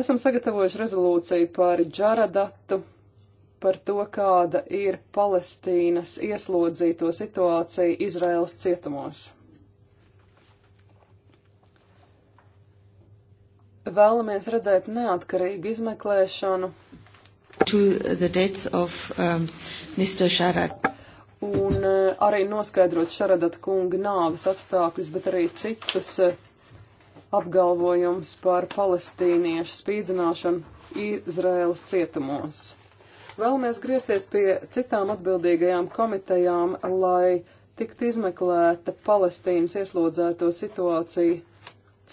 Esam sagatavojuši rezolūciju par džaradatu, par to, kāda ir Palestīnas ieslodzīto situācija Izraels cietumos. Vēlamies redzēt neatkarīgu izmeklēšanu. Of, um, un eh, arī noskaidrot Šaradat kunga nāves apstākļus, bet arī citus eh, apgalvojums par palestīniešu spīdzināšanu Izraēlas cietumos. Vēlamies griezties pie citām atbildīgajām komitejām, lai tiktu izmeklēta Palestīnas ieslodzēto situācija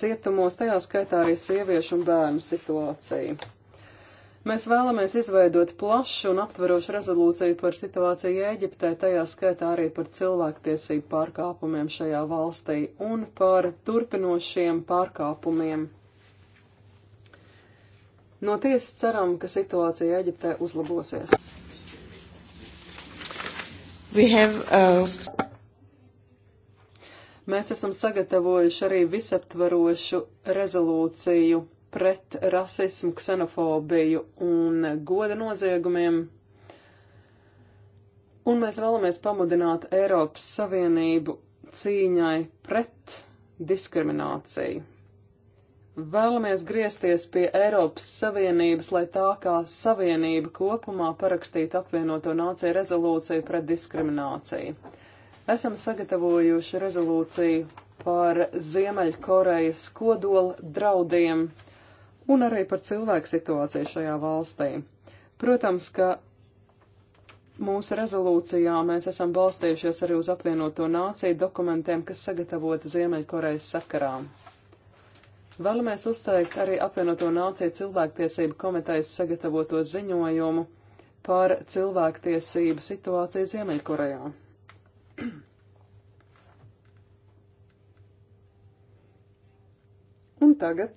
cietumos, tajā skaitā arī sieviešu un bērnu situācija. Mēs vēlamies izveidot plašu un aptverošu rezolūciju par situāciju Ēģiptē, tajā skaitā arī par cilvēktiesību pārkāpumiem šajā valstī un par turpinošiem pārkāpumiem. No tiesas ceram, ka situācija Ēģiptē uzlabosies. We have, uh... Mēs esam sagatavojuši arī visaptvarošu rezolūciju pret rasismu, ksenofobiju un goda noziegumiem. Un mēs vēlamies pamudināt Eiropas Savienību cīņai pret diskrimināciju. Vēlamies griezties pie Eiropas Savienības, lai tā kā Savienība kopumā parakstītu apvienoto nāciju rezolūciju pret diskrimināciju. Esam sagatavojuši rezolūciju par Ziemeļkorejas kodola draudiem un arī par cilvēku situāciju šajā valstī. Protams, ka mūsu rezolūcijā mēs esam balstījušies arī uz apvienoto nāciju dokumentiem, kas sagatavoti Ziemeļkorejas sakarā. Vēlamies uzteikt arī apvienoto nāciju cilvēktiesību komitejas sagatavoto ziņojumu par cilvēktiesību situāciju Ziemeļkorejā. Un tagad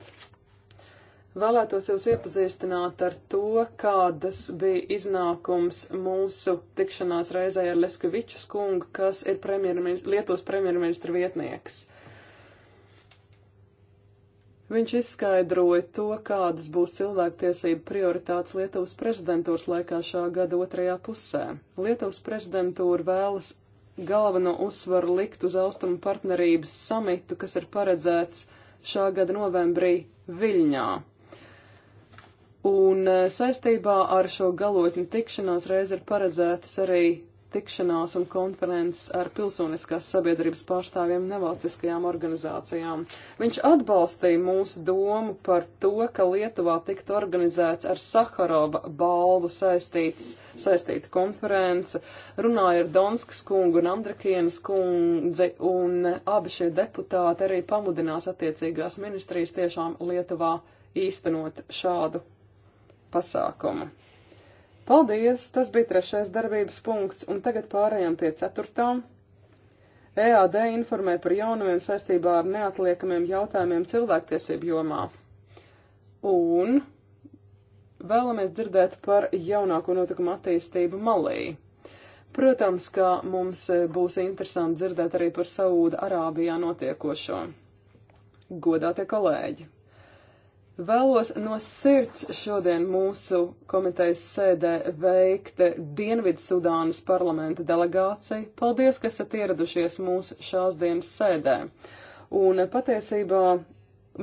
Vēlētos jūs iepazīstināt ar to, kādas bija iznākums mūsu tikšanās reizē ar Leskavičas kungu, kas ir premjerministr, Lietuvas premjerministra vietnieks. Viņš izskaidroja to, kādas būs cilvēktiesība prioritātes Lietuvas prezidentūras laikā šā gada otrajā pusē. Lietuvas prezidentūra vēlas galveno uzsvaru likt uz austrumu partnerības samitu, kas ir paredzēts šā gada novembrī Viļņā. Un e, saistībā ar šo galotņu tikšanās reiz ir paredzētas arī tikšanās un konferences ar pilsoniskās sabiedrības pārstāvjiem nevalstiskajām organizācijām. Viņš atbalstīja mūsu domu par to, ka Lietuvā tiktu organizēts ar Saharova balvu saistīts, saistīta konference, runāja ar Donskas kungu un Andrakienas kundzi, un abi šie deputāti arī pamudinās attiecīgās ministrijas tiešām Lietuvā īstenot šādu pasākumu. Paldies, tas bija trešais darbības punkts, un tagad pārējām pie ceturtām. EAD informē par jaunumiem saistībā ar neatliekamiem jautājumiem cilvēktiesību jomā. Un vēlamies dzirdēt par jaunāko notikumu attīstību Malī. Protams, ka mums būs interesanti dzirdēt arī par Saūda Arābijā notiekošo. Godātie kolēģi! Vēlos no sirds šodien mūsu komitejas sēdē veikt Dienvidsudānas parlamenta delegāciju. Paldies, ka esat ieradušies mūsu šās dienas sēdē. Un patiesībā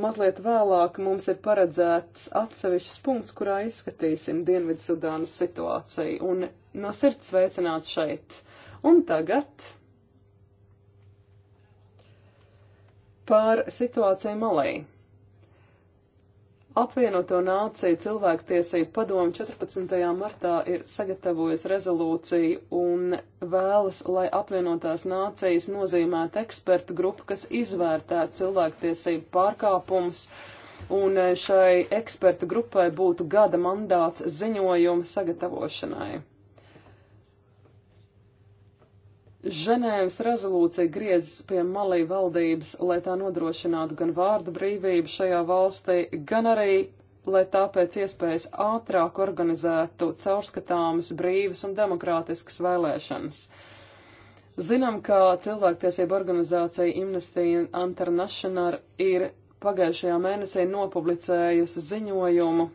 mazliet vēlāk mums ir paredzēts atsevišķs punkts, kurā izskatīsim Dienvidsudānas situāciju. Un no sirds sveicināt šeit. Un tagad par situāciju Malī. Apvienoto nāciju cilvēktiesību padomu 14. martā ir sagatavojis rezolūciju un vēlas, lai apvienotās nācijas nozīmētu ekspertu grupu, kas izvērtē cilvēktiesību pārkāpumus, un eh, šai ekspertu grupai būtu gada mandāts ziņojuma sagatavošanai. Ženēvas rezolūcija griezas pie Malī valdības, lai tā nodrošinātu gan vārda brīvību šajā valstī, gan arī, lai tā pēc iespējas ātrāk organizētu caurskatāmas, brīvas un demokrātiskas vēlēšanas. Zinām, ka cilvēktiesība organizācija Amnesty International ir pagājušajā mēnesī nopublicējusi ziņojumu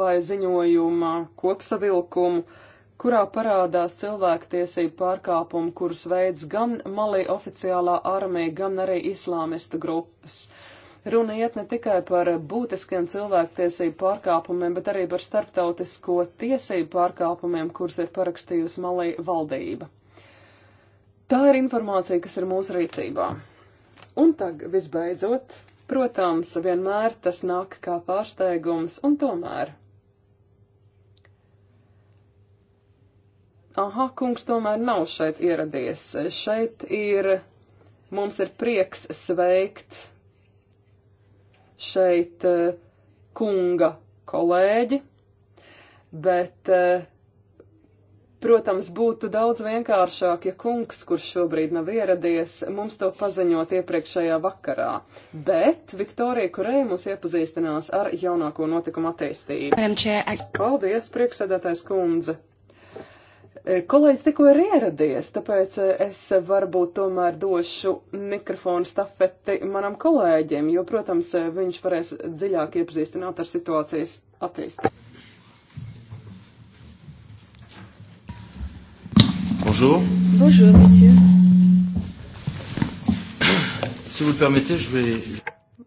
vai ziņojuma kopsavilkumu, kurā parādās cilvēktiesību pārkāpumi, kurus veids gan Malī oficiālā armija, gan arī islāmista grupas. Runa iet ne tikai par būtiskiem cilvēktiesību pārkāpumiem, bet arī par starptautisko tiesību pārkāpumiem, kuras ir parakstījusi Malī valdība. Tā ir informācija, kas ir mūsu rīcībā. Un tagad visbeidzot, protams, vienmēr tas nāk kā pārsteigums, un tomēr Aha, kungs tomēr nav šeit ieradies. Šeit ir, mums ir prieks sveikt šeit eh, kunga kolēģi, bet, eh, protams, būtu daudz vienkāršāk, ja kungs, kurš šobrīd nav ieradies, mums to paziņot iepriekšējā vakarā. Bet Viktorija Kurēja mūs iepazīstinās ar jaunāko notikumu attīstību. Paldies, priekšsēdētājs kundze! Kolēģis tikko ir ieradies, tāpēc eh, es varbūt tomēr došu mikrofonu stafeti manam kolēģim, jo, protams, eh, viņš varēs dziļāk iepazīstināt ar situācijas attīstību. Bonjour. Bonjour, monsieur. Si vous le permettez, je vais.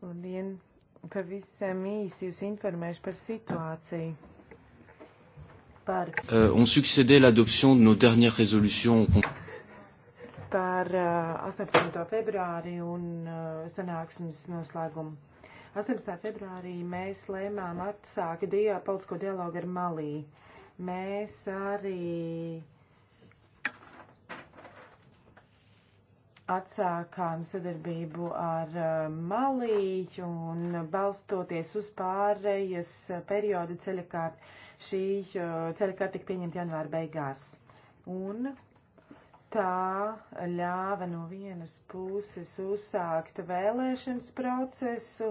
Labdien, pavisam īsi jūs informēšu par situāciju par, uh, ont succédé l'adoption de nos dernières résolutions. Par uh, 18. februāri un uh, sanāksmes noslēgumu. 18. februārī mēs lēmām atsākt dia politisko dialogu ar Malī. Mēs arī atsākām sadarbību ar uh, Malī un balstoties uz pārējas perioda ceļakārtu. Šī ceļa karta tika pieņemta janvāra beigās. Un tā ļāva no vienas puses uzsākt vēlēšanas procesu,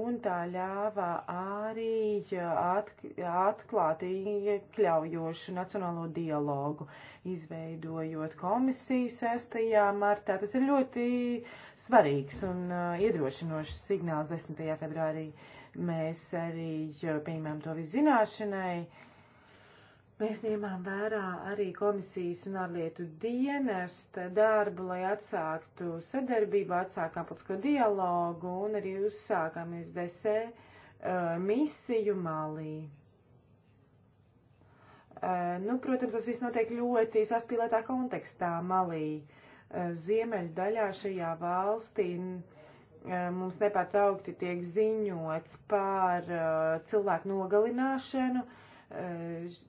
un tā ļāva arī atklāt iekļaujošu nacionālo dialogu, izveidojot komisiju 6. martā. Tas ir ļoti svarīgs un iedrošinošs signāls 10. februārī. Uh, Mēs arī eh, pieņemam to visu zināšanai. Mēs ņēmām vērā arī komisijas un ārlietu dienesta darbu, lai atsāktu sadarbību, atsākām politisko dialogu un arī uzsākām SDC uh, eh, misiju Malī. Uh, nu, protams, tas viss notiek ļoti saspīlētā kontekstā Malī. Uh, ziemeļu daļā šajā valstī. Uh, Eh, mums nepārtraukti tiek ziņots par eh, cilvēku nogalināšanu. Eh,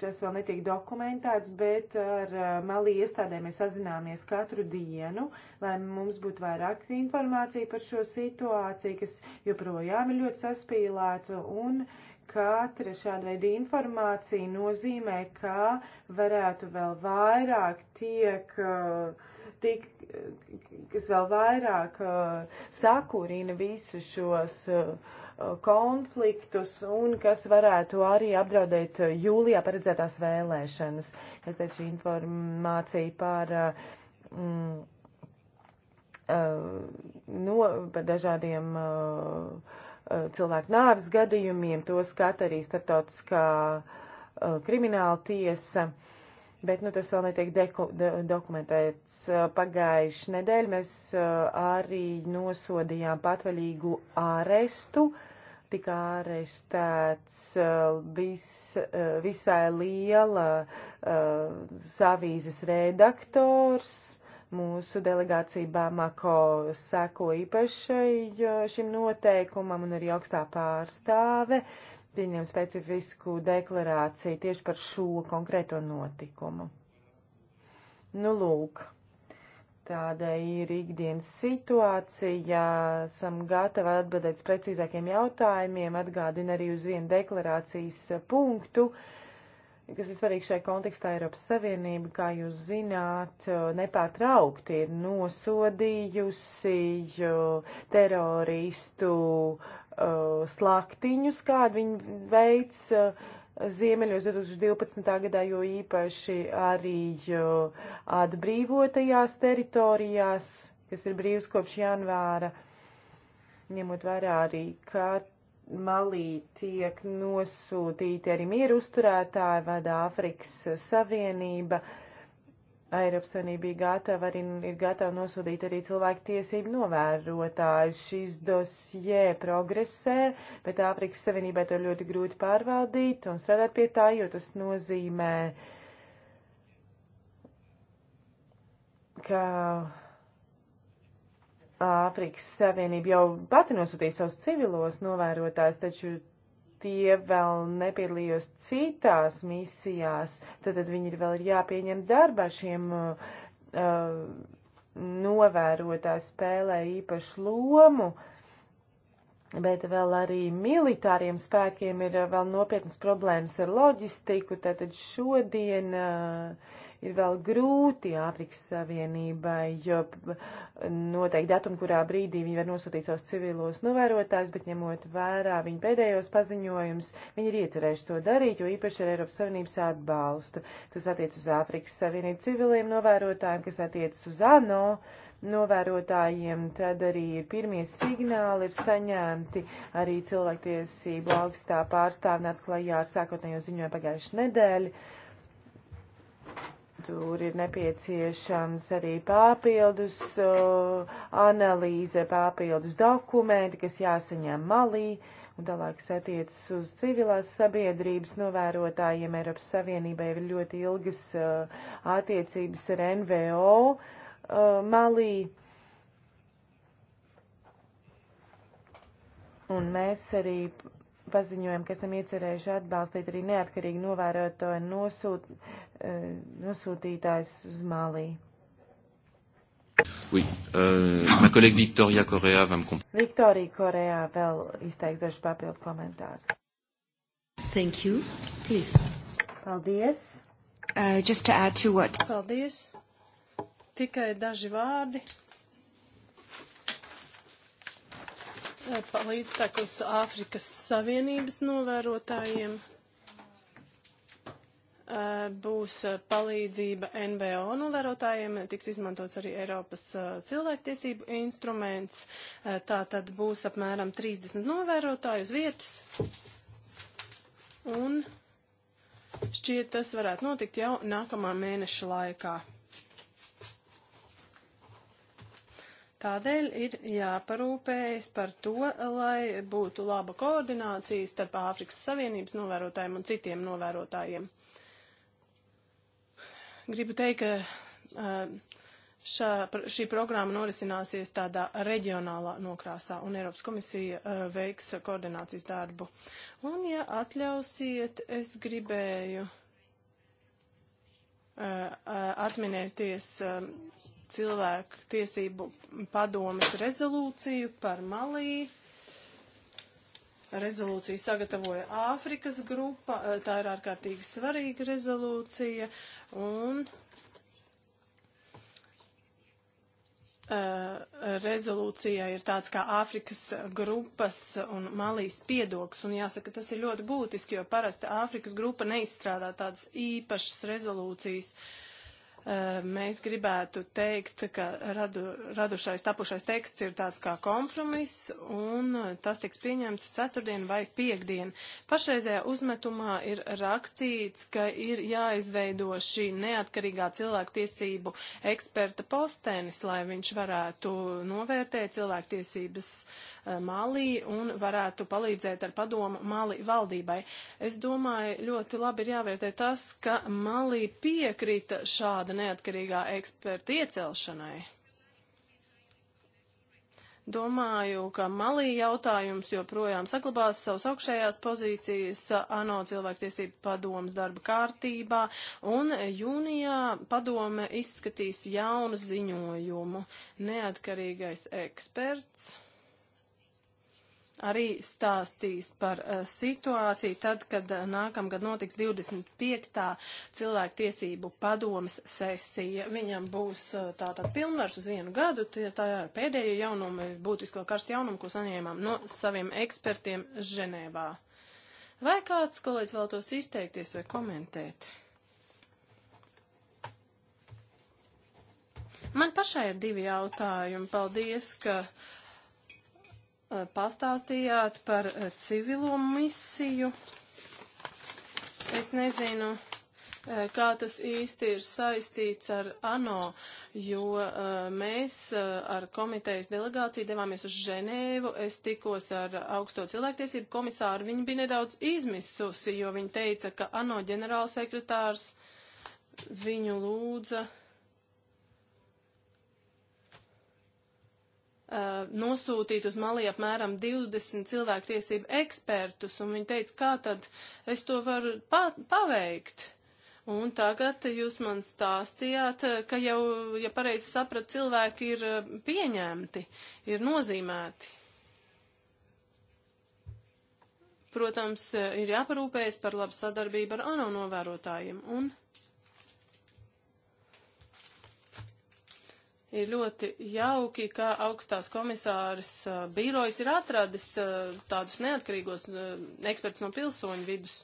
tas vēl netiek dokumentēts, bet ar malī iestādēm mēs sazināmies katru dienu, lai mums būtu vairāk informācija par šo situāciju, kas joprojām ir ļoti saspīlēta un katra šāda veida informācija nozīmē, ka varētu vēl vairāk tiek uh, tik, kas vēl vairāk eh, sakurina visus šos eh, konfliktus un kas varētu arī apdraudēt eh, jūlijā paredzētās vēlēšanas. Es teicu, šī informācija par mm, no, par dažādiem cilvēku nāves gadījumiem, to skata arī starptautiskā krimināla tiesa. Uh, bet nu, tas vēl netiek deku, de, dokumentēts. Eh, pagājuši nedēļ mēs eh, arī nosodījām patvaļīgu ārestu. Tika ārestēts eh, vis, visai liela savīzes redaktors. Mūsu delegācija Bamako seko īpašai šim noteikumam un arī augstā pārstāve. Uh, pieņem specifisku deklarāciju tieši par šo konkrēto notikumu. Nu, lūk, tāda ir ikdienas situācija. Esam gatavi atbildēt uz precīzākiem jautājumiem, atgādina arī uz vienu deklarācijas punktu, kas ir svarīgs šajā kontekstā Eiropas Savienība, kā jūs zināt, nepārtraukti ir nosodījusi teroristu uh, uh, slaktiņus, kādu viņi veids uh, ziemeļos 2012. gadā, jo īpaši arī uh, atbrīvotajās teritorijās, kas ir brīvs kopš janvāra, ņemot vērā arī, ka Malī tiek nosūtīti arī mieru uzturētāji, vada Āfrikas Savienība. Uh, Eiropas Savienība ir gatava arī ir gatava nosūtīt arī cilvēku tiesību novērotājus. Šis dosjē progresē, bet Āfrikas Savienībai to ļoti grūti pārvaldīt un strādāt pie tā, jo tas nozīmē uh, ka Āfrikas Savienība jau pati nosūtīja savus civilos novērotājus, taču tie vēl nepiedalījos citās misijās, tad, tad viņi ir vēl ir jāpieņem darbā šiem uh, uh novērotāji spēlē īpašu lomu. Bet vēl arī militāriem spēkiem ir uh, vēl nopietnas problēmas ar loģistiku, tātad šodien uh, ir vēl grūti Āfrikas Savienībai, jo noteikti datumu, kurā brīdī viņi var nosūtīt savus civilos novērotājus, bet ņemot vērā viņu pēdējos paziņojumus, viņi ir iecerējuši to darīt, jo īpaši ar Eiropas Savienības atbalstu. Tas attiec uz Āfrikas Savienību civiliem novērotājiem, kas attiec uz ANO novērotājiem, tad arī ir pirmie signāli ir saņemti. Arī cilvēktiesību augstā pārstāvnāts klajā ar sākotnējo ziņojumu pagājušajā nedēļā. Tur ir nepieciešams arī papildus uh, analīze, papildus dokumenti, kas jāsaņem malī, un tālākas attiecas uz civilās sabiedrības novērotājiem. Eiropas Savienībai ir ļoti ilgas uh, attiecības ar NVO uh, malī. Un mēs arī paziņojam, ka esam iecerējuši atbalstīt arī neatkarīgi novērotāju nosūt, E, nosūtītājs uz Malī. Oui, euh, ma collègue Victoria Correa va me compléter. Victoria Correa vēl izteiks dažus papildu komentārus. Thank you. Please. Paldies. Uh, just to add to what. Paldies. Tikai daži vārdi. Palīdzeklis Āfrikas Savienības novērotājiem. Eh, būs eh, palīdzība NVO novērotājiem, tiks izmantots arī Eiropas eh, cilvēktiesību instruments. Tā tad būs apmēram 30 novērotāju uz vietas. Un šķiet, tas varētu notikt jau nākamā mēneša laikā. Tādēļ ir jāparūpējas par to, lai būtu laba koordinācija starp Āfrikas Savienības novērotājiem un citiem novērotājiem. Gribu teikt, ka šā, šī programma norisināsies tādā reģionālā nokrāsā, un Eiropas komisija veiks koordinācijas darbu. Un, ja atļausiet, es gribēju atminēties cilvēku tiesību padomes rezolūciju par Maliju Rezolūciju sagatavoja Āfrikas grupa, eh, tā ir ārkārtīgi svarīga rezolūcija, un eh, rezolūcijā ir tāds kā Āfrikas grupas un Malijas piedoks, un jāsaka, tas ir ļoti būtiski, jo parasti Āfrikas grupa neizstrādā tādas īpašas rezolūcijas. Uh, mēs gribētu teikt, ka radu, radušais, tapušais teksts ir tāds kā kompromiss, un tas tiks pieņemts ceturtdien vai piekdien. Pašreizējā uzmetumā ir rakstīts, ka ir jāizveido šī neatkarīgā cilvēktiesību eksperta postenis, lai viņš varētu novērtēt cilvēktiesības Malī un varētu palīdzēt ar padomu Malī valdībai. Es domāju, ļoti labi ir jāvērtē tas, ka Malī piekrita šāda šāda neatkarīgā eksperta iecelšanai. Domāju, ka Malī jautājums joprojām saglabās savas augšējās pozīcijas ANO cilvēktiesību padomas darba kārtībā, un jūnijā padome izskatīs jaunu ziņojumu. Neatkarīgais eksperts arī stāstīs par uh, situāciju tad, kad uh, nākamgad notiks 25. cilvēktiesību padomas sesija. Viņam būs uh, tātad pilnvars uz vienu gadu, tie, tā ir pēdējie jaunumi, būtisko karstu jaunumu, ko saņēmām no saviem ekspertiem Ženēvā. Vai kāds kolēģis vēl tos izteikties vai komentēt? Man pašai ir divi jautājumi. Paldies, ka uh, pastāstījāt par civilo misiju. Es nezinu, kā tas īsti ir saistīts ar ANO, jo mēs ar komitejas delegāciju devāmies uz Ženēvu. Es tikos ar augsto cilvēktiesību komisāru. Viņa bija nedaudz izmisusi, jo viņa teica, ka ANO ģenerālsekretārs viņu lūdza uh, Uh, nosūtīt uz Mali apmēram 20 cilvēktiesību ekspertus, un viņi teica, kā tad es to varu pa paveikt. Un tagad jūs man stāstījāt, uh, ka jau, ja pareizi saprat, cilvēki ir uh, pieņemti, ir nozīmēti. Protams, ir jāparūpējas par labu sadarbību ar ANO novērotājiem. Un Ir ļoti jauki, ka augstās komisāras uh, birojs ir atradis uh, tādus neatkarīgos uh, ekspertus no pilsoņu vidus.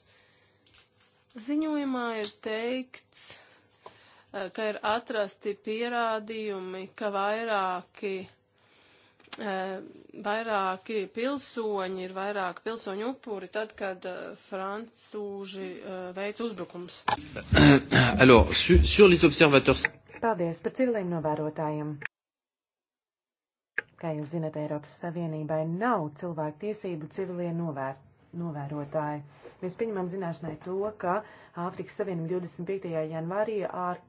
Ziņojumā ir teikts, uh, ka ir atrasti pierādījumi, ka vairāki uh, vairāki pilsoņi ir vairāk pilsoņu upuri tad, kad uh, francūži uh, veic uzbrukums. Alors, sur, sur les observateurs... Paldies par civiliem novērotājiem. Kā jūs zinat, Eiropas Savienībai nav cilvēku tiesību civilie novēr novērotāji. Mēs pieņemam zināšanai to, ka Āfrikas Savienība 25. janvārī ār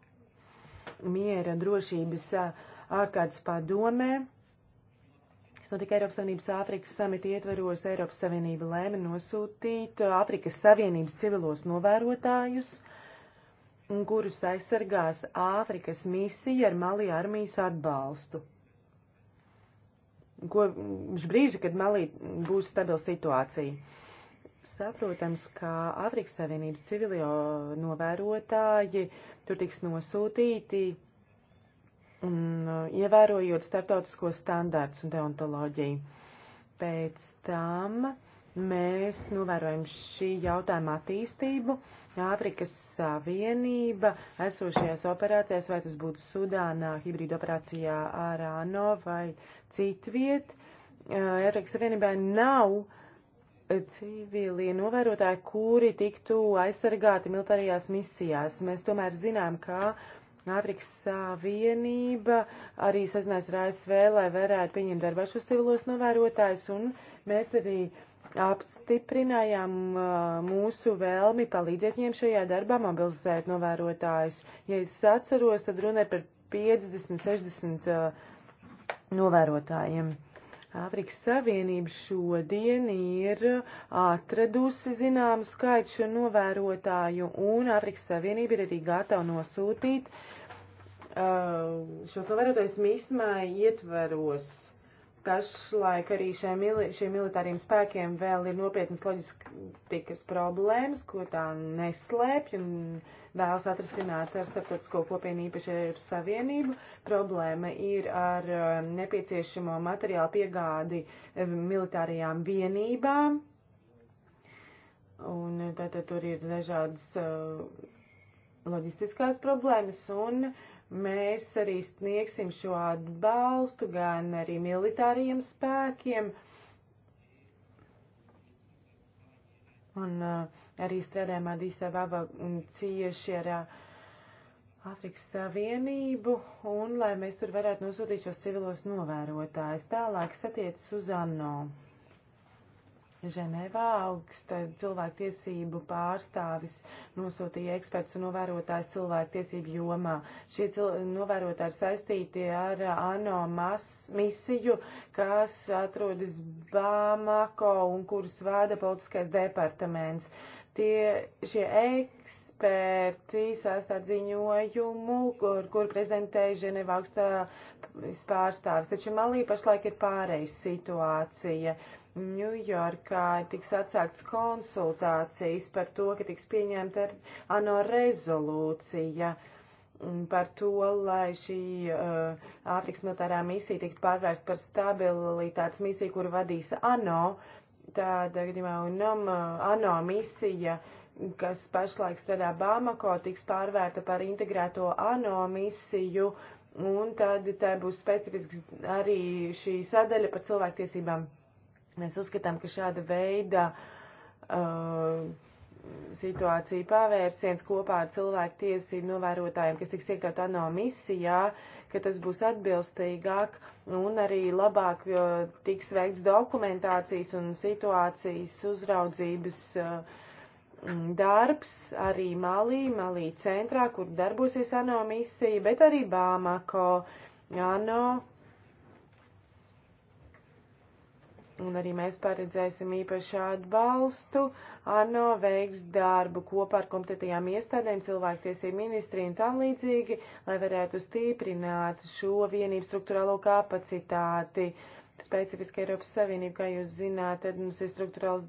miera drošības ārkārtas padomē kas notika Eiropas Savienības Āfrikas samita ietveros, Eiropas Savienība lēma nosūtīt Āfrikas Savienības civilos novērotājus un kurus aizsargās Āfrikas misija ar Malī armijas atbalstu. Kopš brīža, kad Malī būs stabila situācija. Saprotams, ka Āfrikas Savienības civilio novērotāji tur tiks nosūtīti, un, uh, ievērojot starptautiskos standārts un deontoloģiju. Pēc tam mēs novērojam nu, šī jautājuma attīstību. Āfrikas Savienība esošajās operācijās, vai tas būtu Sudānā, hibrīda operācijā ar ANO vai citviet, Āfrikas Savienībai nav civilie novērotāji, kuri tiktu aizsargāti militārajās misijās. Mēs tomēr zinām, ka Āfrikas Savienība arī sazinās ar ASV, lai varētu pieņemt darbā šos civilos novērotājus, un mēs arī uh, apstiprinājām mūsu vēlmi palīdzēt viņiem šajā darbā mobilizēt novērotājus. Ja es atceros, tad runa ir par 50, 60 novērotājiem. Āfrikas Savienība šodien ir atradusi zināmu skaitu šo novērotāju, un Āfrikas Savienība ir arī gatava nosūtīt uh, šos novērotājus mismai ietveros Pašlaik arī mili, šiem militāriem spēkiem vēl ir nopietnas loģistikas problēmas, ko tā neslēpj un vēlas atrasināt ar starptautisko kopienu īpaši ar savienību. Problēma ir ar um, nepieciešamo materiālu piegādi um, militārajām vienībām. Un uh, tātad tur ir dažādas uh, loģistiskās problēmas un uh, Mēs arī sniegsim šo atbalstu gan arī militāriem spēkiem. Un uh, arī strādājam Adīsā Vaba mm, cieši ar uh, Afrikas Savienību un lai mēs tur varētu nosūtīt šos civilos novērotājus. Tālāk satiecas uz ANO. Ženēvā augstais cilvēktiesību pārstāvis nosūtīja eksperts un novērotājs cilvēktiesību jomā. Šie novērotāji ir saistīti ar ANO mas, misiju, kas atrodas Bamako un kurus vada politiskais departaments. Tie, šie eksperti sastāv ziņojumu, kur, kur prezentēja Ženēvā augstā pārstāvis. Taču Malī pašlaik ir pārējais situācija. Uh, Ņujorkā tiks atsākts konsultācijas par to, ka tiks pieņemta ANO rezolūcija par to, lai šī uh, Āfrikas uh, militārā misija tiktu pārvērst par stabilitātes misiju, kuru vadīs ANO. Tāda gadījumā UNAM, uh, ANO misija, kas pašlaik strādā Bamako, tiks pārvērta par integrēto ANO misiju, un tad tā būs specifisks arī šī sadaļa par cilvēktiesībām Mēs uzskatām, ka šāda veida uh, situācija pavērsiens kopā ar cilvēku tiesību novērotājiem, kas tiks iekļaut ANO misijā, ka tas būs atbilstīgāk un arī labāk tiks veikts dokumentācijas un situācijas uzraudzības uh, darbs arī Malī, Malī centrā, kur darbosies ANO misija, bet arī Bāmako, ANO Un arī mēs paredzēsim īpašu atbalstu. ANO veiks darbu kopā ar kompetentajām iestādēm, cilvēktiesību ministriju un tam līdzīgi, lai varētu stiprināt šo vienību struktūrālo kapacitāti. Uh, specifiski Eiropas Savienību, kā jūs zināt, tad mums ir struktūrāls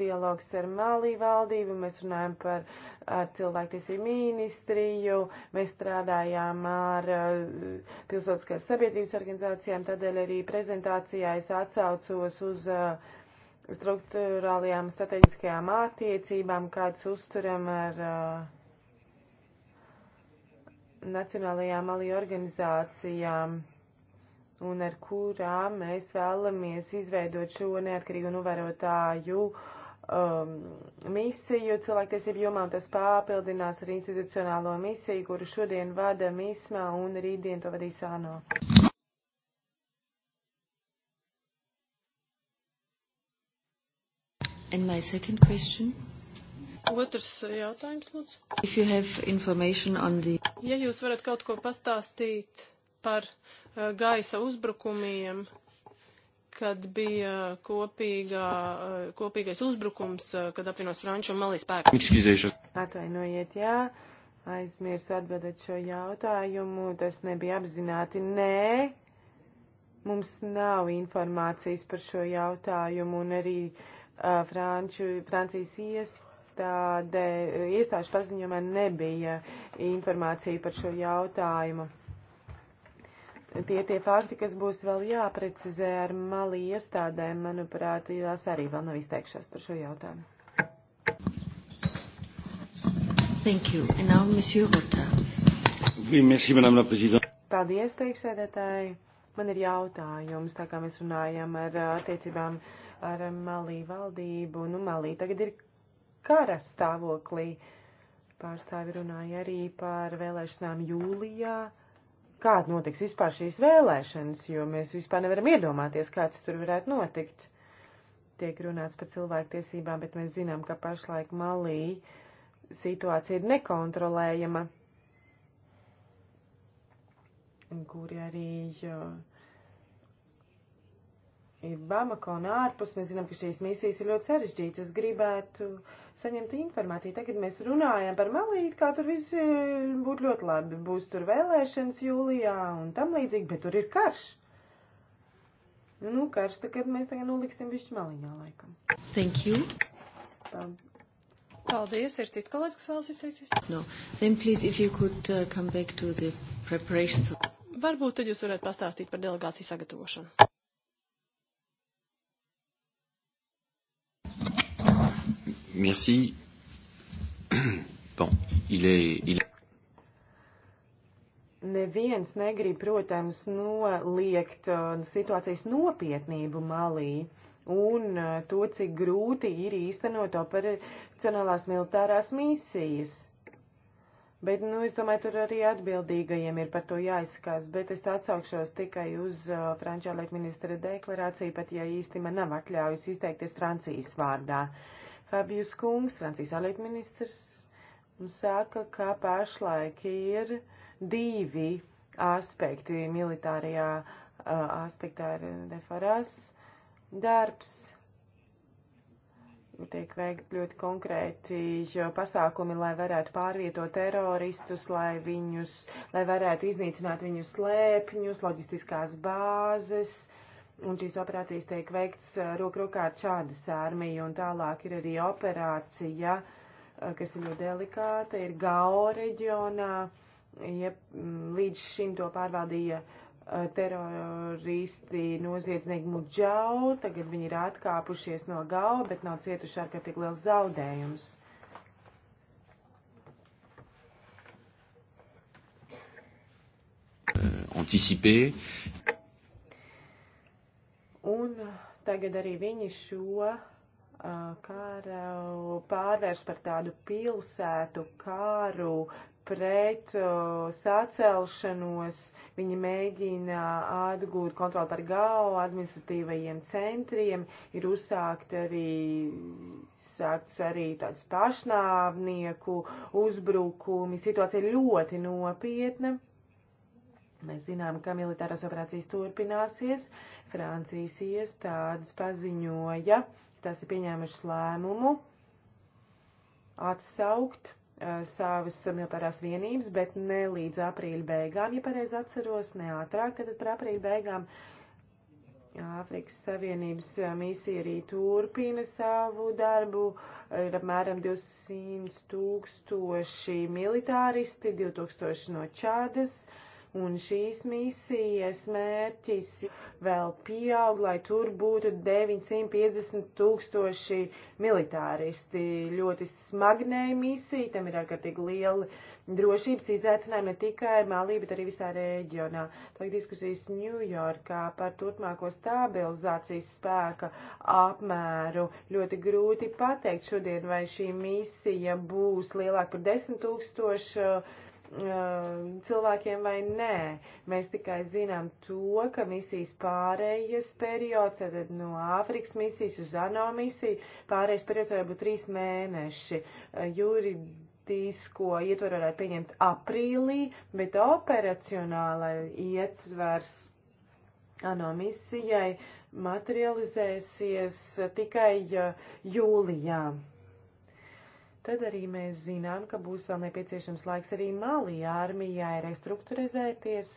dialogs ar Malī valdību, mēs runājam par cilvēktiesību ministriju, mēs strādājām ar eh, pilsotiskās sabiedrības organizācijām, tādēļ arī prezentācijā es atsaucos uz eh, struktūrālajām strateģiskajām attiecībām, kādas uzturam ar eh, nacionālajām malī organizācijām un ar kurām mēs vēlamies izveidot šo neatkarīgu novērotāju um, misiju cilvēktiesību jomā, un tas papildinās ar institucionālo misiju, kuru šodien vada MISMA un rītdien to vadīs ANO. And my second question? Otrs jautājums, lūdzu. If you have information on the... Ja jūs varat kaut ko pastāstīt par uh, gaisa uzbrukumiem, kad bija kopīgā, uh, kopīgais uzbrukums, uh, kad apvienos Franču un Malī spēku. Atvainojiet, jā, aizmirsu atbildēt šo jautājumu, tas nebija apzināti. Nē, mums nav informācijas par šo jautājumu un arī uh, Franču, Francijas iestādes tāda iestāžu paziņojumā nebija informācija par šo jautājumu. Tie tie fakti, kas būs vēl jāprecizē ar malī iestādēm, manuprāt, tās arī vēl nav izteikšās par šo jautājumu. Thank you. And now, Monsieur Rota. Oui, merci, Madame la Présidente. Paldies, priekšsēdētāji. Man ir jautājums, tā kā mēs runājam ar uh, attiecībām ar Malī valdību. Nu, Malī tagad ir kara stāvoklī. Pārstāvi runāja arī par vēlēšanām jūlijā kāda notiks vispār šīs vēlēšanas, jo mēs vispār nevaram iedomāties, kāds tur varētu notikt. Tiek runāts par cilvēktiesībām, bet mēs zinām, ka pašlaik Malī situācija ir nekontrolējama, kuri arī ir Bamako un ārpus. Mēs zinām, ka šīs misijas ir ļoti sarežģītas. Gribētu uh, saņemtu informāciju. Tagad mēs runājam par malīti, kā tur viss e, būtu ļoti labi. Būs tur vēlēšanas jūlijā un tam līdzīgi, bet tur ir karš. Nu, karš tagad mēs tagad noliksim višķi maliņā laikam. Thank you. Um. Paldies. Ir citi kolēģi, kas vēlas izteikties? No. Then please, if you could uh, come back to the preparations. Varbūt tad jūs varētu pastāstīt par delegāciju sagatavošanu. Merci. Bon, il est, il... Neviens negrib, protams, noliegt uh, situācijas nopietnību malī un uh, to, cik grūti ir īstenot operacionālās militārās misijas. Bet, nu, es domāju, tur arī atbildīgajiem ir par to jāizskās, bet es atsaukšos tikai uz uh, Frančālietu ministra deklarāciju, pat ja īsti man nav atļaujas izteikties Francijas vārdā. Uh, Fabijas kungs, Francijas ārlietu ministrs, mums saka, ka pašlaik ir divi aspekti militārajā uh, aspektā ir defarās darbs tiek veikti ļoti konkrēti pasākumi, lai varētu pārvietot teroristus, lai viņus, lai varētu iznīcināt viņu slēpņus, loģistiskās bāzes, Un šīs operācijas tiek veikts roku rokā ar čādas armiju, un tālāk ir arī operācija, kas ir ļoti delikāta, ir Gao reģionā. Ja, līdz šim to pārvaldīja teroristi noziedznieki Mudžau, tagad viņi ir atkāpušies no Gao, bet nav cietuši ar kā tik liels zaudējums. anticipé. Un tagad arī viņi šo uh, karu pārvērš par tādu pilsētu kāru pret uh, sacelšanos. Viņi mēģina atgūt kontroli par galvu administratīvajiem centriem. Ir uzsākt arī, sākts arī tāds pašnāvnieku uzbrukumi. Situācija ļoti nopietna. Mēs zinām, ka militārās operācijas turpināsies. Francijas iestādes paziņoja, tas ir pieņēmušas lēmumu atsaukt uh, savas militārās vienības, bet ne līdz aprīļa beigām, ja pareizi atceros, ne ātrāk, tad par aprīļa beigām. Āfrikas Savienības eh, misija arī turpina savu darbu. Ir apmēram 200 tūkstoši militāristi, 2000 no Čādas, uh, Un šīs misijas mērķis vēl pieaug, lai tur būtu 950 tūkstoši militāristi. Ļoti smagnēja misija, tam ir ārkārtīgi liela drošības izaicinājumi ne tikai Malī, bet arī visā reģionā. Tagad diskusijas Ņujorkā par turpmāko stabilizācijas spēka apmēru. Ļoti grūti pateikt šodien, vai šī misija būs lielāka par 10 tūkstošu Um, cilvēkiem vai nē. Mēs tikai zinām to, ka misijas pārējas periods, tad no Āfrikas misijas uz ANO misiju, pārējais periods varētu būt trīs mēneši. Uh, juridisko ietvaru varētu pieņemt aprīlī, bet operacionālai ietvers ANO misijai materializēsies tikai uh, jūlijā. Tad arī mēs zinām, ka būs vēl nepieciešams laiks arī malī armijai restruktūrizēties.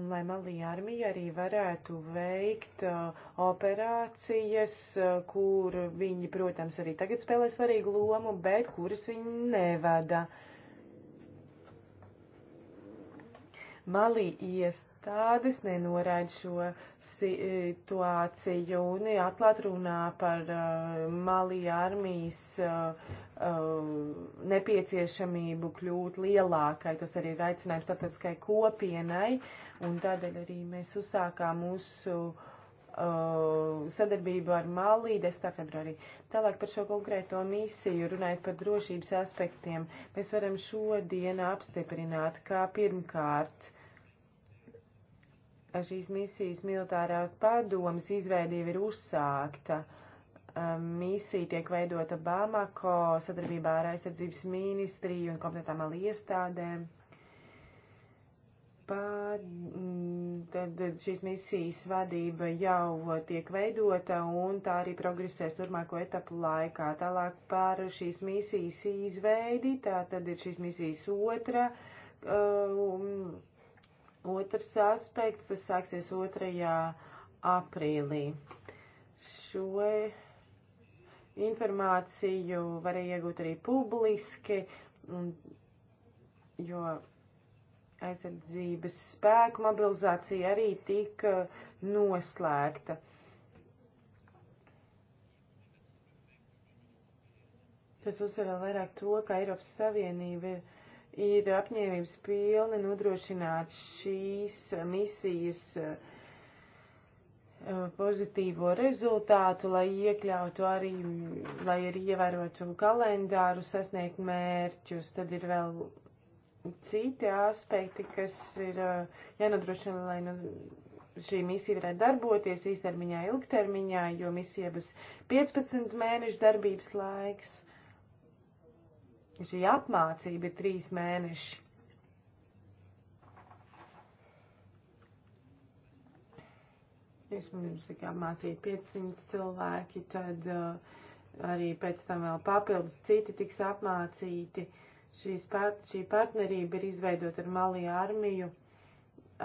Un lai malī armija arī varētu veikt uh, operācijas, uh, kur viņi, protams, arī tagad spēlē svarīgu lomu, bet kuras viņi nevada. Malī iest iestādes nenoraida šo situāciju un atklāt runā par uh, Malī armijas uh, uh, nepieciešamību kļūt lielākai. Tas arī ir aicinājums starptautiskai kopienai un tādēļ arī mēs uzsākām mūsu uh, sadarbību ar Malī 10. februārī. Tālāk par šo konkrēto misiju, runājot par drošības aspektiem, mēs varam šodien apstiprināt, kā pirmkārt šīs misijas militārās padomas izveidība ir uzsākta. Ehm, misija tiek veidota Bamako sadarbībā ar aizsardzības ministriju un kompetentām iestādēm. Pā, mm, tad šīs misijas vadība jau tiek veidota un tā arī progresēs turmāko etapu laikā. Tālāk par šīs misijas izveidi, tā tad ir šīs misijas otra. Um, Otrs aspekts, tas sāksies 2. aprīlī. Šo informāciju varēja iegūt arī publiski, jo aizsardzības spēku mobilizācija arī tika noslēgta. Tas uzsver vairāk to, ka Eiropas Savienība ir ir apņēmības pilni nodrošināt šīs misijas eh, pozitīvo rezultātu, lai iekļautu arī, lai arī ievērotu kalendāru, sasniegt mērķus. Tad ir vēl citi aspekti, kas ir eh, jānodrošina, lai nu, šī misija varētu darboties īstermiņā, ilgtermiņā, jo misija būs 15 mēnešu darbības laiks ja šī apmācība ir trīs mēneši. Jūs mums tikā mācīja 500 cilvēki, tad uh, arī pēc tam vēl papildus citi tiks apmācīti. Šīs part, šī partnerība ir izveidota ar Malī armiju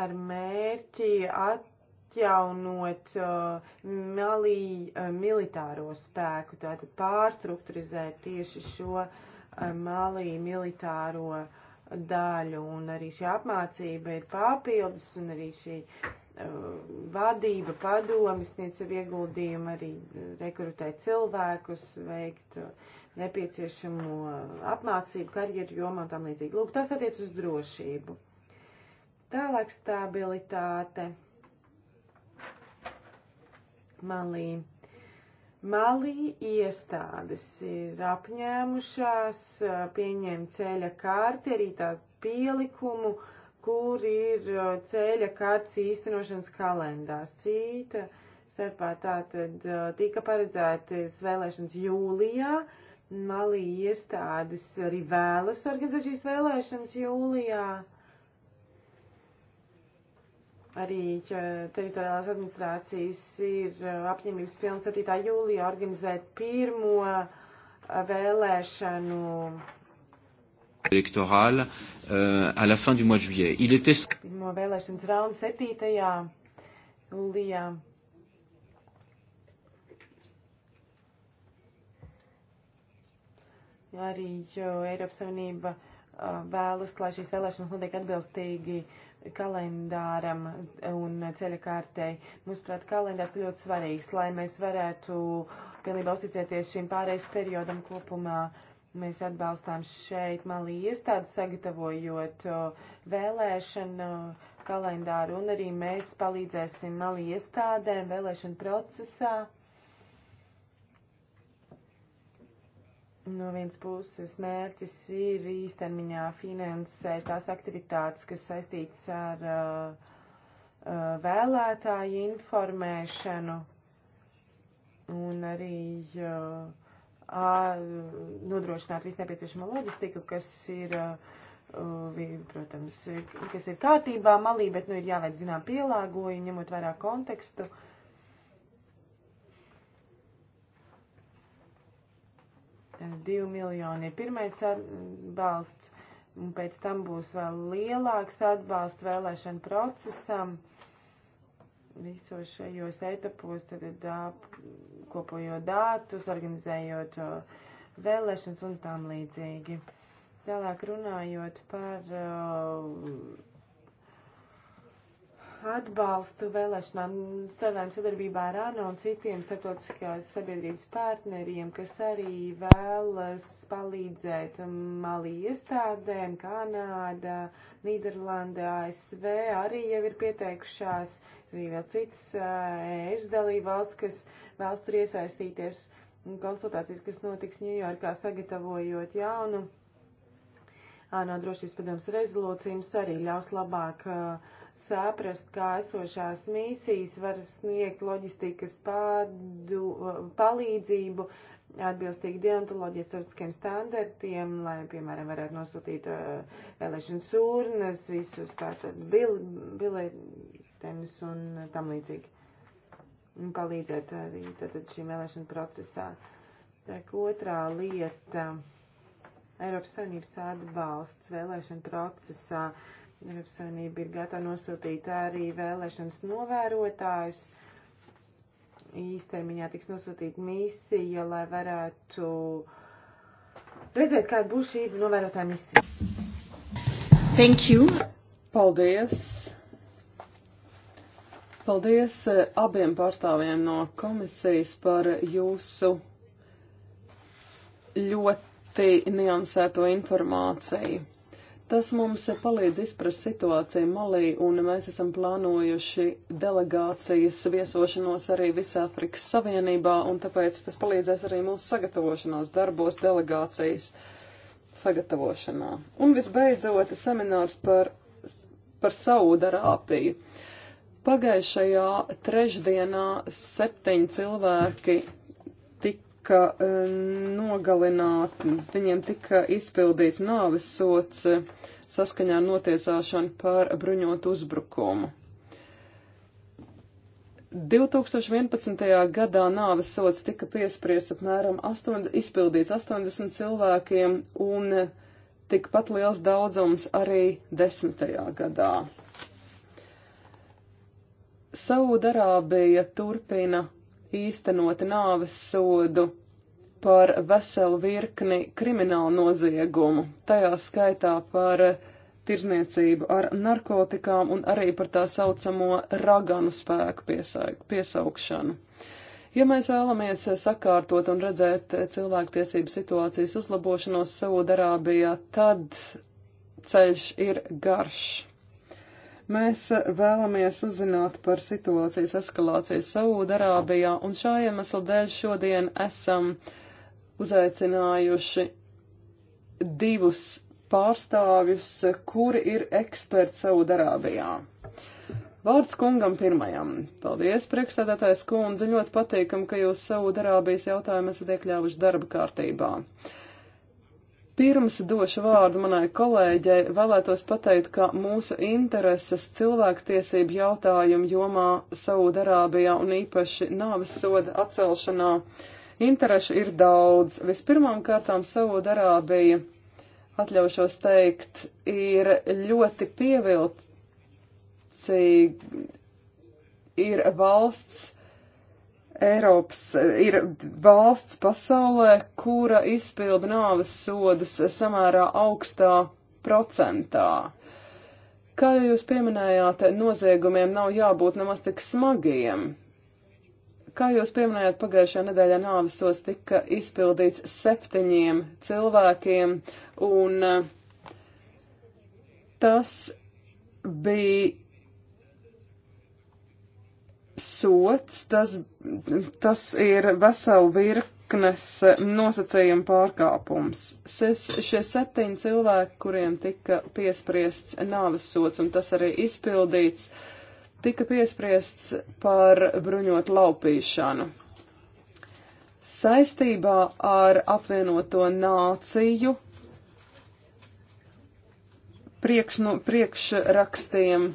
ar mērķi atjaunot uh, Malī uh, militāro spēku, tātad pārstrukturizēt tieši šo uh, Malī militāro daļu, un arī šī apmācība ir papildus, un arī šī uh, vadība, padomi sniedz sev ieguldījumu arī uh, rekrutēt cilvēkus, veikt uh, nepieciešamo apmācību, karjeru jomā un tam līdzīgi. Lūk, tas attiec uz drošību. Tālāk stabilitāte. Malī Malī iestādes ir apņēmušās pieņemt ceļa kārti, arī tās pielikumu, kur ir ceļa kārtas īstenošanas kalendārs. Cita starpā tātad tika paredzētas vēlēšanas jūlijā. Malī iestādes arī vēlas organizēt šīs vēlēšanas jūlijā. Arī teritoriālās administrācijas ir apņemības pilna 7. jūlijā organizēt pirmo vēlēšanu électorale euh, à la fin du mois de juillet. Il était Pirmo vēlēšanas raundu 7. jūlijā. Arī Eiropas Savienība vēlas, lai šīs vēlēšanas notiek atbilstīgi uh, kalendāram un ceļa kārtei. Mūsuprāt, kalendārs ir ļoti svarīgs, lai mēs varētu pilnībā uzticēties šim pārējais periodam kopumā. Mēs atbalstām šeit malī iestādes sagatavojot vēlēšanu kalendāru un arī mēs palīdzēsim malī iestādēm vēlēšanu procesā No vienas puses mērķis ir īstermiņā finansēt tās aktivitātes, kas saistītas ar uh, uh vēlētāju informēšanu un arī uh, nodrošināt visu nepieciešamo loģistiku, kas ir, uh, protams, kas ir kārtībā malī, bet nu ir jāveic zinām pielāgojumi, ņemot vairāk kontekstu. Uh, 2 miljoni pirmais atbalsts, un pēc tam būs vēl lielāks atbalsts vēlēšanu procesam. Visos šajos etapos tad dā, kopojot datus, organizējot uh, vēlēšanas un tam līdzīgi. Tālāk runājot par uh, atbalstu vēlēšanām strādājam sadarbībā ar ANO un citiem starptautiskās sabiedrības partneriem, kas arī vēlas palīdzēt malī iestādēm, Kanāda, Nīderlanda, ASV arī jau ir pieteikušās, arī vēl citas eh, ES dalībvalsts, kas vēlas tur iesaistīties konsultācijas, kas notiks Ņujorkā, sagatavojot jaunu. Ja, ANO drošības padomas rezolūcija mums arī ļaus labāk uh, saprast, kā esošās misijas var sniegt loģistikas pādu, uh, palīdzību atbilstīgi deontoloģijas starptautiskiem standartiem, lai, piemēram, varētu nosūtīt uh, vēlēšanas urnas, visus tātad bil, biletenus un tam līdzīgi. Un palīdzēt arī tātad šīm vēlēšanu procesā. Tā kā otrā lieta. Uh, Eiropas Savienības atbalsts vēlēšana procesā. Eiropas Savienība ir gatava nosūtīt arī vēlēšanas novērotājus. Īstermiņā tiks nosūtīta misija, lai varētu redzēt, kāda būs šī novērotāja misija. Thank you! Paldies! Paldies eh, abiem pārstāvjiem no komisijas par jūsu ļoti ļoti niansēto informāciju. Tas mums palīdz izprast situāciju Malī, un mēs esam plānojuši delegācijas viesošanos arī visā Afrikas Savienībā, un tāpēc tas palīdzēs arī mūsu sagatavošanās darbos delegācijas sagatavošanā. Un visbeidzot, seminārs par, par Saudarāpiju. Pagājušajā trešdienā septiņi cilvēki tika e, nogalināti, viņiem tika izpildīts nāves sots e, saskaņā ar notiesāšanu par bruņotu uzbrukumu. 2011. gadā nāves sots tika piespriests apmēram 8, izpildīts 80 cilvēkiem un tikpat liels daudzums arī 10. gadā. Saudarābija turpina īstenot nāves sodu par veselu virkni kriminālu noziegumu, tajā skaitā par tirzniecību ar narkotikām un arī par tā saucamo raganu spēku piesaukšanu. Ja mēs vēlamies sakārtot un redzēt cilvēktiesību situācijas uzlabošanos Saudarābijā, tad ceļš ir garš. Mēs vēlamies uzzināt par situācijas eskalācijas Saūdarābijā, un šā iemesla dēļ šodien esam uzaicinājuši divus pārstāvjus, kuri ir eksperti Saūdarābijā. Vārds kungam pirmajam. Paldies, priekšstādātājs kundze, ļoti patīkam, ka jūs Saūdarābijas jautājumu esat iekļāvuši darba kārtībā. Uh, Pirms došu vārdu manai kolēģei, vēlētos pateikt, ka mūsu intereses cilvēktiesību jautājumu jomā Saudarābijā un īpaši nāves soda atcelšanā interešu ir daudz. Vispirmām kārtām Saudarābija, atļaušos teikt, ir ļoti pievilcīga, ir valsts, Eiropas ir valsts pasaulē, kura izpilda nāves sodus samērā augstā procentā. Kā jau jūs pieminējāt, noziegumiem nav jābūt nemaz tik smagiem. Kā jūs pieminējāt, pagājušajā nedēļā nāves sods tika izpildīts septiņiem cilvēkiem, un eh, tas bija sots, tas, tas ir veselu virknes nosacījumu pārkāpums. Šis, šie septiņi cilvēki, kuriem tika piespriests nāves sots, un tas arī izpildīts, tika piespriests par bruņot laupīšanu. Saistībā ar apvienoto nāciju priekšno, priekšrakstiem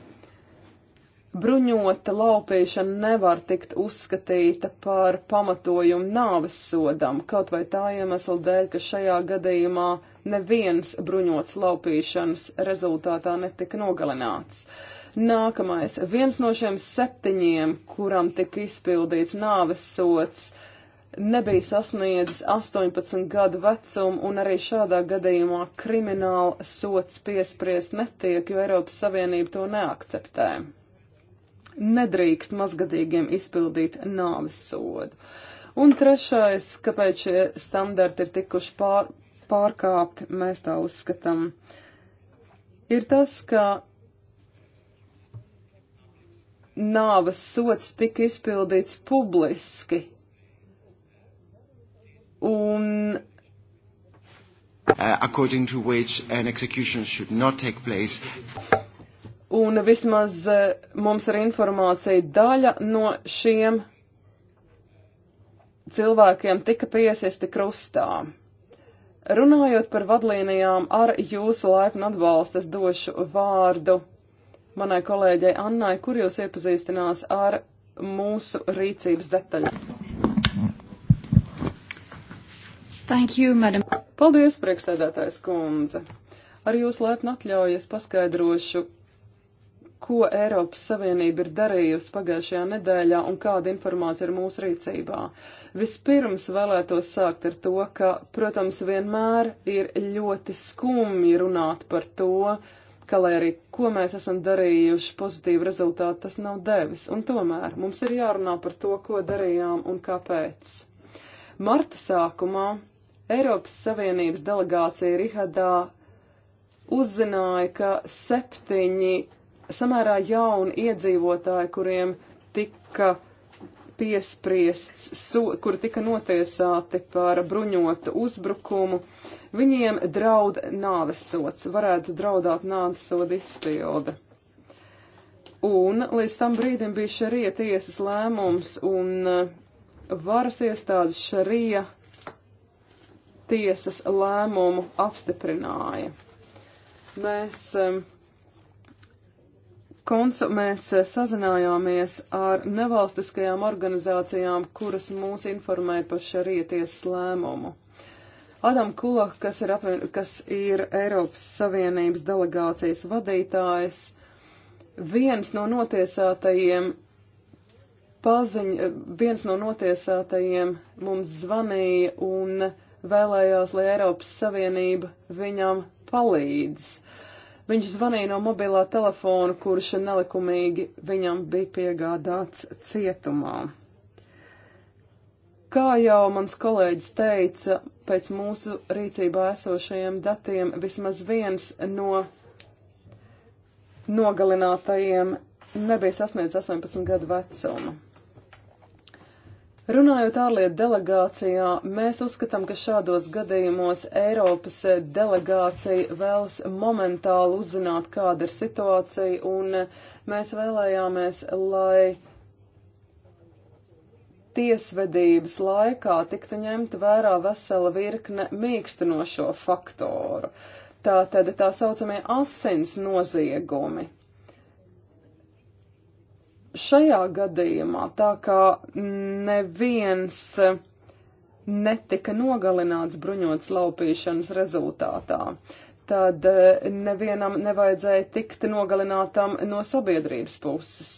Bruņota laupīšana nevar tikt uzskatīta par pamatojumu nāves sodam, kaut vai tā iemesla dēļ, ka šajā gadījumā neviens bruņots laupīšanas rezultātā netika nogalināts. Nākamais, viens no šiem septiņiem, kuram tika izpildīts nāves sots, nebija sasniedzis 18 gadu vecumu, un arī šādā gadījumā krimināla sots piespriest netiek, jo Eiropas Savienība to neakceptē nedrīkst mazgadīgiem izpildīt nāves sodu. Un trešais, kāpēc šie standarti ir tikuši pār, pārkāpti, mēs tā uzskatām, ir tas, ka nāves sots tika izpildīts publiski. Un uh, according to which an execution should not take place. Un vismaz e, mums ir informācija daļa no šiem cilvēkiem tika piesiesti krustā. Runājot par vadlīnijām ar jūsu laipnu atbalstu, es došu vārdu manai kolēģei Annai, kur jūs iepazīstinās ar mūsu rīcības detaļām. Thank you, madam. Paldies, priekšsēdētājs kundze. Ar jūsu laipnu atļaujies paskaidrošu, ko Eiropas Savienība ir darījusi pagājušajā nedēļā un kāda informācija ir mūsu rīcībā. Vispirms vēlētos sākt ar to, ka, protams, vienmēr ir ļoti skumji runāt par to, ka, lai arī ko mēs esam darījuši, pozitīvu rezultātu tas nav devis, un tomēr mums ir jārunā par to, ko darījām un kāpēc. Marta sākumā Eiropas Savienības delegācija Rihadā uzzināja, ka septiņi samērā jauni iedzīvotāji, kuriem tika piespriests, so, kuri tika notiesāti par bruņotu uzbrukumu, viņiem draud nāvesots, varētu draudāt nāvesodu izpildi. Un līdz tam brīdim bija šarija tiesas lēmums, un eh, varas iestādes šarija tiesas lēmumu apstiprināja. Mēs um, Kuncu mēs eh, sazinājāmies ar nevalstiskajām organizācijām, kuras mūs informēja par šarieties lēmumu. Adam Kulak, kas ir, apvien, kas ir Eiropas Savienības delegācijas vadītājs, viens no notiesātajiem paziņ, viens no notiesātajiem mums zvanīja un vēlējās, lai Eiropas Savienība viņam palīdz. Viņš zvanīja no mobilā telefona, kurš nelikumīgi viņam bija piegādāts cietumā. Kā jau mans kolēģis teica, pēc mūsu rīcībā esošajiem datiem vismaz viens no nogalinātajiem nebija sasniedzis 18 gadu vecumu. Runājot ārlietu delegācijā, mēs uzskatām, ka šādos gadījumos Eiropas delegācija vēlas momentāli uzzināt, kāda ir situācija, un mēs vēlējāmies, lai tiesvedības laikā tiktu ņemta vērā vesela virkne mīkstinošo faktoru. Tātad tā saucamie asins noziegumi, šajā gadījumā, tā kā neviens netika nogalināts bruņots laupīšanas rezultātā, tad e, nevienam nevajadzēja tikt nogalinātam no sabiedrības puses.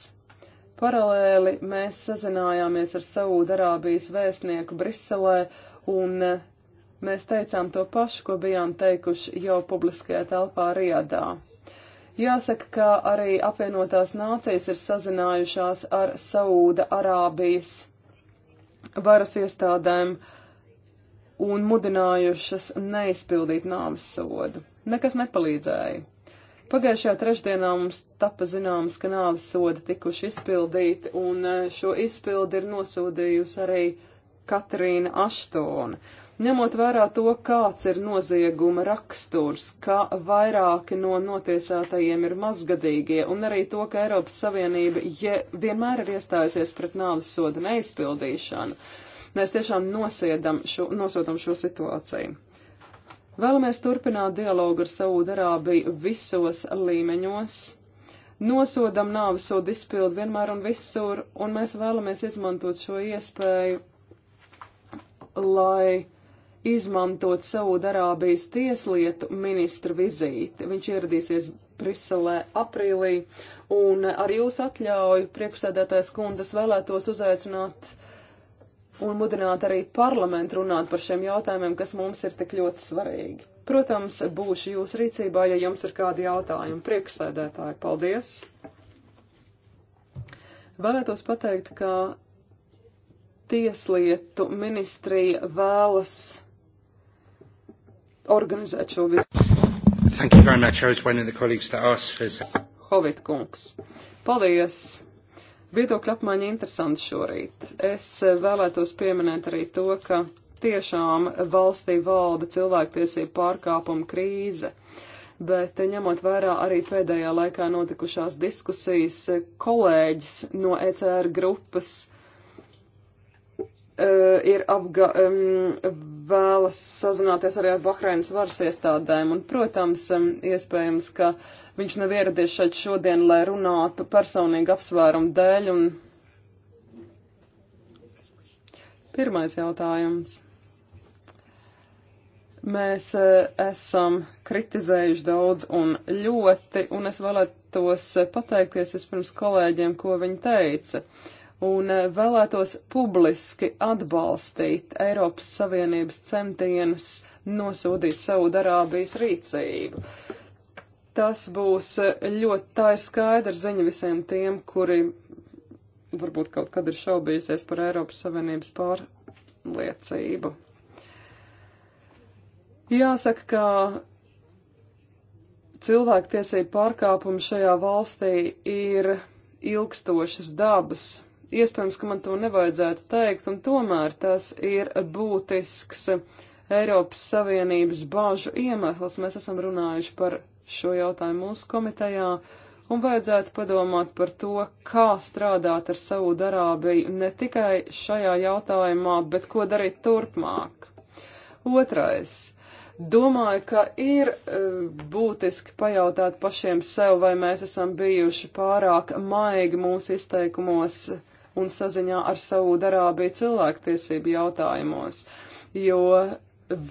Paralēli mēs sazinājāmies ar Saūdarābijas vēstnieku Briselē un e, mēs teicām to pašu, ko bijām teikuši jau publiskajā telpā Riedā Jāsaka, ka arī apvienotās nācijas ir sazinājušās ar Saūda Arābijas varas iestādēm un mudinājušas neizpildīt nāves sodu. Nekas nepalīdzēja. Pagājušajā trešdienā mums tapa zināms, ka nāves soda tikuši izpildīti, un eh, šo izpildi ir nosūdījusi arī Katrīna Aštona. Ņemot vērā to, kāds ir nozieguma raksturs, ka vairāki no notiesātajiem ir mazgadīgie, un arī to, ka Eiropas Savienība ja vienmēr ir iestājusies pret nāves soda neizpildīšanu, mēs tiešām nosiedam šo, nosodam šo situāciju. Vēlamies turpināt dialogu ar Saudarābiju visos līmeņos nosodam nāves sodu izpildu vienmēr un visur, un mēs vēlamies izmantot šo iespēju, lai izmantot Saudarābijas tieslietu ministra vizīti. Viņš ieradīsies Briselē aprīlī, un ar jūsu atļauju priekšsēdētājs kundzes vēlētos uzaicināt un mudināt arī parlamentu runāt par šiem jautājumiem, kas mums ir tik ļoti svarīgi. Protams, būšu jūsu rīcībā, ja jums ir kādi jautājumi. Priekšsēdētāji, paldies! Vēlētos pateikt, ka tieslietu ministrija vēlas organizēt šo visu. Thank you very much. I was one of the colleagues that asked for this. Hovit kungs. Paldies! Viedokļa apmaiņa interesanti šorīt. Es e, vēlētos pieminēt arī to, ka tiešām valstī valda cilvēktiesību pārkāpuma krīze, bet e, ņemot vērā arī pēdējā laikā notikušās diskusijas, e, kolēģis no ECR grupas Eh, ir apga, um, vēlas sazināties arī ar Bahreinas varas iestādēm, un, protams, um, iespējams, ka viņš nav ieradies šeit šodien, lai runātu personīgi apsvērumu dēļ, un pirmais jautājums. Mēs uh, esam kritizējuši daudz un ļoti, un es vēlētos eh, pateikties vispirms kolēģiem, ko viņi teica. Uh, un eh, vēlētos publiski atbalstīt Eiropas Savienības centienus nosodīt Saudarābijas rīcību. Tas būs eh, ļoti tā ir skaidra ziņa visiem tiem, kuri varbūt kaut kad ir šaubījusies par Eiropas Savienības pārliecību. Jāsaka, ka cilvēktiesību pārkāpumi šajā valstī ir ilgstošas dabas iespējams, ka man to nevajadzētu teikt, un tomēr tas ir būtisks Eiropas Savienības bāžu iemesls. Mēs esam runājuši par šo jautājumu mūsu komitejā, un vajadzētu padomāt par to, kā strādāt ar savu darābiju ne tikai šajā jautājumā, bet ko darīt turpmāk. Otrais domāju, ka ir e, būtiski pajautāt pašiem sev, vai mēs esam bijuši pārāk maigi mūsu izteikumos un saziņā ar Saūdarābiju cilvēktiesību jautājumos, jo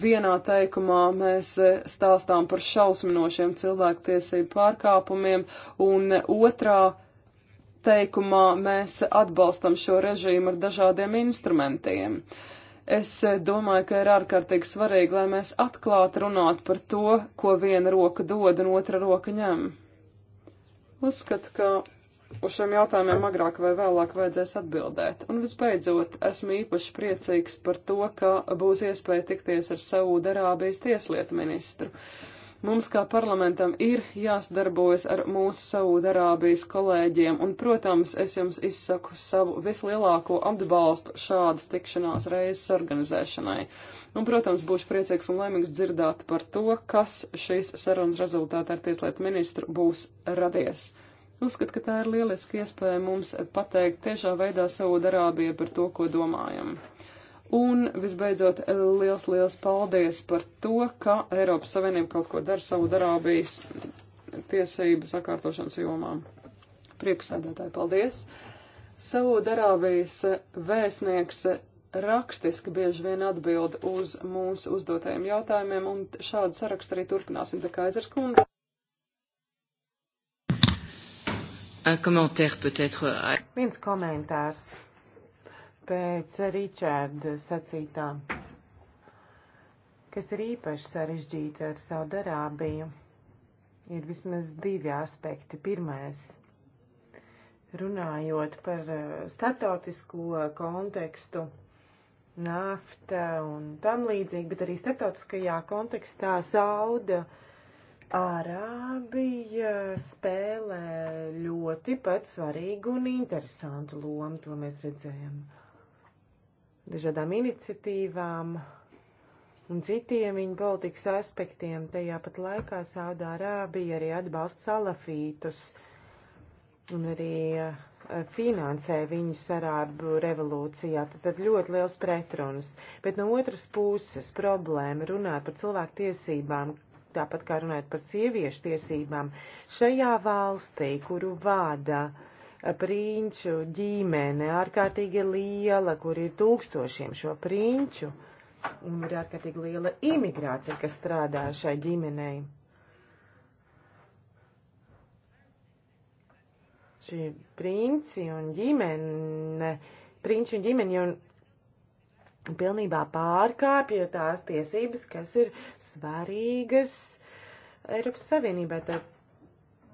vienā teikumā mēs stāstām par šausminošiem cilvēktiesību pārkāpumiem, un otrā teikumā mēs atbalstam šo režīmu ar dažādiem instrumentiem. Es domāju, ka ir ārkārtīgi svarīgi, lai mēs atklāti runātu par to, ko viena roka dod un otra roka ņem. Uzskatu, ka uz šiem jautājumiem agrāk vai vēlāk vajadzēs atbildēt. Un visbeidzot, esmu īpaši priecīgs par to, ka būs iespēja tikties ar Saūda-Arābijas tieslietu ministru. Mums kā parlamentam ir jāsadarbojas ar mūsu Saūda-Arābijas kolēģiem, un, protams, es jums izsaku savu vislielāko atbalstu šādas tikšanās reizes organizēšanai. Un, protams, būšu priecīgs un laimīgs dzirdēt par to, kas šīs sarunas rezultātā ar tieslietu ministru būs radies. Uzskat, ka tā ir lieliski iespēja mums pateikt tiešā veidā Saudarābija par to, ko domājam. Un visbeidzot, liels, liels paldies par to, ka Eiropas Savienība kaut ko dara Saudarābijas tiesību sakārtošanas jomām. Prieksēdētāji, paldies! Saudarābijas vēstnieks rakstiski bieži vien atbild uz mūsu uzdotajiem jautājumiem, un šādu sarakstu arī turpināsim. Tā kā aizars kundze. Un commentaire peut-être. Euh, Viens komentārs pēc Ričarda sacītām, kas ir īpaši sarežģīta ar Saudarābiju, ir vismaz divi aspekti. Pirmais, runājot par uh, startautisko kontekstu, nafta un tam līdzīgi, bet arī startautiskajā kontekstā Sauda. Uh, Arābija spēlē ļoti pat svarīgu un interesantu lomu, to mēs redzējam. Dažādām iniciatīvām un citiem viņa politikas aspektiem. Tajā pat laikā Saudārābija arī atbalsta salafītus un arī e, finansē viņus arābu revolūcijā. Tad, tad ļoti liels pretruns. Bet no otras puses problēma runāt par cilvēku tiesībām, tāpat kā runājot par sieviešu tiesībām, šajā valstī, kuru vada eh, prinču ģimene, ārkārtīgi liela, kur ir tūkstošiem šo prinču, un ir ārkārtīgi liela imigrācija, kas strādā šai ģimenei. Šī princi un ģimene, prinču un ģimene jau pilnībā pārkāpja tās tiesības, kas ir svarīgas Eiropas Savienībai. Tad,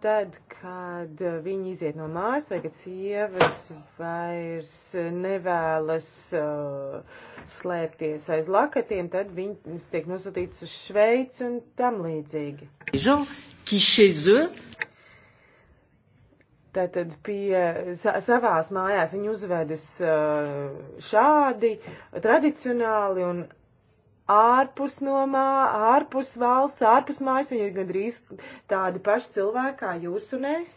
tad, kad viņi iziet no mājas vai kad sievas vairs nevēlas uh, slēpties aiz lakatiem, tad viņas tiek nosūtītas uz Šveici un tam līdzīgi. Jean, qui chez eux Tātad pie sa, savās mājās viņi uzvedas šādi, tradicionāli un ārpus no mā, ārpus valsts, ārpus mājas viņi ir gandrīz tādi paši cilvēki kā jūs un es.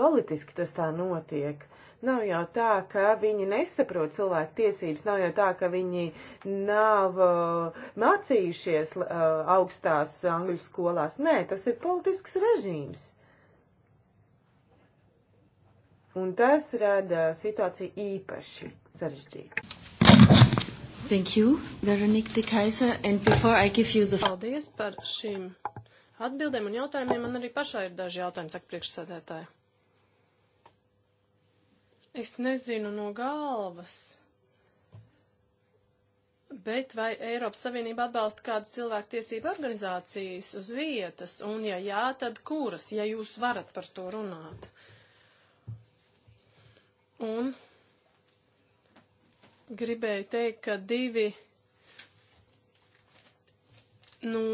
Politiski tas tā notiek. Nav jau tā, ka viņi nesaprot cilvēku tiesības, nav jau tā, ka viņi nav uh, mācījušies uh, augstās angļu skolās. Nē, tas ir politisks režīms. Un tas rada situāciju īpaši sarežģītu. Thank you, Veronika de Kaiser. And before I give you the... Paldies par šīm atbildēm un jautājumiem. Man arī pašai ir daži jautājumi, saka priekšsēdētāji. Es nezinu no galvas. Bet vai Eiropas Savienība atbalsta kādas cilvēktiesību organizācijas uz vietas, un ja jā, tad kuras, ja jūs varat par to runāt? Un gribēju teikt, ka divi no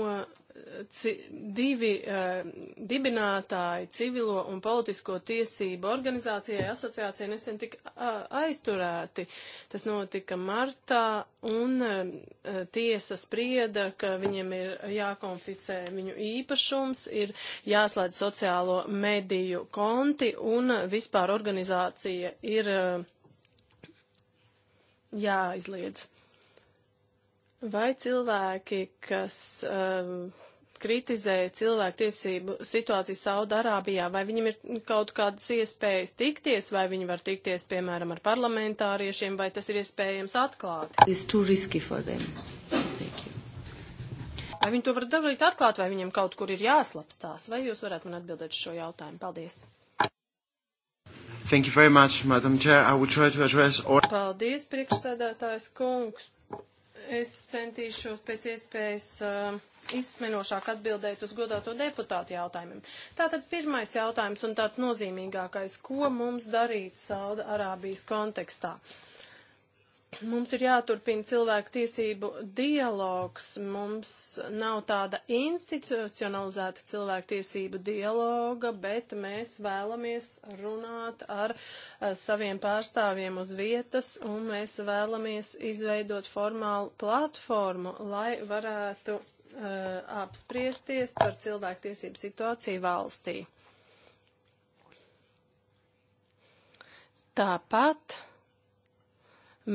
divi uh, dibinātāji civilo un politisko tiesību organizācijai asociācija nesen tika uh, aizturēti. Tas notika martā un uh, tiesa sprieda, ka viņiem ir jākonficē viņu īpašums, ir jāslēdz sociālo mediju konti un vispār organizācija ir uh, jāizliedz. Vai cilvēki, kas uh, kritizē cilvēktiesību situāciju Saudarābijā, vai viņam ir kaut kādas iespējas tikties, vai viņi var tikties, piemēram, ar parlamentāriešiem, vai tas ir iespējams atklāti? Vai viņi to var darīt atklāt, vai viņam kaut kur ir jāslapstās? Vai jūs varētu man atbildēt šo jautājumu? Paldies! Thank you very much, Madam Chair. I will try to address all... Paldies, priekšsēdētājs kungs. Es centīšos pēc iespējas uh, izsmeļošāk atbildēt uz godāto deputātu jautājumiem. Tātad pirmais jautājums un tāds nozīmīgākais, ko mums darīt Sauda Arābijas kontekstā? Mums ir jāturpina cilvēku tiesību dialogs, mums nav tāda institucionalizēta cilvēku tiesību dialoga, bet mēs vēlamies runāt ar, ar eh, saviem pārstāvjiem uz vietas un mēs vēlamies izveidot formālu platformu, lai varētu uh, apspriesties par cilvēktiesību situāciju valstī. Tāpat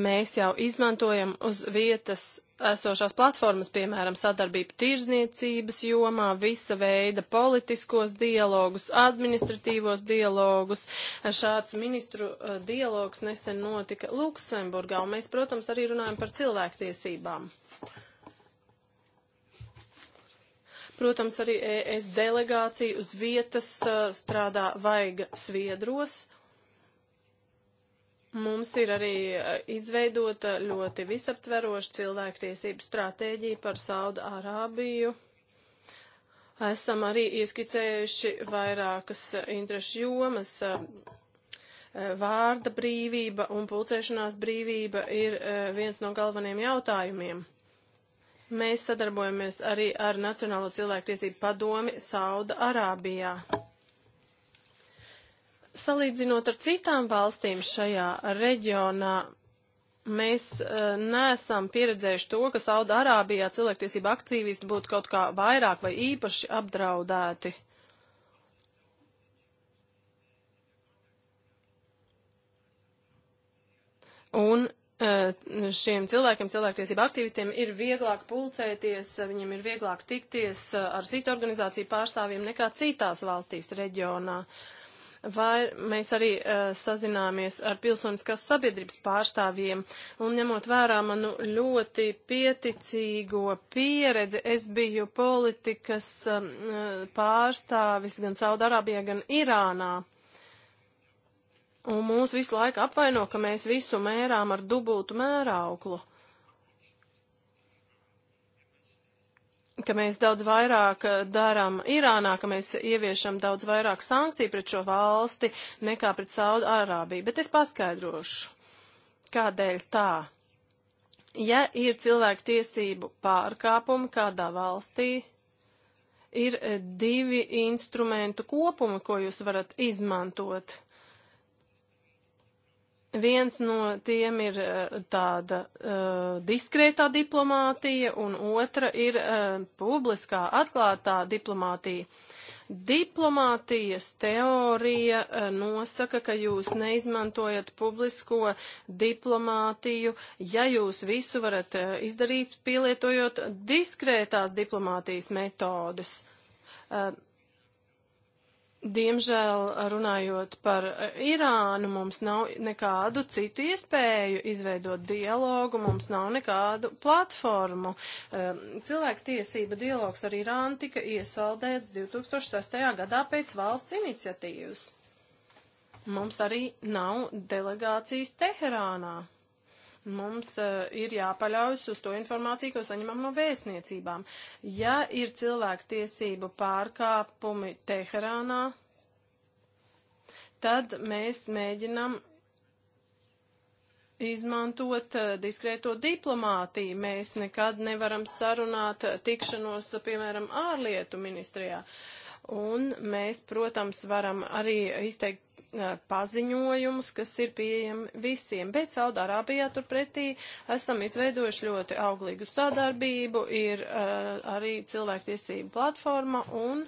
mēs jau izmantojam uz vietas esošās platformas, piemēram, sadarbību tirzniecības jomā, visa veida politiskos dialogus, administratīvos dialogus. Šāds ministru uh, dialogs nesen notika Luksemburgā, un mēs, protams, arī runājam par cilvēktiesībām. Protams, arī ES delegācija uz vietas strādā vaiga sviedros. Mums ir arī izveidota ļoti visaptveroša cilvēktiesību stratēģija par Saudu Arābiju. Esam arī ieskicējuši vairākas interešu jomas. Vārda brīvība un pulcēšanās brīvība ir viens no galvenajiem jautājumiem. Mēs sadarbojamies arī ar Nacionālo cilvēktiesību padomi Sauda Arābijā. Salīdzinot ar citām valstīm šajā reģionā, mēs uh, neesam pieredzējuši to, ka Saudārābijā cilvēktiesība aktīvisti būtu kaut kā vairāk vai īpaši apdraudēti. Un Eh, šiem cilvēkiem, cilvēktiesību aktīvistiem ir vieglāk pulcēties, eh, viņiem ir vieglāk tikties eh, ar citu organizāciju pārstāvjiem nekā citās valstīs reģionā. Vai mēs arī uh, sazināmies ar pilsoniskās sabiedrības pārstāvjiem un ņemot vērā manu ļoti pieticīgo pieredzi, es biju politikas uh, pārstāvis gan Saudarābijā, gan Irānā. Uh, Un mūs visu laiku apvaino, ka mēs visu mērām ar dubultu mērauklu. Ka mēs daudz vairāk eh, darām Irānā, ka mēs ieviešam daudz vairāk sankciju pret šo valsti nekā pret Saudu Arābiju. Bet es paskaidrošu, kādēļ tā. Ja ir cilvēku tiesību pārkāpumi kādā valstī, ir divi instrumentu kopumi, ko jūs varat izmantot Viens no tiem ir eh, tāda uh, diskrētā diplomātija, un otra ir uh, publiskā, atklātā diplomātija. Diplomātijas teorija uh, nosaka, ka jūs neizmantojat publisko diplomātiju, ja jūs visu varat uh, izdarīt, pielietojot diskrētās diplomātijas metodas. Uh, Diemžēl runājot par eh, Irānu, mums nav nekādu citu iespēju izveidot dialogu, mums nav nekādu platformu. Ehm, cilvēktiesība dialogs ar Irānu tika iesaldēts 2006. gadā pēc valsts iniciatīvas. Mums arī nav delegācijas Teherānā. Mums uh, ir jāpaļaujas uz to informāciju, ko saņemam no vēstniecībām. Ja ir cilvēku tiesību pārkāpumi Teherānā, tad mēs mēģinam izmantot eh, diskrēto diplomātiju. Mēs nekad nevaram sarunāt tikšanos, piemēram, ārlietu ministrijā. Un mēs, protams, varam arī izteikt paziņojumus, kas ir pieejami visiem, bet Saudārābijā turpretī esam izveidojuši ļoti auglīgu sadarbību, ir arī cilvēktiesību platforma un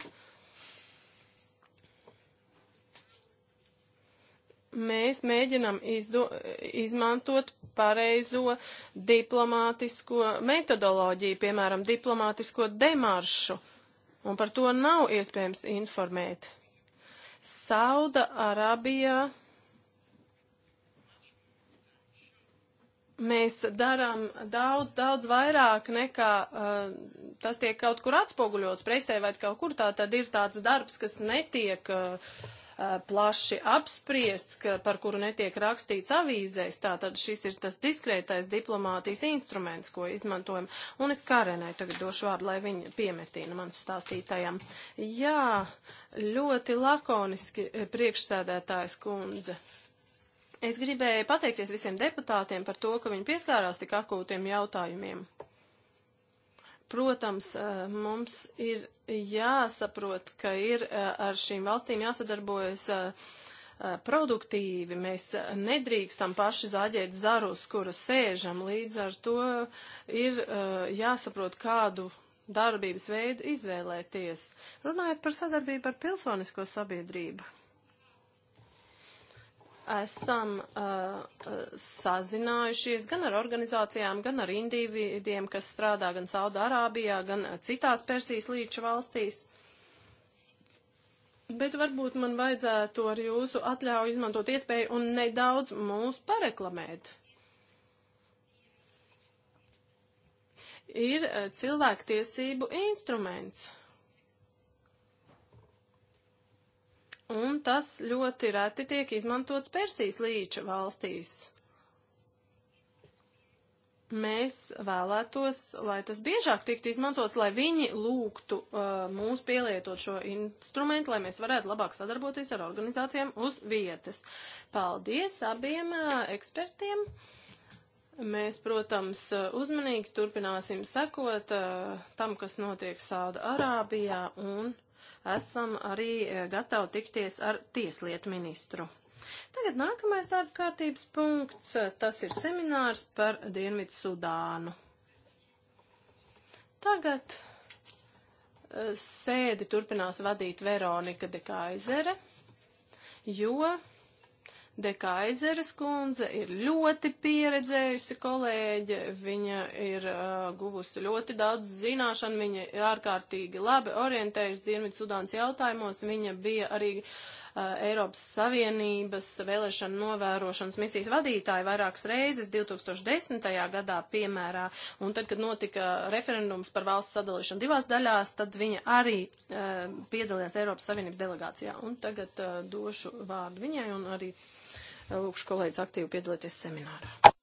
mēs mēģinam izdo, izmantot pareizo diplomātisko metodoloģiju, piemēram, diplomātisko demaršu, un par to nav iespējams informēt. Sauda Arābijā mēs darām daudz, daudz vairāk nekā uh, tas tiek kaut kur atspoguļots presē vai kaut kur tā tad ir tāds darbs, kas netiek. Uh, Eh, plaši apspriests, ka, par kuru netiek rakstīts avīzēs. Tātad šis ir tas diskrētais diplomātijas instruments, ko izmantojam. Un es Karenai tagad došu vārdu, lai viņa piemetina man stāstītajam. Jā, ļoti lakoniski eh, priekšsēdētājs kundze. Es gribēju pateikties visiem deputātiem par to, ka viņi pieskārās tik akūtiem jautājumiem. Protams, eh, mums ir jāsaprot, ka ir eh, ar šīm valstīm jāsadarbojas eh, produktīvi. Mēs nedrīkstam paši zaģēt zarus, kura sēžam. Līdz ar to ir jāsaprot, kādu darbības veidu izvēlēties. Runājot par sadarbību ar pilsonisko sabiedrību esam uh, uh, sazinājušies gan ar organizācijām, gan ar individiem, kas strādā gan Saudārābijā, gan uh, citās Persijas līča valstīs. Bet varbūt man vajadzētu ar jūsu atļauju izmantot iespēju un nedaudz mūs pareklamēt. Ir uh, cilvēktiesību instruments un tas ļoti reti tiek izmantots Persijas līča valstīs. Mēs vēlētos, lai tas biežāk tiktu izmantots, lai viņi lūgtu uh, mūs pielietot šo instrumentu, lai mēs varētu labāk sadarboties ar organizācijām uz vietas. Paldies abiem uh, ekspertiem! Mēs, protams, uzmanīgi turpināsim sekot uh, tam, kas notiek Sauda Arābijā un esam arī e, gatavi tikties ar tieslietu ministru. Tagad nākamais darba kārtības punkts, e, tas ir seminārs par Dienvidu Sudānu. Tagad e, sēdi turpinās vadīt Veronika de Kaizere, jo De Kaizeres kundze ir ļoti pieredzējusi kolēģe, viņa ir uh, guvusi ļoti daudz zināšanu, viņa ir ārkārtīgi labi orientējusi Dienvidu Sudānas jautājumos, viņa bija arī uh, Eiropas Savienības vēlēšana novērošanas misijas vadītāja vairākas reizes 2010. gadā, piemērā, un tad, kad notika referendums par valsts sadalīšanu divās daļās, tad viņa arī uh, piedalījās Eiropas Savienības delegācijā. Un tagad uh, došu vārdu viņai un arī. Uh, lūkšu kolēģis aktīvi piedalīties seminārā.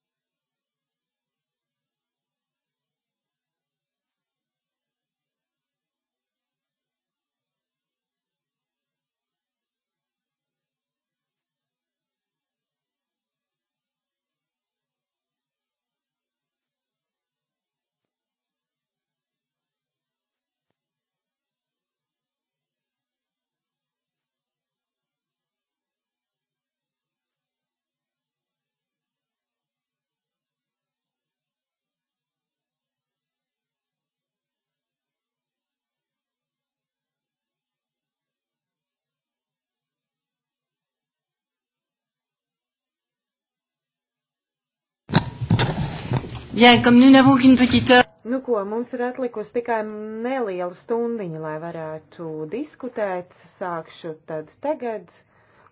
Bien, comme nous n'avons qu'une petite heure. Nu ko, mums ir atlikusi tikai neliela stundiņa, lai varētu diskutēt. Sākšu tad tagad.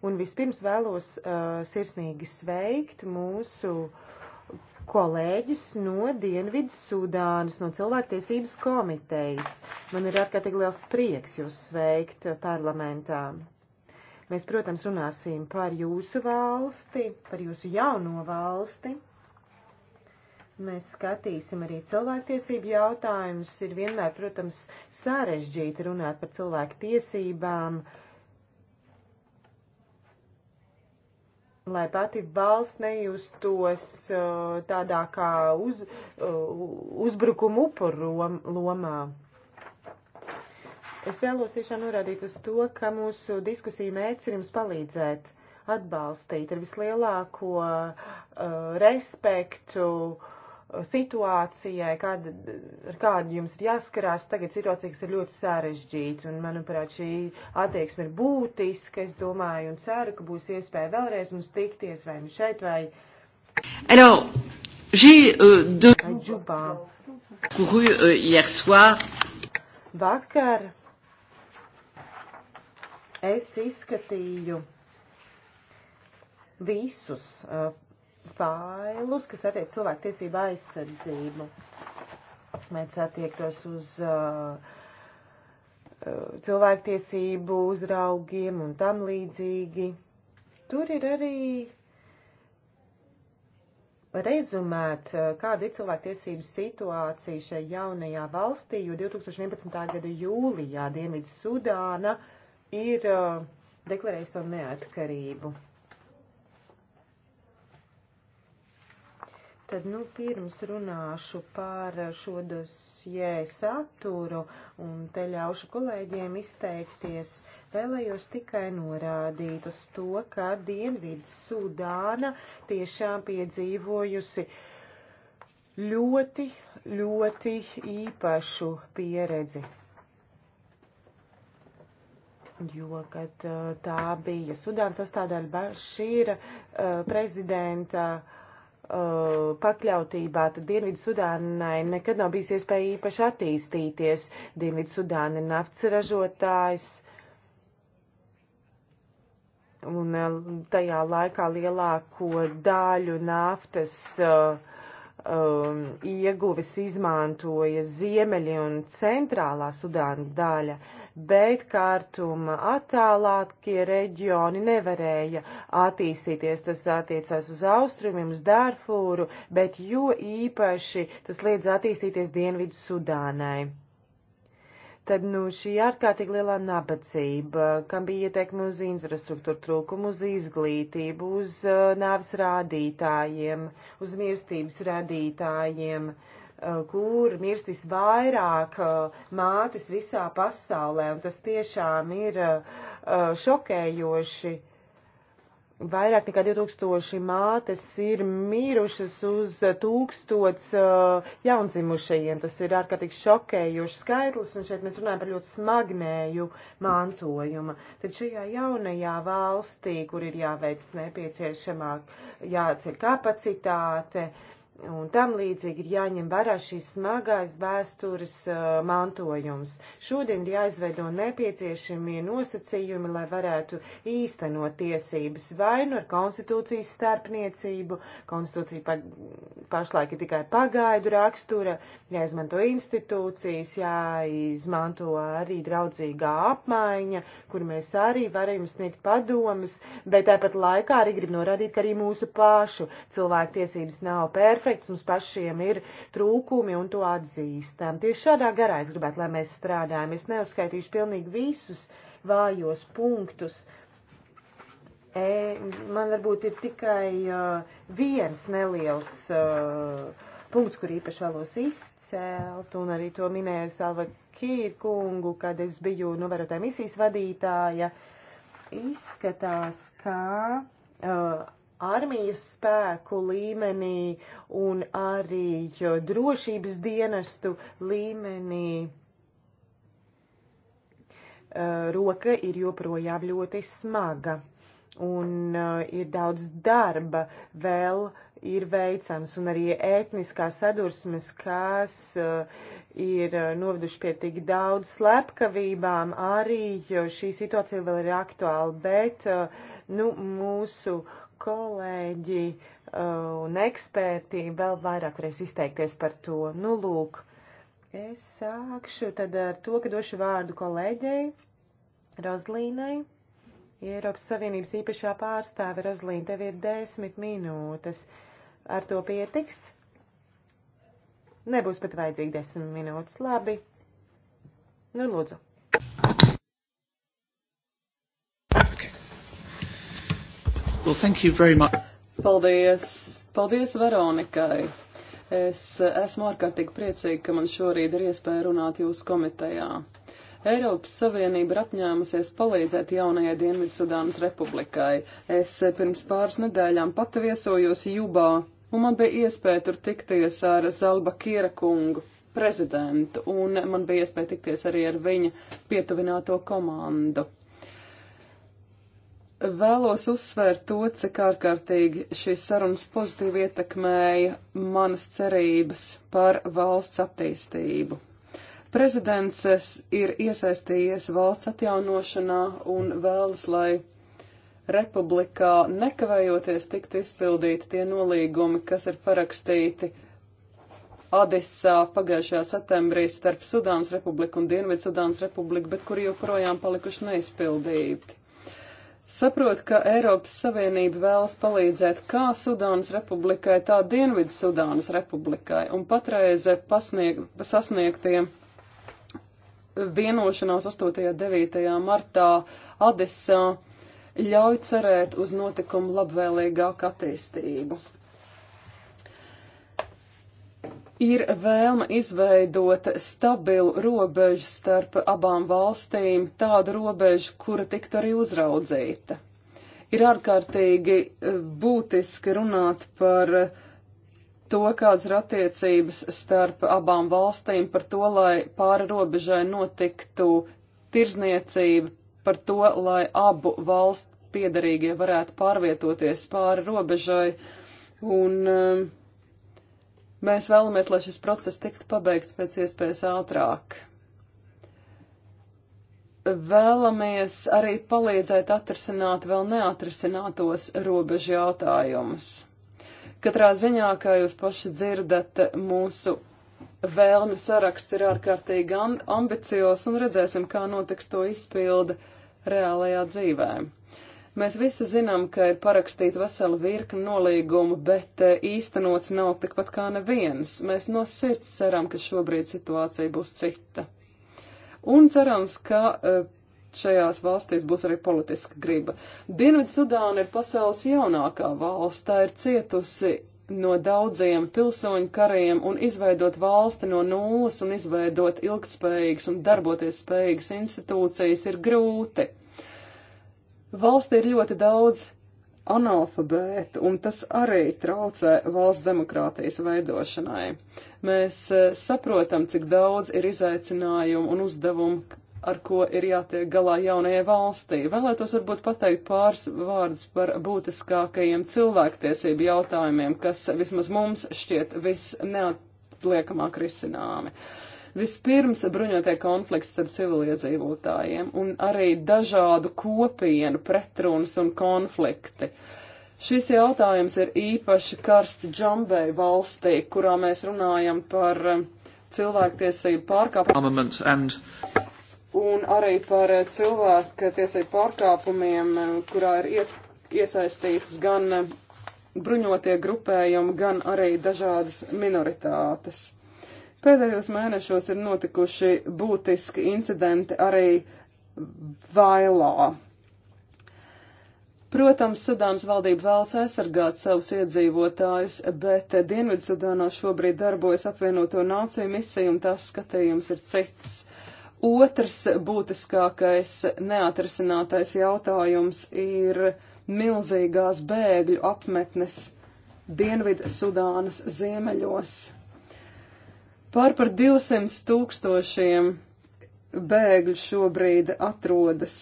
Un vispirms vēlos uh, sirsnīgi sveikt mūsu kolēģis no Dienvidas Sudānas, no cilvēktiesības komitejas. Man ir ārkārtīgi liels prieks jūs sveikt parlamentā. Mēs, protams, runāsim par jūsu valsti, par jūsu jauno valsti. Mēs skatīsim arī cilvēktiesību jautājumus. Ir vienmēr, protams, sarežģīti runāt par cilvēku tiesībām, lai pati valsts nejustos uh, tādā kā uz, uh, uzbrukuma upuru lomā. Es vēlos tiešām norādīt uz to, ka mūsu diskusija mērķis ir jums palīdzēt, atbalstīt ar vislielāko uh, respektu uh, situācijai, kāda, ar kādu jums ir jāskarās. Tagad situācija, kas ir ļoti sarežģīta, un, manuprāt, šī attieksme ir būtiska, es domāju, un ceru, ka būs iespēja vēlreiz mums tikties, vai nu šeit, vai. Alors, j'ai euh, deux. Couru euh, hier soir. Vakar es izskatīju visus uh, failus, kas attiec cilvēku tiesību aizsardzību. Mēs attiektos uz uh, uh, cilvēktiesību uzraugiem un tam līdzīgi. Tur ir arī rezumēt, uh, kāda ir cilvēktiesību situācija šajā jaunajā valstī, jo 2011. gada jūlijā Dienvidu Sudāna ir uh, deklarējusi savu neatkarību. Tad, nu, pirms runāšu par šo dosjē saturu un te ļaušu kolēģiem izteikties, vēlējos tikai norādīt uz to, ka Dienvids Sudāna tiešām piedzīvojusi ļoti, ļoti īpašu pieredzi. Jo, kad uh, tā bija Sudāna sastāvdaļa Bašīra uh, prezidenta Uh, pakļautībā, tad Dienvidu Sudānai nekad nav bijis iespēja īpaši attīstīties. Dienvidu Sudāna ir nafts ražotājs. Un uh, tajā laikā lielāko daļu naftas uh, um, ieguvis izmantoja ziemeļi un centrālā Sudāna daļa, bet kārtuma attālākie reģioni nevarēja attīstīties. Tas attiecās uz austrumiem, uz Dārfūru, bet jo īpaši tas liedz attīstīties Dienvidu Sudānai tad nu, šī ārkārtīgi lielā nabadzība, kam bija ieteikumi uz infrastruktūru trūkumu, uz izglītību, uz uh, nāvis rādītājiem, uz mirstības rādītājiem, uh, kur mirst visvairāk uh, mātes visā pasaulē, un tas tiešām ir uh, uh šokējoši. Uh, Vairāk nekā 2000 mātes ir mirušas uz tūkstots uh, jaundzimušajiem. Tas ir ārkārtīgi šokējuši skaitlis, un šeit mēs runājam par ļoti smagnēju mantojumu. Tad šajā jaunajā valstī, kur ir jāveic nepieciešamāk, jāceļ kapacitāte, uh, un tam līdzīgi ir jāņem vērā šīs smagais vēstures uh, mantojums. Šodien ir jāizveido nepieciešamie nosacījumi, lai varētu īstenot tiesības vai nu ar konstitūcijas starpniecību, konstitūcija pa, pašlaik ir tikai pagaidu rakstura, jāizmanto institūcijas, jāizmanto arī draudzīgā apmaiņa, kur mēs arī varam sniegt padomas, bet tāpat laikā arī grib norādīt, ka arī mūsu pašu cilvēktiesības nav perfektas defekts, mums pašiem ir trūkumi un to atzīstam. Tieši šādā garā es gribētu, lai mēs strādājam. Es neuzskaitīšu pilnīgi visus vājos punktus. E, man varbūt ir tikai uh, viens neliels uh, punkts, kur īpaši vēlos izcelt, un arī to minēju Salva Kīrkungu, kad es biju novērotāja misijas vadītāja. Izskatās, ka uh, armijas spēku līmenī un arī drošības dienestu līmenī roka ir joprojām ļoti smaga un ir daudz darba vēl ir veicams un arī ētniskās sadursmes, kas ir noveduši pie tik daudz slepkavībām, arī šī situācija vēl ir aktuāla, bet, nu, mūsu uh, kolēģi uh, un eksperti vēl vairāk varēs izteikties par to. Nu, lūk, es sākšu tad ar to, ka došu vārdu kolēģei Rozlīnai. Eiropas Savienības īpašā pārstāve Rozlīna, tev ir desmit minūtes. Ar to pietiks? Nebūs pat vajadzīgi desmit minūtes. Labi. Nu, lūdzu. Well, thank you very much. Paldies. Paldies Veronikai. Es esmu ārkārtīgi priecīga, ka man šorīt ir iespēja runāt jūsu komitejā. Eiropas Savienība ir apņēmusies palīdzēt jaunajai Dienvidsudānas republikai. Es pirms pāris nedēļām pati viesojos Jubā, un man bija iespēja tur tikties ar Zalba Kiera kungu, prezidentu, un man bija iespēja tikties arī ar viņa pietuvināto komandu. Vēlos uzsvērt to, cik ārkārtīgi šīs sarunas pozitīvi ietekmēja manas cerības par valsts attīstību. Prezidents ir iesaistījies valsts atjaunošanā un vēlas, lai republikā nekavējoties tikt izpildīti tie nolīgumi, kas ir parakstīti Adisā pagājušajā septembrī starp Sudānas republiku un Dienvidu Sudānas republiku, bet kuri joprojām palikuši neizpildīti. Saprot, ka Eiropas Savienība vēlas palīdzēt kā Sudānas republikai, tā Dienvidu Sudānas republikai, un patreiz pasnieg, sasniegtie vienošanās 8. un 9. martā Adisā ļauj cerēt uz notikumu labvēlīgāku attīstību. ir vēlme izveidot stabilu robežu starp abām valstīm, tādu robežu, kura tiktu arī uzraudzīta. Ir ārkārtīgi e, būtiski runāt par to, kādas ir attiecības starp abām valstīm, par to, lai pāri robežai notiktu tirzniecība, par to, lai abu valstu piedarīgie varētu pārvietoties pāri robežai. Un, uh, Mēs vēlamies, lai šis process tiktu pabeigts pēc iespējas ātrāk. Vēlamies arī palīdzēt atrisināt vēl neatrisinātos robežu jautājumus. Katrā ziņā, kā jūs paši dzirdat, mūsu vēlmi saraksts ir ārkārtīgi ambicios un redzēsim, kā notiks to izpilde reālajā dzīvē. Mēs visi zinām, ka ir parakstīta vesela virkna nolīgumu, bet eh, īstenots nav tikpat kā neviens. Mēs no sirds ceram, ka šobrīd situācija būs cita. Un cerams, ka eh, šajās valstīs būs arī politiska griba. Dienvidsudāna ir pasaules jaunākā valsts, tā ir cietusi no daudziem pilsoņu kariem un izveidot valsti no nulles un izveidot ilgtspējīgas un darboties spējīgas institūcijas ir grūti. Valstī ir ļoti daudz analfabētu, un tas arī traucē valsts demokrātijas veidošanai. Mēs e, saprotam, cik daudz ir izaicinājumu un uzdevumu, ar ko ir jātiek galā jaunajai valstī. Vēlētos varbūt pateikt pāris vārdus par būtiskākajiem cilvēktiesību jautājumiem, kas vismaz mums šķiet visneatliekamāk risināmi. Uh, Vispirms bruņotie konflikti starp civiliedzīvotājiem un arī dažādu kopienu pretrunas un konflikti. Šis jautājums ir īpaši karsts Džambei valstī, kurā mēs runājam par eh, cilvēktiesību pārkāpumiem un arī par eh, cilvēku tiesību pārkāpumiem, eh, kurā ir iet, iesaistīts gan bruņotie grupējumi, gan arī dažādas minoritātes. Pēdējos mēnešos ir notikuši būtiski incidenti arī Vailā. Protams, Sudānas valdība vēlas aizsargāt savus iedzīvotājus, bet Dienvidsudānā šobrīd darbojas apvienoto nāciju misija un tās skatījums ir cits. Otrs būtiskākais neatrisinātais jautājums ir milzīgās bēgļu apmetnes Dienvidsudānas ziemeļos. Pār par 200 tūkstošiem bēgļu šobrīd atrodas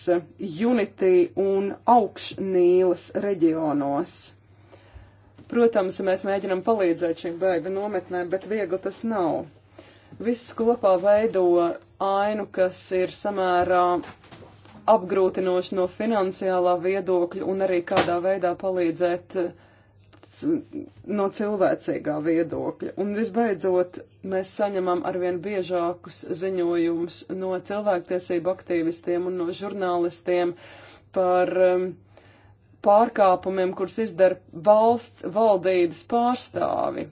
Unity un augšnīlas reģionos. Protams, mēs mēģinam palīdzēt šīm bēgļu nometnēm, bet viegli tas nav. Viss kopā veido ainu, kas ir samērā apgrūtinoši no finansiālā viedokļa un arī kādā veidā palīdzēt uh, no cilvēcīgā viedokļa. Un visbeidzot, mēs saņemam arvien biežākus ziņojumus no cilvēktiesību aktīvistiem un no žurnālistiem par um, pārkāpumiem, kurus izdara valsts valdības pārstāvi.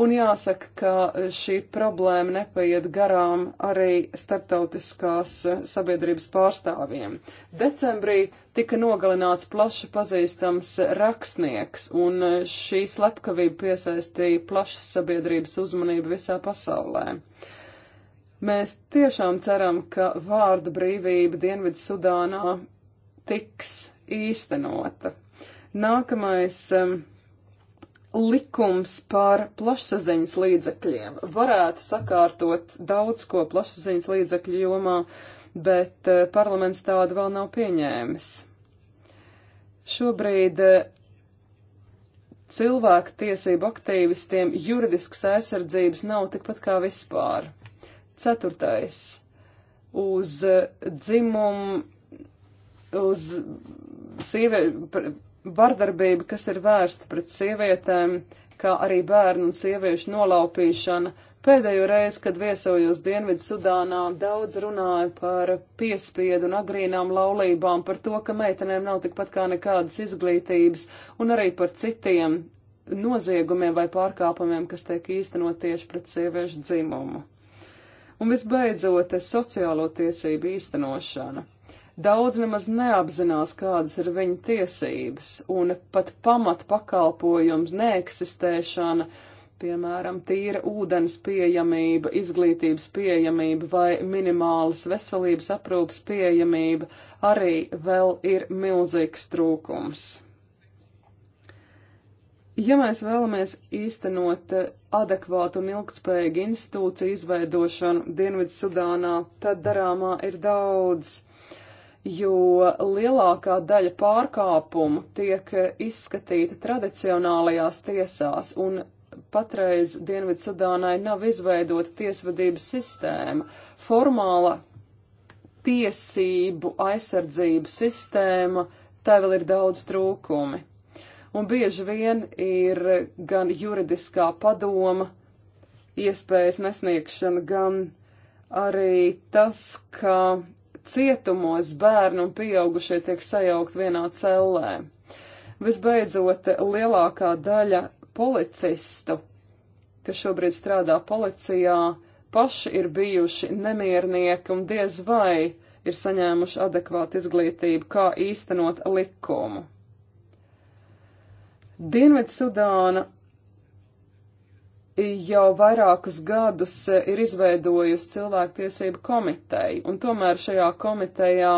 Un jāsaka, ka šī problēma nepaiet garām arī starptautiskās eh, sabiedrības pārstāvjiem. Decembrī tika nogalināts plaši pazīstams rakstnieks, un eh, šī slepkavība piesaistīja plašas sabiedrības uzmanību visā pasaulē. Mēs tiešām ceram, ka vārda brīvība Dienvidu Sudānā tiks īstenota. Nākamais um, likums par plašsaziņas līdzekļiem varētu sakārtot daudz ko plašsaziņas līdzekļu jomā, bet eh, parlaments tādu vēl nav pieņēmis. Šobrīd eh, cilvēku tiesību aktīvistiem juridiskas aizsardzības nav tikpat kā vispār. Ceturtais. Uz eh, dzimumu, uz sievieti vardarbība, kas ir vērsta pret sievietēm, kā arī bērnu un sieviešu nolaupīšana. Pēdējo reizi, kad viesojos Dienvidu Sudānā, daudz runāju par piespiedu un agrīnām laulībām, par to, ka meitenēm nav tikpat kā nekādas izglītības, un arī par citiem noziegumiem vai pārkāpumiem, kas tiek īstenot tieši pret sieviešu dzimumu. Un visbeidzot, sociālo tiesību īstenošana. Daudz nemaz neapzinās, kādas ir viņa tiesības, un pat pamat pakalpojums neeksistēšana, piemēram, tīra ūdens pieejamība, izglītības pieejamība vai minimālas veselības aprūpas pieejamība arī vēl ir milzīgs trūkums. Ja mēs vēlamies īstenot adekvātu un ilgtspējīgu institūciju izveidošanu Dienvidsudānā, tad darāmā ir daudz jo lielākā daļa pārkāpumu tiek izskatīta tradicionālajās tiesās, un patreiz Dienvidsudānai nav izveidota tiesvedības sistēma. Formāla tiesību aizsardzību sistēma, tā vēl ir daudz trūkumi. Un bieži vien ir gan juridiskā padoma iespējas nesniegšana, gan arī tas, ka cietumos bērni un pieaugušie tiek sajaukt vienā cellē. Visbeidzot, lielākā daļa policistu, kas šobrīd strādā policijā, paši ir bijuši nemiernieki un diez vai ir saņēmuši adekvātu izglītību, kā īstenot likumu. Dienvidsudāna jau vairākus gadus eh, ir izveidojusi cilvēktiesību komiteju, un tomēr šajā komitejā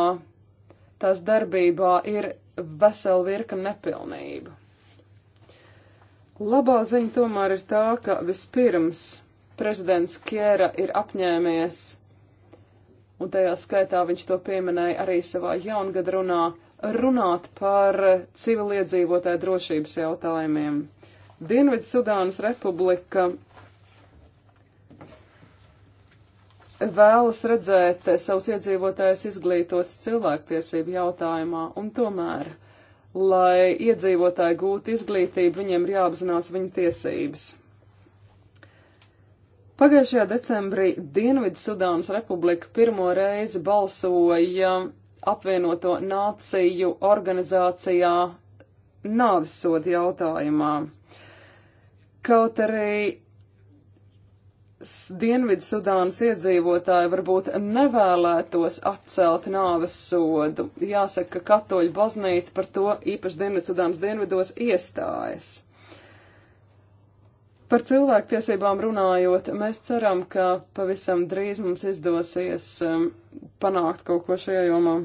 tās darbībā ir vesela virka nepilnību. Labā ziņa tomēr ir tā, ka vispirms prezidents Kiera ir apņēmies, un tajā skaitā viņš to pieminēja arī savā jaungada runā, runāt par civiliedzīvotāju drošības jautājumiem. Dienvidu Sudānas republika vēlas redzēt savus iedzīvotājus izglītots cilvēktiesību jautājumā, un tomēr, lai iedzīvotāji gūtu izglītību, viņiem ir jāapzinās viņu tiesības. Pagājušajā decembrī Dienvidu Sudānas republika pirmo reizi balsoja apvienoto nāciju organizācijā nāvisodu jautājumā. Kaut arī Dienvidu Sudānas iedzīvotāji varbūt nevēlētos atcelt nāves sodu. Jāsaka, ka katoļu baznīca par to īpaši Dienvidu Sudānas dienvidos iestājas. Par cilvēktiesībām runājot, mēs ceram, ka pavisam drīz mums izdosies um, panākt kaut ko šajā jomā.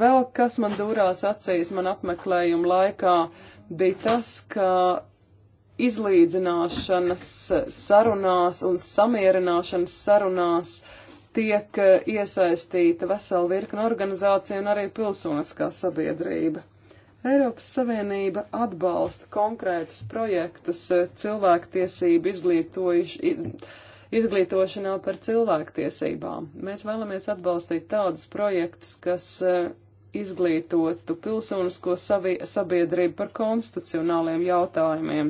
Vēl kas man dūrās acīs man apmeklējuma laikā. Uh, bija tas, ka izlīdzināšanas sarunās un samierināšanas sarunās tiek iesaistīta vesela virkna organizācija un arī pilsoniskā sabiedrība. Eiropas Savienība atbalsta konkrētus projektus cilvēktiesību izglītošanā par cilvēktiesībām. Mēs vēlamies atbalstīt tādus projektus, kas izglītotu pilsonisko sabiedrību par konstitucionāliem jautājumiem,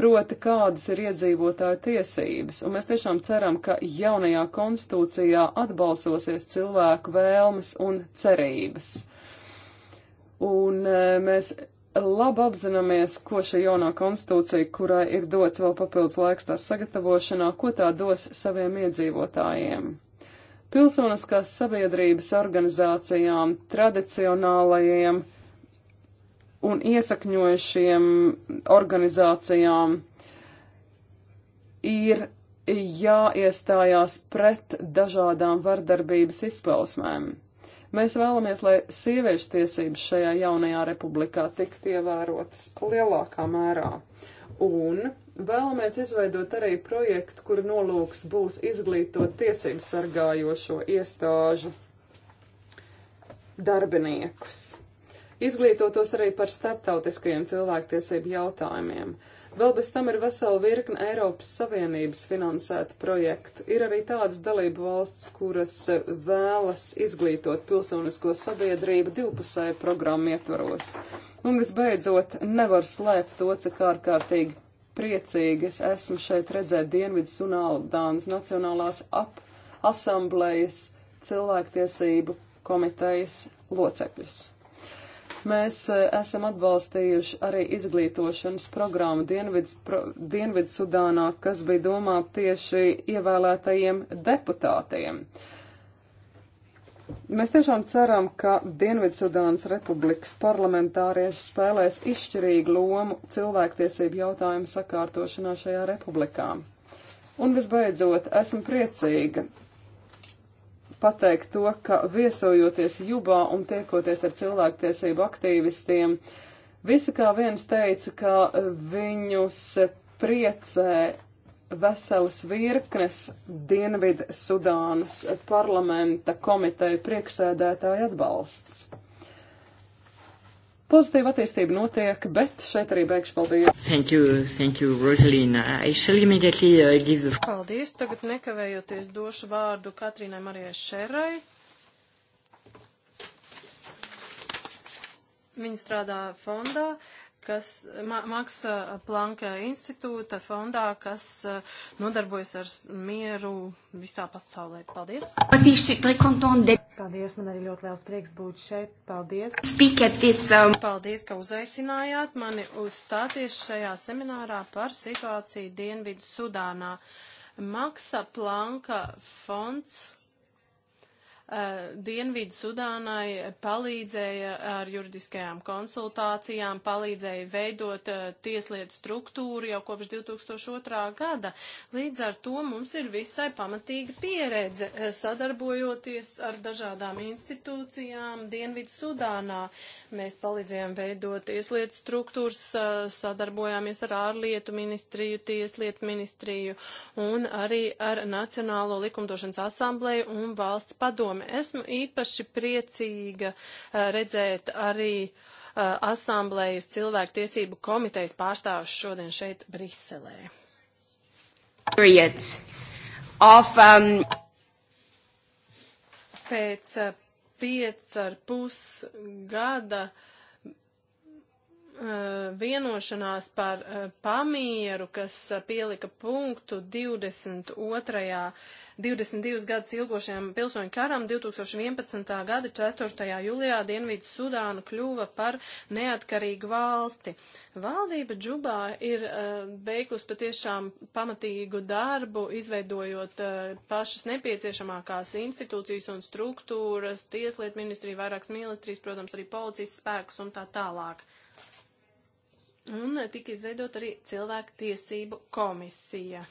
proti kādas ir iedzīvotāju tiesības, un mēs tiešām ceram, ka jaunajā konstitūcijā atbalsosies cilvēku vēlmes un cerības. Un e, mēs labi apzināmies, ko šī jaunā konstitūcija, kurai ir dots vēl papildus laiks tās sagatavošanā, ko tā dos saviem iedzīvotājiem pilsoniskās sabiedrības organizācijām, tradicionālajiem un iesakņojušiem organizācijām ir jāiestājās pret dažādām vardarbības izpausmēm. Mēs vēlamies, lai sieviešu tiesības šajā jaunajā republikā tiktu ievērotas lielākā mērā. Un Vēlamies izveidot arī projektu, kur nolūks būs izglītot tiesību sargājošo iestāžu darbiniekus. Izglītotos arī par starptautiskajiem cilvēktiesību jautājumiem. Vēl bez tam ir vesela virkne Eiropas Savienības finansēta projekta. Ir arī tādas dalību valsts, kuras vēlas izglītot pilsonisko sabiedrību divpusēju programmu ietvaros. Un visbeidzot, nevar slēpt to, cik ārkārtīgi priecīgi es esmu šeit redzēt Dienvidu Sunāldānas Nacionālās ap asamblejas cilvēktiesību komitejas locekļus. Mēs e, esam atbalstījuši arī izglītošanas programmu Dienvids, pro, Dienvidsudānā, kas bija domāta tieši ievēlētajiem deputātiem. Uh, Mēs tiešām ceram, ka Dienvidsudānas republikas parlamentārieši spēlēs izšķirīgu lomu cilvēktiesību jautājumu sakārtošanā šajā republikā. Un visbeidzot, esmu priecīga pateikt to, ka viesojoties Jubā un tiekoties ar cilvēktiesību aktīvistiem, visi kā viens teica, ka viņus priecē veselas virknes Dienvidu Sudānas parlamenta komiteju priekšsēdētāju atbalsts. Pozitīva attīstība notiek, bet šeit arī beigšu paldies. Thank you, thank you, Rosalina. I shall immediately uh, give the... Paldies, tagad nekavējoties došu vārdu Katrīnai Marijai Šerai. Viņa strādā fondā. Uh, kas ma maksā Planka institūta fondā, kas eh, nodarbojas ar mieru visā pasaulē. Paldies! Paldies, man arī ļoti liels prieks būt šeit. Paldies! This, um... Paldies, ka uzaicinājāt mani uzstāties šajā seminārā par situāciju Dienvidu Sudānā. Maksa Planka fonds Eh, Dienvidu Sudānai palīdzēja ar juridiskajām konsultācijām, palīdzēja veidot eh, tieslietu struktūru jau kopš 2002. gada. Līdz ar to mums ir visai pamatīga pieredze eh, sadarbojoties ar dažādām institūcijām Dienvidu Sudānā. Mēs palīdzējām veidot tieslietu struktūras, sadarbojāmies ar ārlietu ministriju, tieslietu ministriju un arī ar Nacionālo likumdošanas asambleju un valsts padomu padomi. Esmu īpaši priecīga eh, redzēt arī eh, asamblējas cilvēktiesību komitejas pārstāvus šodien šeit Briselē. Of, um... Pēc eh, piec ar pus gada uh, Eh, vienošanās par eh, pamieru, kas eh, pielika punktu 22. 22 gadus ilgošajam pilsoņu karam 2011. gada 4. jūlijā Dienvidu Sudānu kļuva par neatkarīgu valsti. Valdība Džubā ir veikusi uh, patiešām pamatīgu darbu, izveidojot uh, pašas nepieciešamākās institūcijas un struktūras, tieslietu ministriju, vairākas ministrijas, protams, arī policijas spēkus un tā tālāk. Un tika izveidot arī cilvēku tiesību komisija.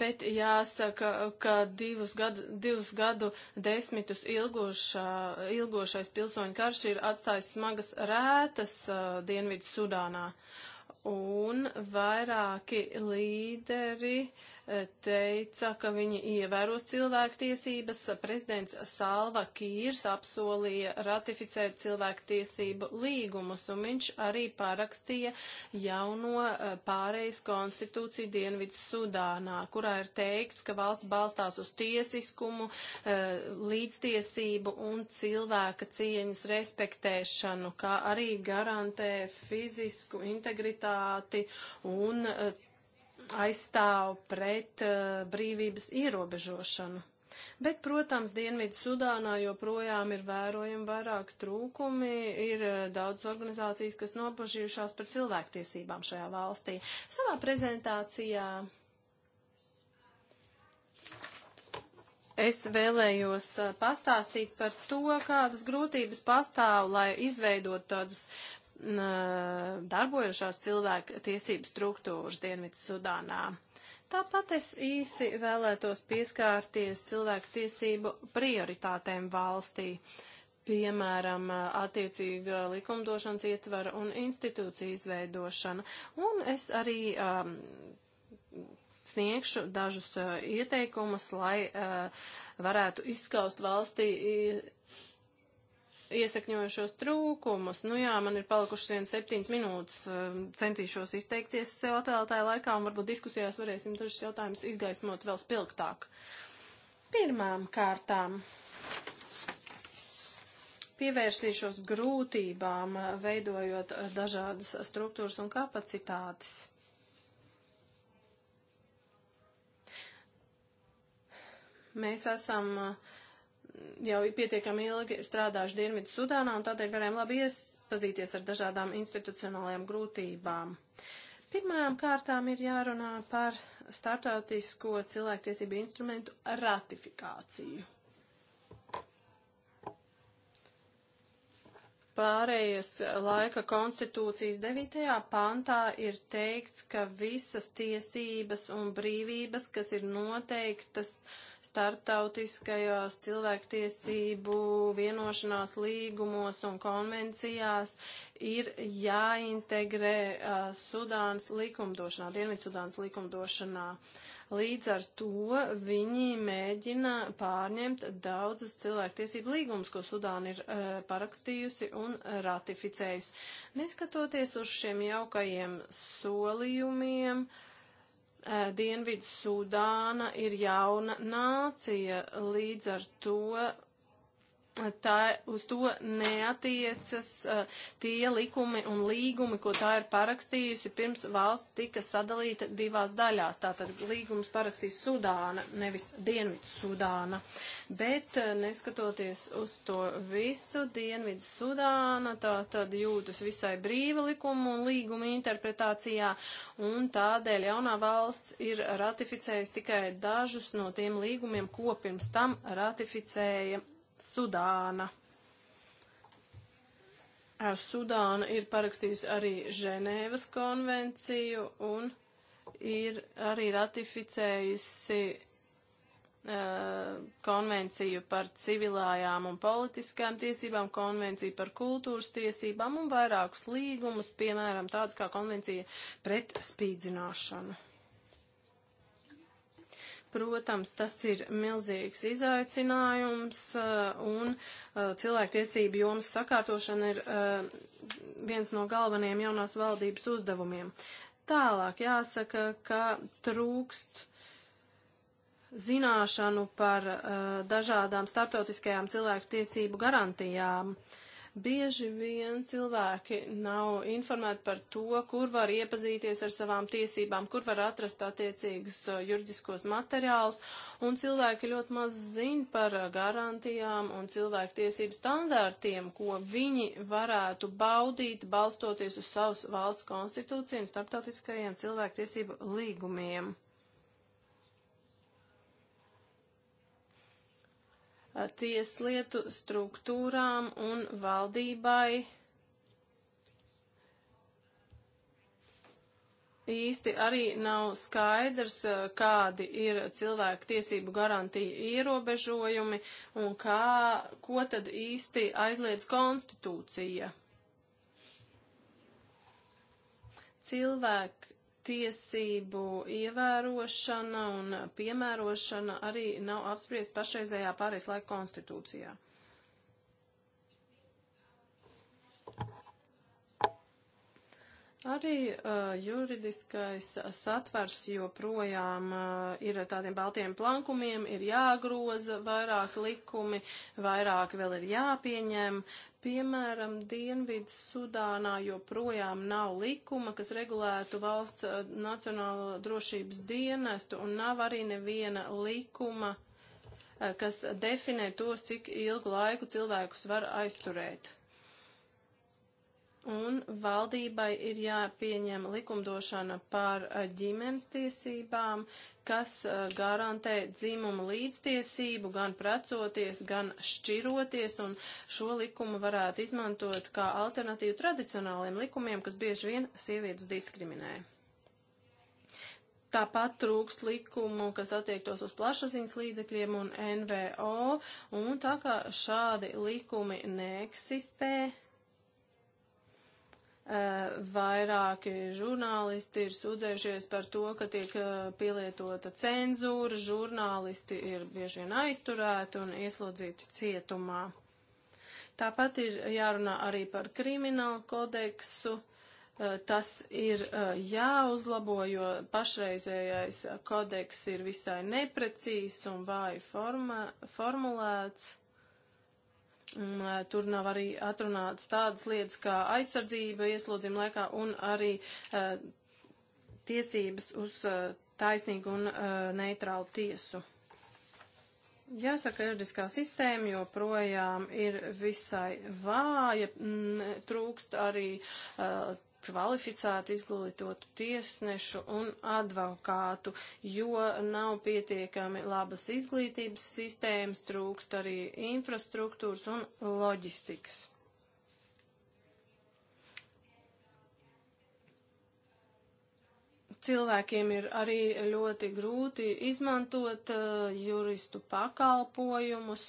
Bet jāsaka, ka divus gadu, divus gadu desmitus ilgošā, ilgošais pilsoņu karš ir atstājis smagas rētas uh, Dienvidu Sudānā. Un vairāki līderi uh, teica, ka viņi ievēros cilvēktiesības. Prezidents Salva Kīrs apsolīja ratificēt cilvēktiesību līgumus, un viņš arī parakstīja jauno eh, pārejas konstitūciju Dienvidu Sudānā, kurā ir teikts, ka valsts balstās uz tiesiskumu, eh, līdztiesību un cilvēka cieņas respektēšanu, kā arī garantē fizisku integritāti un eh, aizstāv pret uh, brīvības ierobežošanu. Bet, protams, Dienvidu Sudānā joprojām ir vērojami vairāk trūkumi, ir uh, daudz organizācijas, kas nobažījušās par cilvēktiesībām šajā valstī. Savā prezentācijā es vēlējos uh, pastāstīt par to, kādas grūtības pastāv, lai izveidot tādas darbojušās cilvēku tiesību struktūras Dienvidu Sudānā. Tāpat es īsi vēlētos pieskārties cilvēku tiesību prioritātēm valstī, piemēram, attiecīga likumdošanas ietvara un institūcija izveidošana. Un es arī um, sniegšu dažus uh, ieteikumus, lai uh, varētu izskaust valstī iesakņojušos trūkumus. Nu jā, man ir palikušas vien septiņas minūtes, um, centīšos izteikties sev atvēlētāju laikā un varbūt diskusijās varēsim dažus jautājumus izgaismot vēl spilgtāk. Pirmām kārtām pievērsīšos grūtībām, uh, veidojot uh, dažādas struktūras un kapacitātes. Mēs esam uh, jau pietiekami ilgi strādājuši Dienvidu Sudānā un tādēļ varējām labi iepazīties ar dažādām institucionālajām grūtībām. Pirmajām kārtām ir jārunā par startautisko cilvēktiesību instrumentu ratifikāciju. pārējas laika konstitūcijas 9. pantā ir teikts, ka visas tiesības un brīvības, kas ir noteiktas uh, starptautiskajās cilvēktiesību vienošanās līgumos un konvencijās ir jāintegrē uh, Sudānas likumdošanā, Dienvidsudānas likumdošanā. Līdz ar to viņi mēģina pārņemt daudzus cilvēktiesību līgumus, ko Sudāna ir uh, parakstījusi un ratificējusi. Neskatoties uz šiem jaukajiem solījumiem, uh, Eh, Dienvidu Sudāna ir jauna nācija, līdz ar to tā uz to neatiecas uh, tie likumi un līgumi, ko tā ir parakstījusi pirms valsts tika sadalīta divās daļās. Tātad līgums parakstīs Sudāna, nevis Dienvidu Sudāna. Bet uh, neskatoties uz to visu, Dienvidu Sudāna tātad jūtas visai brīva likumu un līgumu interpretācijā, un tādēļ jaunā valsts ir ratificējusi tikai dažus no tiem līgumiem, ko pirms tam ratificēja Sudāna. Ar Sudānu ir parakstījusi arī Ženēvas konvenciju un ir arī ratificējusi eh, konvenciju par civilājām un politiskām tiesībām, konvenciju par kultūras tiesībām un vairākus līgumus, piemēram, tāds kā konvencija pret spīdzināšanu. Protams, tas ir milzīgs izaicinājums eh, un eh, cilvēktiesību jomas sakārtošana ir eh, viens no galvenajiem jaunās valdības uzdevumiem. Tālāk jāsaka, ka trūkst zināšanu par dažādām starptautiskajām cilvēktiesību garantijām. Uh, Bieži vien cilvēki nav informēti par to, kur var iepazīties ar savām tiesībām, kur var atrast attiecīgus uh, juridiskos materiālus, un cilvēki ļoti maz zina par uh, garantijām un cilvēku tiesību standārtiem, ko viņi varētu baudīt, balstoties uz savas valsts konstitūciju un starptautiskajiem cilvēku tiesību līgumiem. tieslietu struktūrām un valdībai īsti arī nav skaidrs, kādi ir cilvēku tiesību garantija ierobežojumi un kā, ko tad īsti aizliedz konstitūcija. Cilvēku tiesību ievērošana un piemērošana arī nav apspriest pašreizējā pārējais laika konstitūcijā. Arī uh, juridiskais satvers joprojām uh, ir tādiem baltiem plankumiem, ir jāgroza vairāk likumi, vairāk vēl ir jāpieņem. Piemēram, Dienvidu Sudānā joprojām nav likuma, kas regulētu valsts eh, nacionālo drošības dienestu, un nav arī neviena likuma, eh, kas definē tos, cik ilgu laiku cilvēkus var aizturēt. Un valdībai ir jāpieņem likumdošana par eh, ģimenes tiesībām, kas eh, garantē dzimumu līdztiesību gan precoties, gan šķiroties, un šo likumu varētu izmantot kā alternatīvu tradicionāliem likumiem, kas bieži vien sievietes diskriminē. Tāpat trūkst likumu, kas attiektos uz plašsaziņas līdzekļiem un NVO, un tā kā šādi likumi neeksistē, Eh, vairāki žurnālisti ir sūdzējušies par to, ka tiek eh, pielietota cenzūra, žurnālisti ir bieži vien aizturēti un ieslodzīti cietumā. Tāpat ir jārunā arī par kriminālu kodeksu. Eh, tas ir jāuzlabo, jo pašreizējais kodeks ir visai neprecīzs un vāji formulēts Tur nav arī atrunāts tādas lietas kā aizsardzība ieslodzījuma laikā un arī uh, tiesības uz uh, taisnīgu un uh, neitrālu tiesu. Jāsaka, juridiskā sistēma joprojām ir visai vāja, m, trūkst arī uh, kvalificētu, izglītotu tiesnešu un advokātu, jo nav pietiekami labas izglītības sistēmas, trūkst arī infrastruktūras un loģistikas. Cilvēkiem ir arī ļoti grūti izmantot uh, juristu pakalpojumus,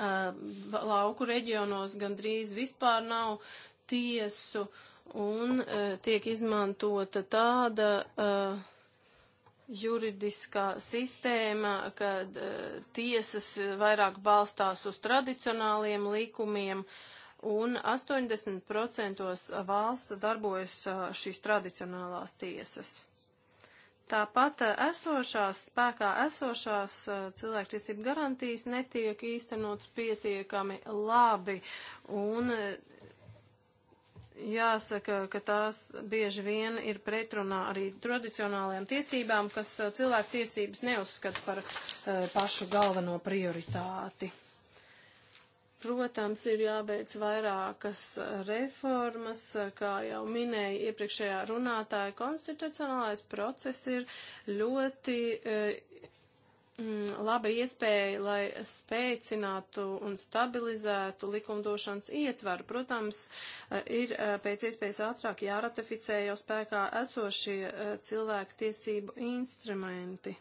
Uh, lauku reģionos gandrīz vispār nav tiesu, un uh, tiek izmantota tāda uh, juridiskā sistēma, kad uh, e, tiesas vairāk balstās uz tradicionāliem likumiem, un 80% valsts darbojas uh, šīs tradicionālās tiesas. Tāpat esošās, spēkā esošās cilvēktiesību garantijas netiek īstenots pietiekami labi, un jāsaka, ka tās bieži vien ir pretrunā arī tradicionālajām tiesībām, kas uh, cilvēku tiesības neuzskata par uh, pašu galveno prioritāti. Protams, ir jābeidz vairākas uh, reformas, uh, kā jau minēja iepriekšējā runātāja, konstitucionālais process ir ļoti uh, Mm, laba iespēja, lai spēcinātu un stabilizētu likumdošanas ietvaru. Protams, eh, ir eh, pēc iespējas ātrāk jāratificē jau spēkā esošie eh, cilvēku tiesību instrumenti,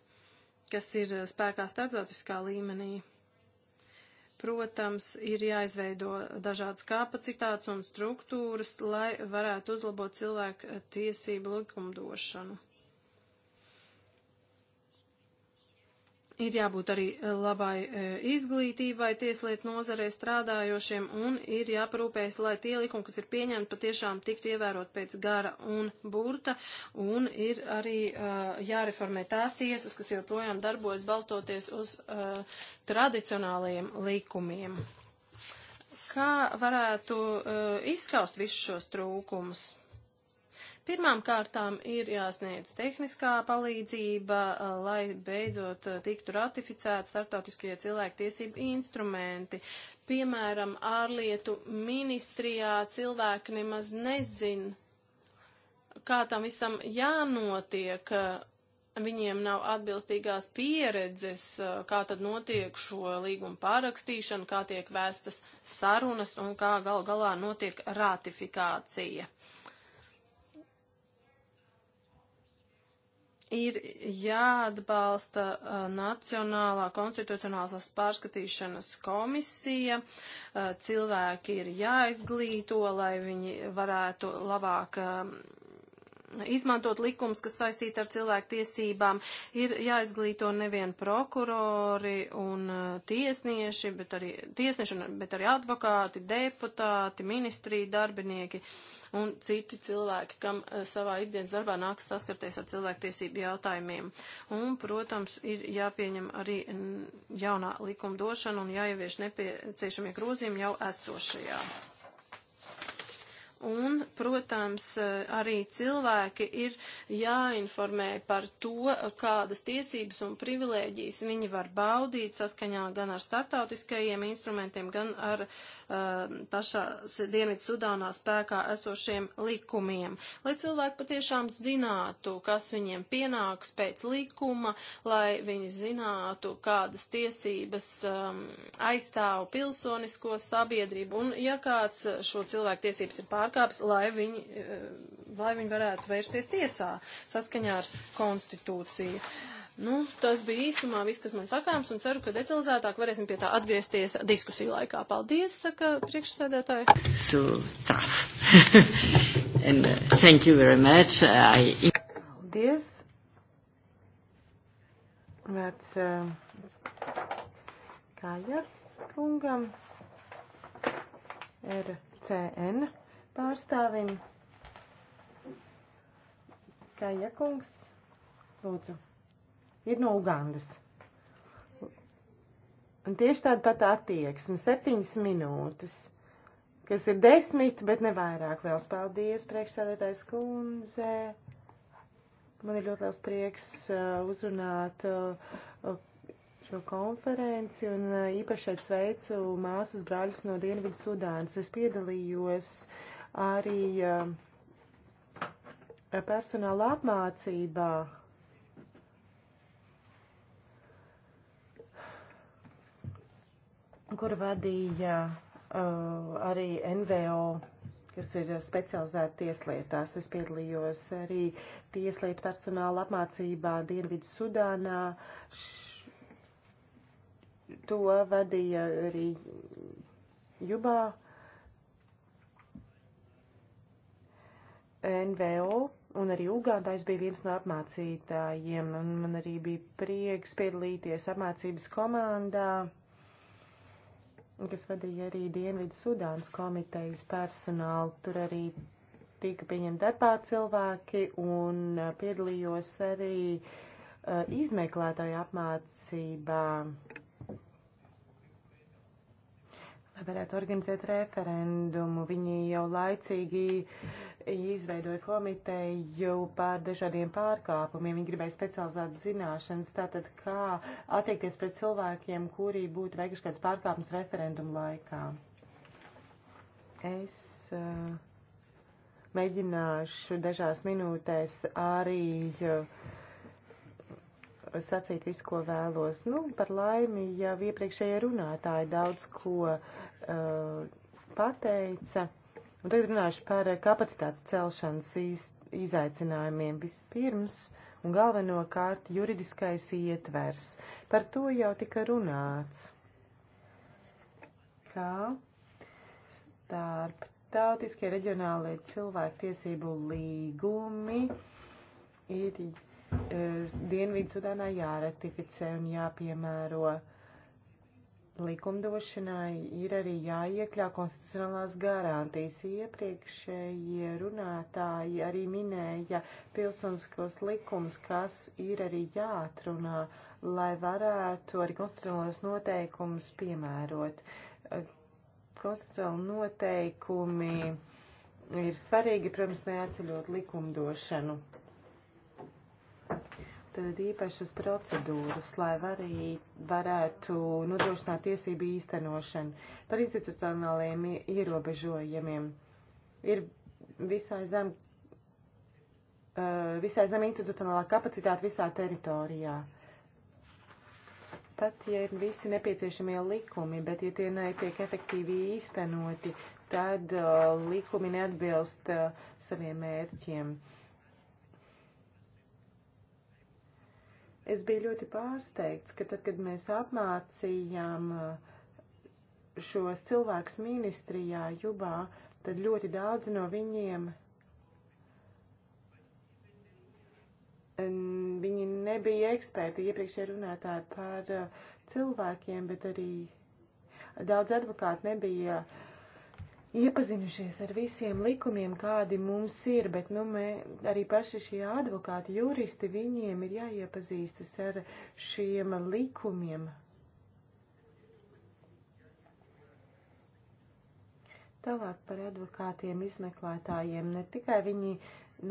kas ir spēkā starptautiskā līmenī. Protams, ir jāizveido dažādas kapacitātes un struktūras, lai varētu uzlabot cilvēku tiesību likumdošanu. Ir jābūt arī e, labai e, izglītībai tieslietu nozarē strādājošiem un ir jāparūpējas, lai tie likumi, kas ir pieņemti, patiešām tiktu ievērot pēc gara un burta un ir arī uh, jāreformē tās tiesas, kas joprojām darbojas balstoties uz uh, tradicionālajiem likumiem. Kā varētu uh, izskaust visus šos trūkumus? Pirmām kārtām ir jāsniedz tehniskā palīdzība, eh, lai beidzot eh, tiktu ratificēti starptautiskie cilvēktiesību instrumenti. Piemēram, ārlietu ministrijā cilvēki nemaz nezin, kā tam visam jānotiek, viņiem nav atbilstīgās pieredzes, eh, kā tad notiek šo līgumu pārakstīšana, kā tiek vēstas sarunas un kā gal galā notiek ratifikācija. Uh, ir jāatbalsta uh, Nacionālā konstitucionālās pārskatīšanas komisija. Uh, cilvēki ir jāizglīto, lai viņi varētu labāk uh, izmantot likums, kas saistīta ar cilvēku tiesībām. Ir jāizglīto nevien prokurori un uh, tiesnieši, bet arī, tiesnieši, bet arī advokāti, deputāti, ministrija darbinieki un citi cilvēki, kam uh, savā ikdienas darbā nāks saskarties ar cilvēku tiesību jautājumiem. Un, protams, ir jāpieņem arī jaunā likumdošana un jāievieš nepieciešamie grozījumi jau esošajā. Un, protams, arī cilvēki ir jāinformē par to, kādas tiesības un privilēģijas viņi var baudīt saskaņā gan ar starptautiskajiem instrumentiem, gan ar uh, um, pašā Dienvidu Sudānā spēkā esošiem likumiem. Lai cilvēki patiešām zinātu, kas viņiem pienāks pēc likuma, lai viņi zinātu, kādas tiesības um, aizstāv pilsonisko sabiedrību. Un, ja kāds šo cilvēku tiesības ir pārkāpts, pārkāpis, lai viņi, eh, lai viņi varētu vērsties tiesā saskaņā ar konstitūciju. Nu, tas bija īsumā viss, kas man sakāms, un ceru, ka detalizētāk varēsim pie tā atgriezties diskusiju laikā. Paldies, saka priekšsēdētāji. So tough. And uh, thank you very much. Uh, I... Paldies. Vērts uh, Kaļa kungam. RCN pārstāvim. Kajakungs, lūdzu, ir no Ugandas. Un tieši tāda pat attieksme, septiņas minūtes, kas ir desmit, bet ne vairāk. Liels paldies, priekšsēdētājs kundze. Man ir ļoti liels prieks uh, uzrunāt uh, uh šo konferenci un uh, īpaši šeit sveicu māsas brāļus no Dienvidu Sudānas. Es piedalījos uh, arī um, personāla apmācībā. kur vadīja uh, arī NVO, kas ir specializēta tieslietās. Es piedalījos arī tieslietu personāla apmācībā Dienvidu Sudānā. Š... To vadīja arī Jubā NVO un arī Ugandā es biju viens no apmācītājiem, un man arī bija prieks piedalīties apmācības komandā, kas vadīja arī Dienvidu Sudānas komitejas personālu. Tur arī tika pieņemti darbā cilvēki, un eh, piedalījos arī uh, izmeklētāju apmācībā. varētu organizēt referendumu. Viņi jau laicīgi izveidoja komiteju par dažādiem pārkāpumiem. Viņi gribēja specializēt zināšanas, tātad kā attiekties pret cilvēkiem, kuri būtu veikuši kāds pārkāpums referendumu laikā. Es uh, mēģināšu dažās minūtēs arī. Uh, sacīt visu, ko vēlos. Nu, par laimi jau iepriekšējie runātāji daudz ko uh, pateica. Un tagad runāšu par kapacitātes celšanas iz, izaicinājumiem vispirms un galvenokārt juridiskais ietvers. Par to jau tika runāts. Kā starptautiskie reģionālie cilvēktiesību līgumi ir E, Dienvidu Sudānā jāratificē un jāpiemēro likumdošanai ir arī jāiekļā konstitucionālās garantijas. Iepriekšējie runātāji arī minēja pilsoniskos likumus, kas ir arī jāatrunā, lai varētu arī konstitucionālos noteikumus piemērot. E, konstitucionāli noteikumi ir svarīgi, protams, neatceļot likumdošanu tad īpašas procedūras, lai varī, varētu nodrošināt tiesību īstenošanu par institucionāliem ierobežojumiem. Ir visai zem, visai zem institucionālā kapacitāte visā teritorijā. Pat ja ir visi nepieciešamie likumi, bet ja tie netiek efektīvi īstenoti, tad uh, likumi neatbilst uh, saviem mērķiem. Uh, Es biju ļoti pārsteigts, ka tad, kad mēs apmācījām uh, šos cilvēkus ministrijā Jubā, tad ļoti daudz no viņiem viņi nebija eksperti iepriekšēji runātāji par uh, cilvēkiem, bet arī daudz advokāti nebija uh, iepazinušies ar visiem likumiem, kādi mums ir, bet nu, mē, arī paši šie advokāti, juristi, viņiem ir jāiepazīstas ar šiem likumiem. Tālāk par advokātiem, izmeklētājiem. Ne tikai viņi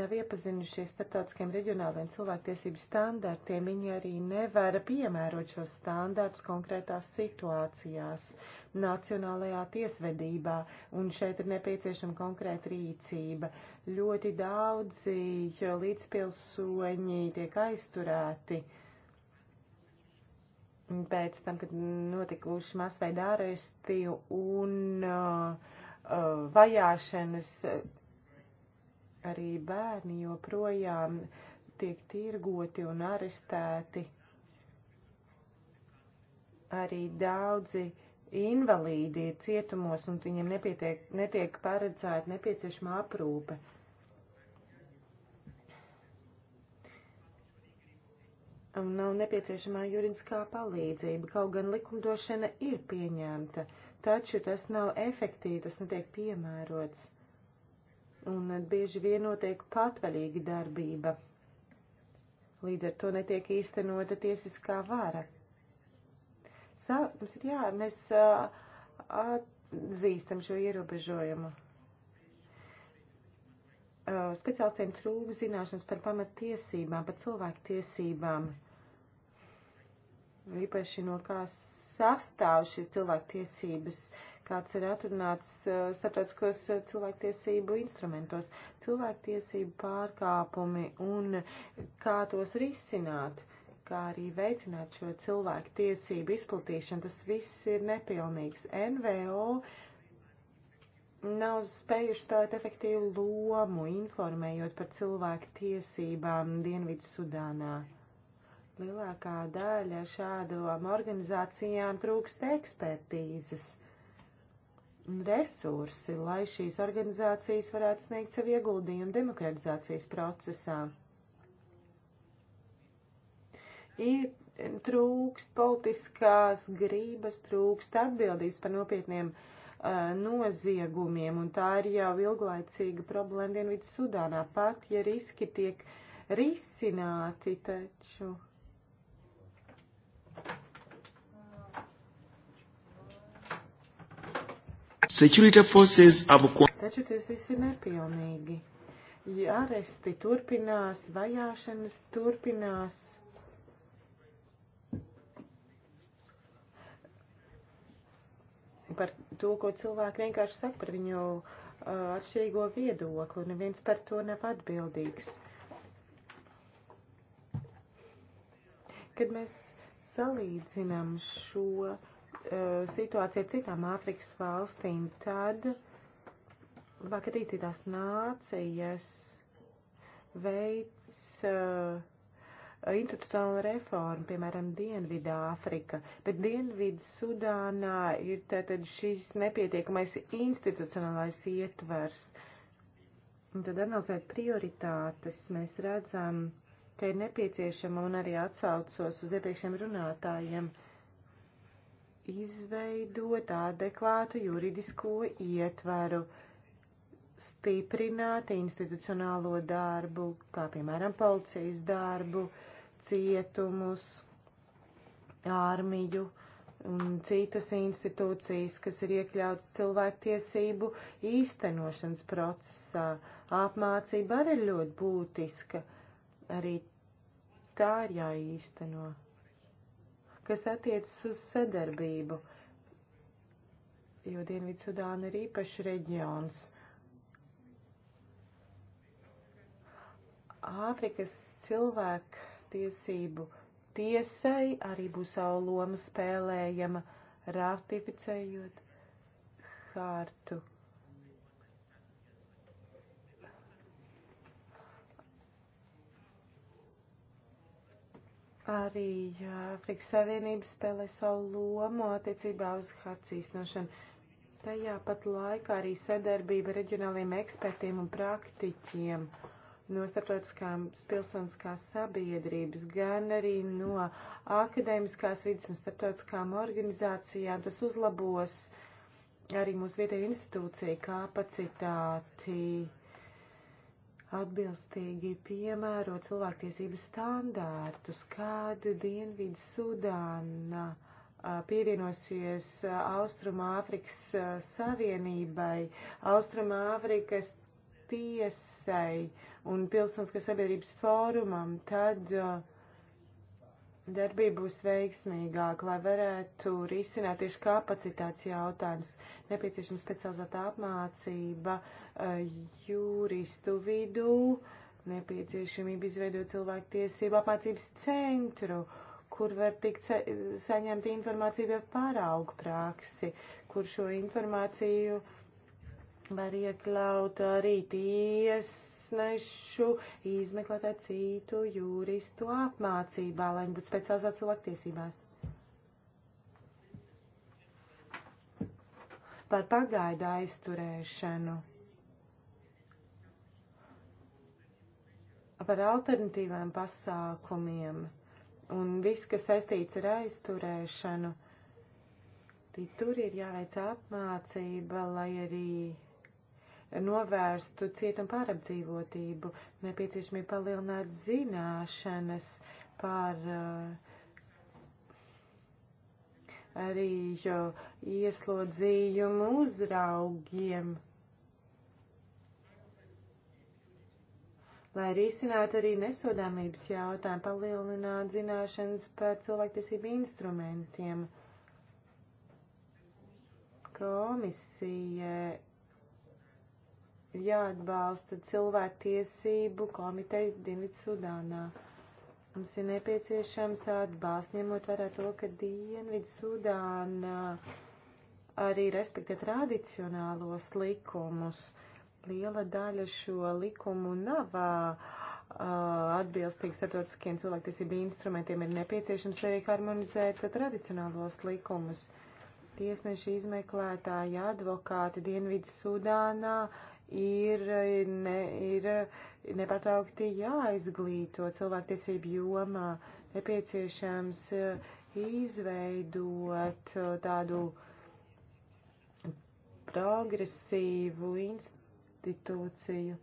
nav iepazinušies starptautiskiem reģionāliem cilvēktiesību standartiem, viņi arī nevar piemērot šos standartus konkrētās situācijās. Uh, nacionālajā tiesvedībā, un šeit ir nepieciešama konkrēta rīcība. Ļoti daudzi līdzpilsoņi tiek aizturēti pēc tam, kad notikuši masveida āresti un uh, uh, vajāšanas, arī bērni joprojām tiek tirgoti un arestēti. Arī daudzi uh, invalīdi ir cietumos un viņiem nepietiek, netiek paredzēta nepieciešama aprūpe. Un nav nepieciešamā juridiskā palīdzība, kaut gan likumdošana ir pieņemta, taču tas nav efektīvi, tas netiek piemērots. Un bieži vien notiek patvaļīga darbība. Līdz ar to netiek īstenota tiesiskā vara. Mums ir jā, mēs atzīstam šo ierobežojumu. Speciālistiem trūk zināšanas par pamatiesībām, par cilvēku tiesībām. Īpaši no kā sastāv šīs cilvēku tiesības, kāds ir atrunāts starptautiskos cilvēktiesību instrumentos, cilvēktiesību pārkāpumi un kā tos risināt kā arī veicināt šo cilvēku tiesību izplatīšanu. Tas viss ir nepilnīgs. NVO nav spējuši stāt efektīvu lomu, informējot par cilvēku tiesībām Dienvidu Sudānā. Lielākā daļa šādām organizācijām trūkst ekspertīzes resursi, lai šīs organizācijas varētu sniegt savu ieguldījumu demokratizācijas procesā ir trūkst politiskās grības, trūkst atbildības par nopietniem uh, noziegumiem, un tā ir jau ilglaicīga problēma Dienvidu Sudānā, pat ja riski tiek risināti, taču. Security forces have... Taču tas viss ir nepilnīgi. Ja aresti turpinās, vajāšanas turpinās par to, ko cilvēki vienkārši saka par viņu uh, atšķirīgo viedokli, un neviens par to nav atbildīgs. Kad mēs salīdzinām šo uh, situāciju ar citām Āfrikas valstīm, tad labāk attīstītās nācijas veids uh, Eh, institucionāla reforma, piemēram, Dienvidā Afrika, bet Dienvidu Sudānā ir tātad šis nepietiekamais institucionālais ietvers. Un tad analizēt prioritātes, mēs redzam, ka ir nepieciešama un arī atsaucos uz iepriekšiem runātājiem izveidot adekvātu juridisko ietvaru stiprināt institucionālo darbu, kā piemēram policijas darbu, uh, cietumus, ārmiju un citas institūcijas, kas ir iekļauts cilvēktiesību īstenošanas procesā. Apmācība arī ir ļoti būtiska. Arī tā ir jāīsteno. Kas attiecas uz sadarbību, jo Dienvidsudāna ir īpašs reģions. Āfrikas cilvēku tiesību tiesai arī būs savu lomu spēlējama ratificējot hārtu. Arī Afrikas Savienība spēlē savu lomu attiecībā uz hārts īstenošanu. Tajā pat laikā arī sadarbība reģionāliem ekspertiem un praktiķiem. Uh, no starptautiskās pilsoniskās sabiedrības, gan arī no akadēmiskās vidas un starptautiskām organizācijām. Tas uzlabos arī mūsu vietēju institūciju kapacitāti atbilstīgi piemēro cilvēktiesību standārtus, kādu Dienvidu Sudāna pievienosies Austrumāfrikas Savienībai. Austrumāfrikas tiesai un pilsoniskas sabiedrības fórumam, tad uh, darbība būs veiksmīgāka, lai varētu risināt tieši kapacitātes jautājums. Nepieciešama specializēta apmācība uh, juristu vidū, nepieciešamība izveidot cilvēktiesību apmācības centru kur var tikt sa saņemt informāciju par paraugu praksi, kur šo informāciju uh, var iekļaut arī tiesnešu, izmeklētāju citu juristu apmācībā, lai viņi būtu specializēti cilvēktiesībās. Par pagaidu aizturēšanu. Par alternatīvām pasākumiem un viss, kas saistīts ar aizturēšanu. Arī tur ir jāveic apmācība, lai arī novērstu cietumu pārapdzīvotību, nepieciešamība palielināt zināšanas par eh, arī ieslodzījumu uzraugiem, lai risinātu arī nesodāmības jautājumu, palielināt zināšanas par cilvēktiesību instrumentiem. Komisija jāatbalsta cilvēktiesību komiteja Dienvidsudānā. Mums ir nepieciešams atbalsts, ņemot vērā to, ka Dienvidsudāna arī respektē tradicionālos likumus. Liela daļa šo likumu nav uh, atbilstīgi starptautiskiem cilvēktiesību instrumentiem. Ir nepieciešams arī harmonizēt tradicionālos likumus. Tiesneši izmeklētāji, advokāti Dienvidsudānā. Sudānā ir, ne, ir nepārtraukti jāizglīto cilvēktiesību jomā, nepieciešams eh, izveidot eh, tādu progresīvu institūciju.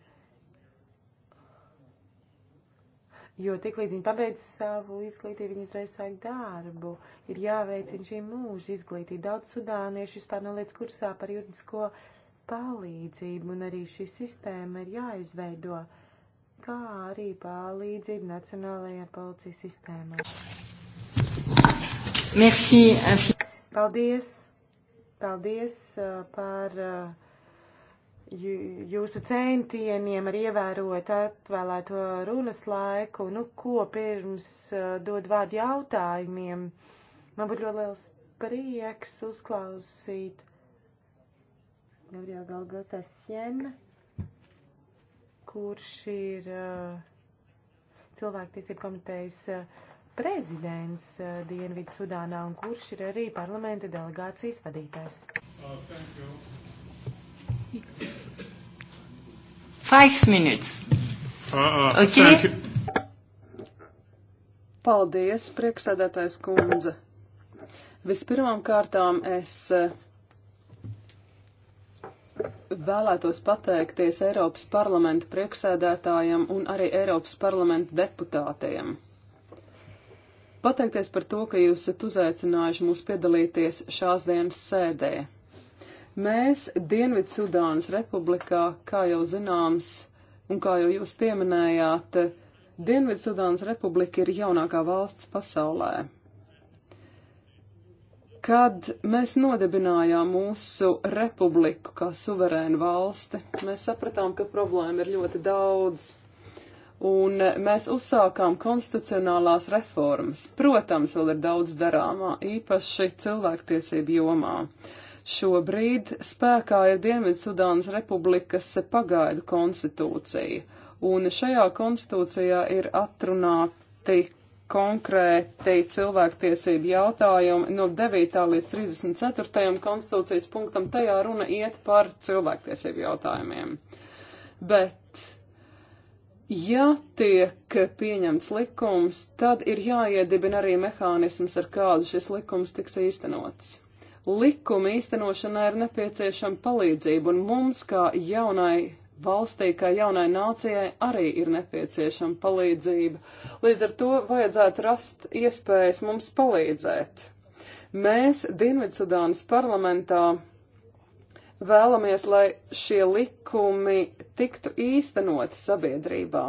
Jo tiklīdz viņi pabeidz savu izglītību, viņi uzreiz sāk darbu. Ir jāveicina šī mūža izglītība. Daudz sudānieši vispār noliec kursā par juridisko uh, palīdzību, un arī šī sistēma ir jāizveido, kā arī palīdzību nacionālajai policijas sistēmai. Merci. Paldies! Paldies uh, par uh, jūsu centieniem ar ievērot atvēlēto runas laiku. Nu, ko pirms uh, dod vārdu jautājumiem? Man būtu ļoti liels prieks uzklausīt Gabriela Galgata Sien, kurš ir uh, cilvēktiesību komitejas uh, prezidents uh, Dienvidu Sudānā un kurš ir arī parlamenta delegācijas vadītājs. Oh, Five minutes. Uh, uh, okay. Paldies, priekšsēdētājs kundze. Vispirmām kārtām es vēlētos pateikties Eiropas parlamenta priekšsēdētājiem un arī Eiropas parlamenta deputātiem. Pateikties par to, ka jūs esat uzaicinājuši mūs piedalīties šās dienas sēdē. Mēs Dienvidsudānas republikā, kā jau zināms, un kā jau jūs pieminējāt, Dienvidsudānas republika ir jaunākā valsts pasaulē. Kad mēs nodibinājām mūsu republiku kā suverēnu valsti, mēs sapratām, ka problēma ir ļoti daudz. Un mēs uzsākām konstitucionālās reformas. Protams, vēl ir daudz darāmā, īpaši cilvēktiesību jomā. Šobrīd spēkā ir Dienvidsudānas republikas pagaidu konstitūcija, un šajā konstitūcijā ir atrunāti konkrēti cilvēktiesību jautājumi no 9. līdz 34. konstitūcijas punktam. Tajā runa iet par cilvēktiesību jautājumiem. Bet, ja tiek pieņemts likums, tad ir jāiedibina arī mehānisms, ar kādu šis likums tiks īstenots. Likuma īstenošanai ir nepieciešama palīdzība, un mums, kā jaunai valstī, kā jaunai nācijai, arī ir nepieciešama palīdzība. Līdz ar to vajadzētu rast iespējas mums palīdzēt. Mēs Dienvidsudānas parlamentā vēlamies, lai šie likumi tiktu īstenoti sabiedrībā.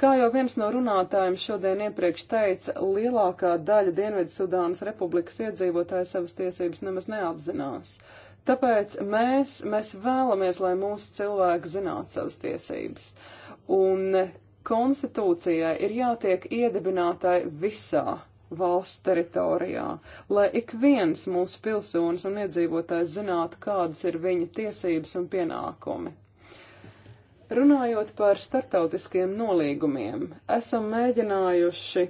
Kā jau viens no runātājiem šodien iepriekš teica, lielākā daļa Dienvidsudānas republikas iedzīvotāja savas tiesības nemaz neapzinās. Uh, Tāpēc mēs, mēs vēlamies, lai mūsu cilvēki zinātu savas tiesības. Un konstitūcijai ir jātiek iedibinātai visā valsts teritorijā, lai ik viens mūsu pilsonis un iedzīvotājs zinātu, kādas ir viņa tiesības un pienākumi. Runājot par startautiskiem nolīgumiem, esam mēģinājuši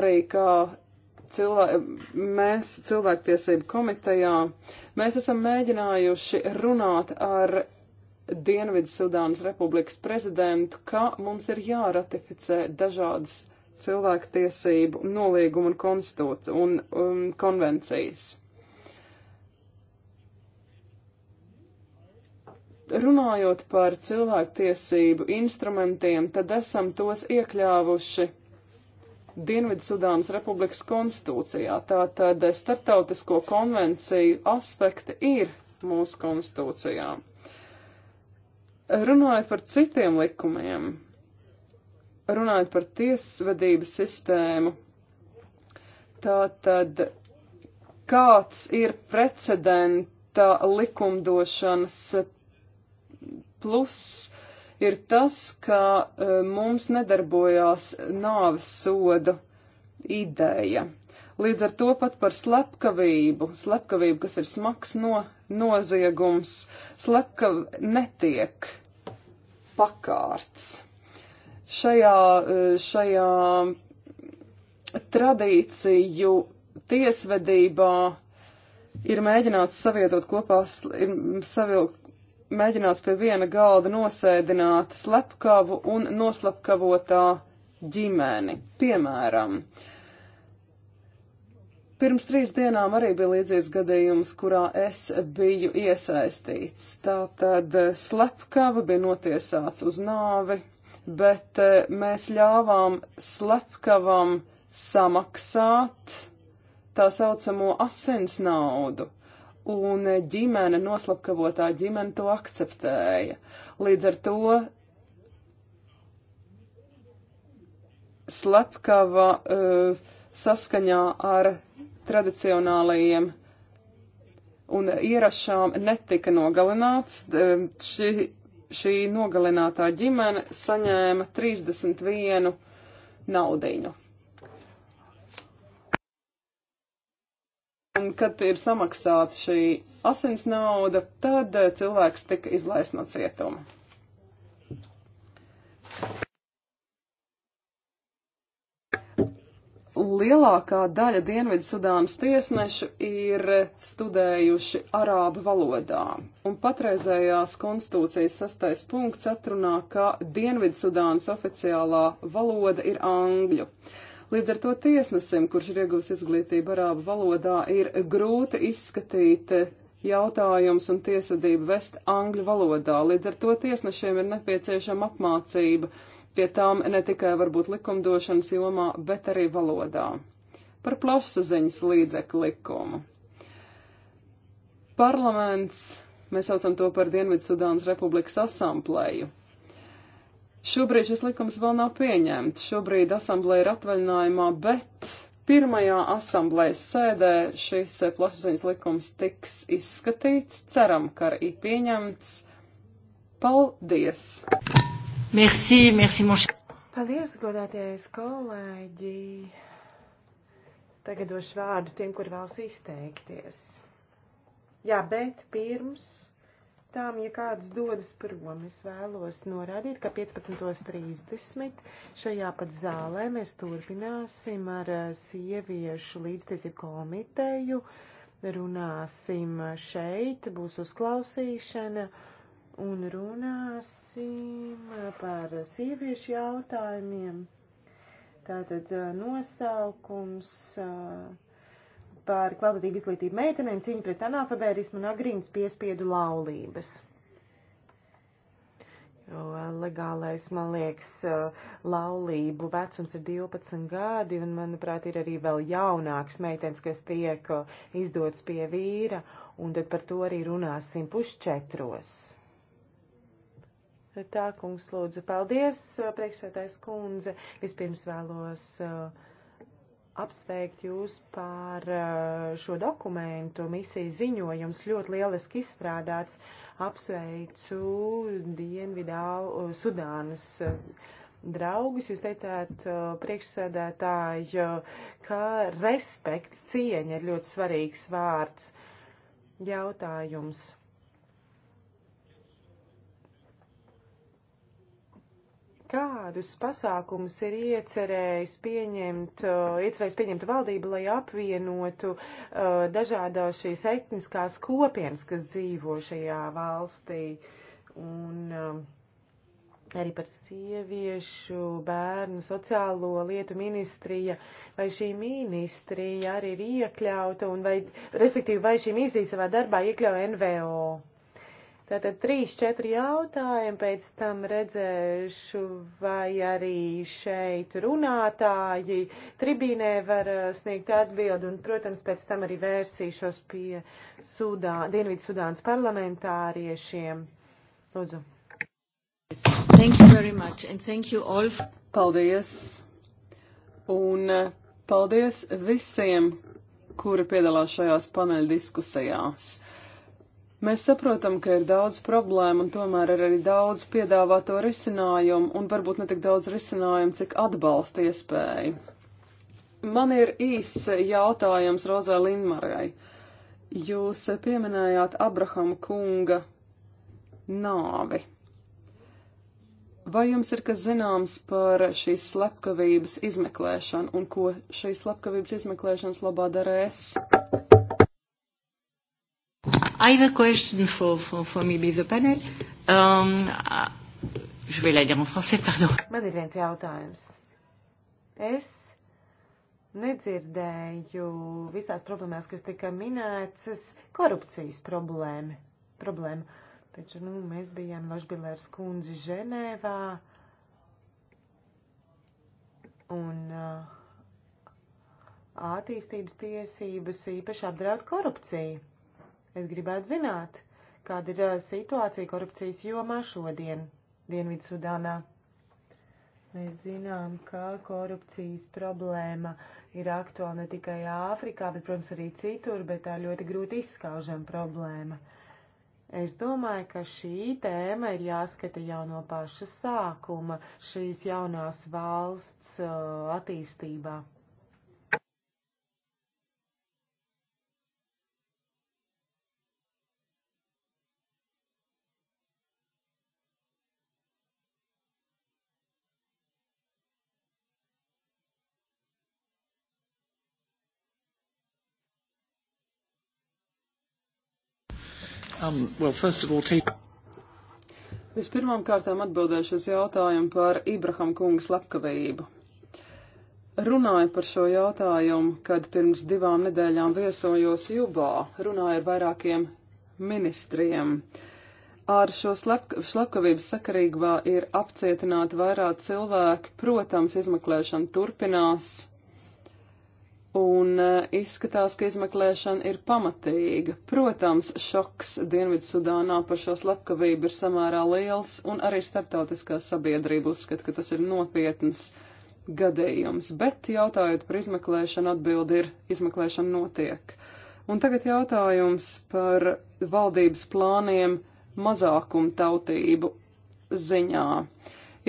arī kā cilvē, mēs cilvēktiesību komitejā, mēs esam mēģinājuši runāt ar Dienvidu Sudānas republikas prezidentu, ka mums ir jāratificē dažādas cilvēktiesību nolīguma un konstitūta un um, konvencijas. Runājot par cilvēktiesību instrumentiem, tad esam tos iekļāvuši Dienvidsudānas republikas konstitūcijā. Tātad starptautisko konvenciju aspekti ir mūsu konstitūcijā. Runājot par citiem likumiem, runājot par tiesvedības sistēmu, tātad kāds ir precedenta likumdošanas plus ir tas, ka e, mums nedarbojās nāves soda ideja. Līdz ar to pat par slepkavību, slepkavību, kas ir smags no, noziegums, slepkav netiek pakārts. Šajā, e, šajā tradīciju tiesvedībā ir mēģināts savietot kopā, savilkt mēģinās pie viena galda nosēdināt slepkavu un noslapkavotā ģimeni. Piemēram, pirms trīs dienām arī bija līdzīgs gadījums, kurā es biju iesaistīts. Tātad eh, slepkava bija notiesāts uz nāvi, bet eh, mēs ļāvām slepkavam samaksāt tā saucamo asins naudu un ģimene, noslapkavotā ģimene to akceptēja. Līdz ar to slepkava uh, eh, saskaņā ar tradicionālajiem un ierašām netika nogalināts. Eh, Ši, šī nogalinātā ģimene saņēma 31 naudiņu. kad ir samaksāta šī asins nauda, tad eh, cilvēks tika izlaists no cietuma. Lielākā daļa Dienvidu Sudānas tiesnešu ir studējuši arābu valodā, un patreizējās konstitūcijas sastais punkts atrunā, ka Dienvidu Sudānas oficiālā valoda ir angļu. Uh, Līdz ar to tiesnesim, kurš ir ieguvis izglītību arābu valodā, ir grūti izskatīt jautājums un tiesvedību vest angļu valodā. Līdz ar to tiesnešiem ir nepieciešama apmācība pie tām ne tikai varbūt likumdošanas jomā, bet arī valodā. Par plašsaziņas līdzekļu likumu. Parlaments, mēs saucam to par Dienvidsudānas Republikas asamblēju, Šobrīd šis likums vēl nav pieņemts. Šobrīd asamblēja ir atvaļinājumā, bet pirmajā asamblējas sēdē šis plašsaziņas likums tiks izskatīts. Ceram, ka arī pieņemts. Paldies! Merci, merci, mon... Paldies, godātais kolēģi! Tagad došu vārdu tiem, kur vēlas izteikties. Jā, bet pirms lietām, ja kāds dodas prom. Es vēlos norādīt, ka 15.30 šajā pat zālē mēs turpināsim ar eh, sieviešu līdztiesību komiteju. Runāsim šeit, būs uzklausīšana un runāsim par sieviešu jautājumiem. Tātad eh, nosaukums. Uh, par kvalitatīvu izglītību meitenēm, cīņu pret analfabērismu un agrīnas piespiedu laulības. Jo eh, legālais, man liekas, eh, laulību vecums ir 12 gadi, un, manuprāt, ir arī vēl jaunāks meitenes, kas tiek eh, izdots pie vīra, un tad par to arī runāsim pušķetros. Tā, kungs, lūdzu, paldies, priekšsētājs kundze. Vispirms vēlos uh, apsveikt jūs par eh, šo dokumentu. Misijas ziņojums ļoti lieliski izstrādāts. Apsveicu Dienvidā Sudānas eh, draugus. Jūs teicāt, eh, priekšsēdētāji, ka respekts, cieņa ir ļoti svarīgs vārds. Jautājums Kādus pasākumus ir iecerējis pieņemt, iecerējis pieņemt valdību, lai apvienotu dažādās šīs etniskās kopienas, kas dzīvo šajā valstī? Un arī par sieviešu, bērnu, sociālo lietu ministrija, vai šī ministrija arī ir iekļauta, un vai, respektīvi, vai šī misija savā darbā iekļauja NVO? Tātad trīs, četri jautājumi, pēc tam redzēšu, vai arī šeit runātāji tribīnē var uh, sniegt atbildi, un, protams, pēc tam arī vērsīšos pie Sudā, Dienvidu Sudānas parlamentāriešiem. Lūdzu. Thank you very much, and thank you all. Paldies! Un uh, paldies visiem, kuri piedalās šajās paneļdiskusijās. diskusijās. Mēs saprotam, ka ir daudz problēmu un tomēr ir arī daudz piedāvāto risinājumu un varbūt ne tik daudz risinājumu, cik atbalsta iespēju. Man ir īss jautājums Rozē Linmarai. Jūs pieminējāt Abrahama kunga nāvi. Vai jums ir kas zināms par šīs slepkavības izmeklēšanu un ko šīs slepkavības izmeklēšanas labā dara es? I have a question for, for, for maybe the panel. Um, uh, je vais la dire en français, pardon. Man ir viens jautājums. Es nedzirdēju visās problēmās, kas tika minētas, korupcijas problēma. problēma. Taču, nu, mēs bijām Lošbilērs kundzi Ženēvā. Un uh, attīstības tiesības īpaši apdraud korupciju. Es gribētu zināt, kāda ir situācija korupcijas jomā šodien Dienvidsudānā. Mēs zinām, ka korupcijas problēma ir aktuāla ne tikai Āfrikā, bet, protams, arī citur, bet tā ļoti grūti izskaužama problēma. Es domāju, ka šī tēma ir jāskata jau no paša sākuma šīs jaunās valsts attīstībā. Um, well, first of all, take... Vispirmām kārtām atbildēšu uz jautājumu par Ibraham kungas lepkavību. Runāju par šo jautājumu, kad pirms divām nedēļām viesojos Jubā, runāju ar vairākiem ministriem. Ar šo slepkavību sakarīgā ir apcietināti vairāk cilvēki, protams, izmeklēšana turpinās un eh, izskatās, ka izmeklēšana ir pamatīga. Protams, šoks Dienvidsudānā par šo slepkavību ir samērā liels, un arī starptautiskā sabiedrība uzskata, ka tas ir nopietns gadījums, bet jautājot par izmeklēšanu, atbildi ir izmeklēšana notiek. Un tagad jautājums par valdības plāniem mazākumtautību ziņā.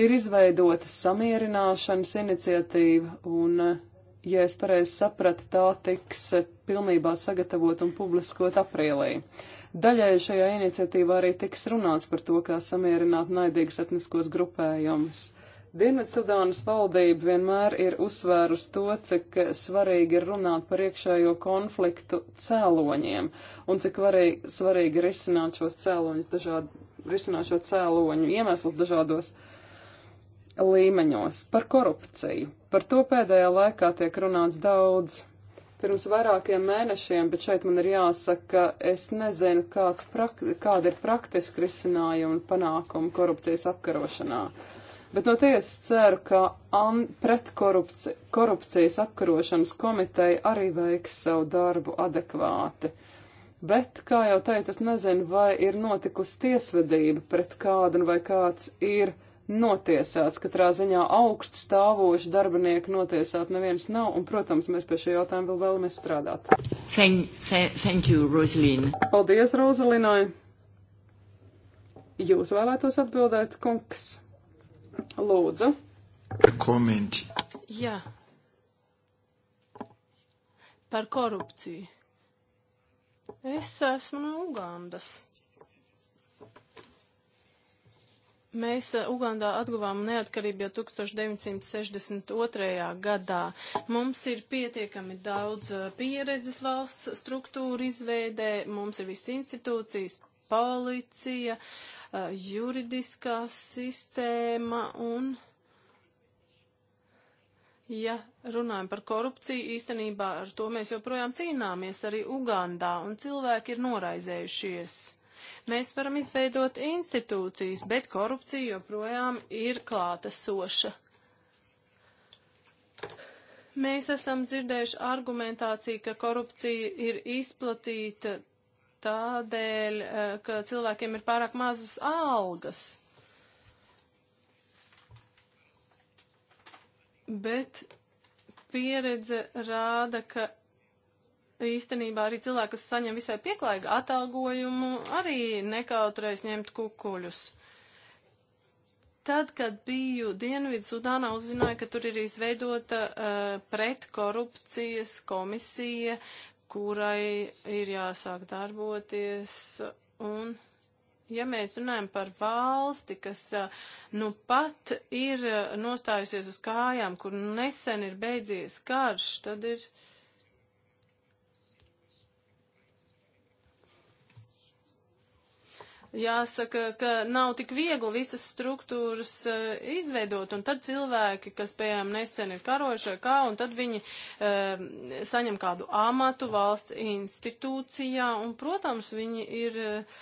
Ir izveidota samierināšanas iniciatīva, un eh, ja es pareizi sapratu, tā tiks pilnībā sagatavot un publiskot aprīlī. Daļai šajā iniciatīvā arī tiks runāts par to, kā samierināt naidīgus etniskos grupējumus. Dienvidsudānas valdība vienmēr ir uzsvērusi to, cik svarīgi ir runāt par iekšējo konfliktu cēloņiem un cik varīgi, svarīgi ir izsināt šos cēloņus dažādu, risināt šo cēloņu iemeslus dažādos uh, līmeņos par korupciju. Par to pēdējā laikā tiek runāts daudz. Pirms vairākiem mēnešiem, bet šeit man ir jāsaka, ka es nezinu, kāda ir praktiski risinājuma un panākuma korupcijas apkarošanā. Bet no tiesas ceru, ka pretkorupcijas korupci apkarošanas komiteja arī veiks savu darbu adekvāti. Bet, kā jau teicu, es nezinu, vai ir notikusi tiesvedība pret kādu vai kāds ir notiesāts. Katrā ziņā augstu stāvošu darbinieku notiesāt neviens nav, un, protams, mēs pie šī jautājuma vēl vēlamies strādāt. Thank, thank you, Rosalīna. Paldies, Rosalīnai. Jūs vēlētos atbildēt, kungs? Lūdzu. Komenti. Jā. Par korupciju. Es esmu no Ugandas. Mēs eh, Ugandā atguvām neatkarību jau 1962. gadā. Mums ir pietiekami daudz eh, pieredzes valsts struktūra izveidē, mums ir viss institūcijas, policija, eh, juridiskā sistēma un. Ja runājam par korupciju, īstenībā ar to mēs joprojām cīnāmies arī Ugandā, un cilvēki ir noraizējušies. Mēs varam izveidot institūcijas, bet korupcija joprojām ir klātesoša. Mēs esam dzirdējuši argumentāciju, ka korupcija ir izplatīta tādēļ, eh, ka cilvēkiem ir pārāk mazas algas. Bet pieredze rāda, ka īstenībā arī cilvēki, kas saņem visai pieklājīgu atalgojumu, arī nekautrēs ņemt kukuļus. Tad, kad biju Dienvidu Sudānā, uzzināju, ka tur ir izveidota uh, pretkorupcijas komisija, kurai ir jāsāk darboties. Un, ja mēs runājam par valsti, kas uh, nu pat ir eh, nostājusies uz kājām, kur nesen ir beidzies karš, tad ir. Uh, Jāsaka, ka nav tik viegli visas struktūras uh, izveidot, un tad cilvēki, kas, piemēram, nesen ir karojuši kā, un tad viņi uh, saņem kādu amatu valsts institūcijā, un, protams, viņi ir uh,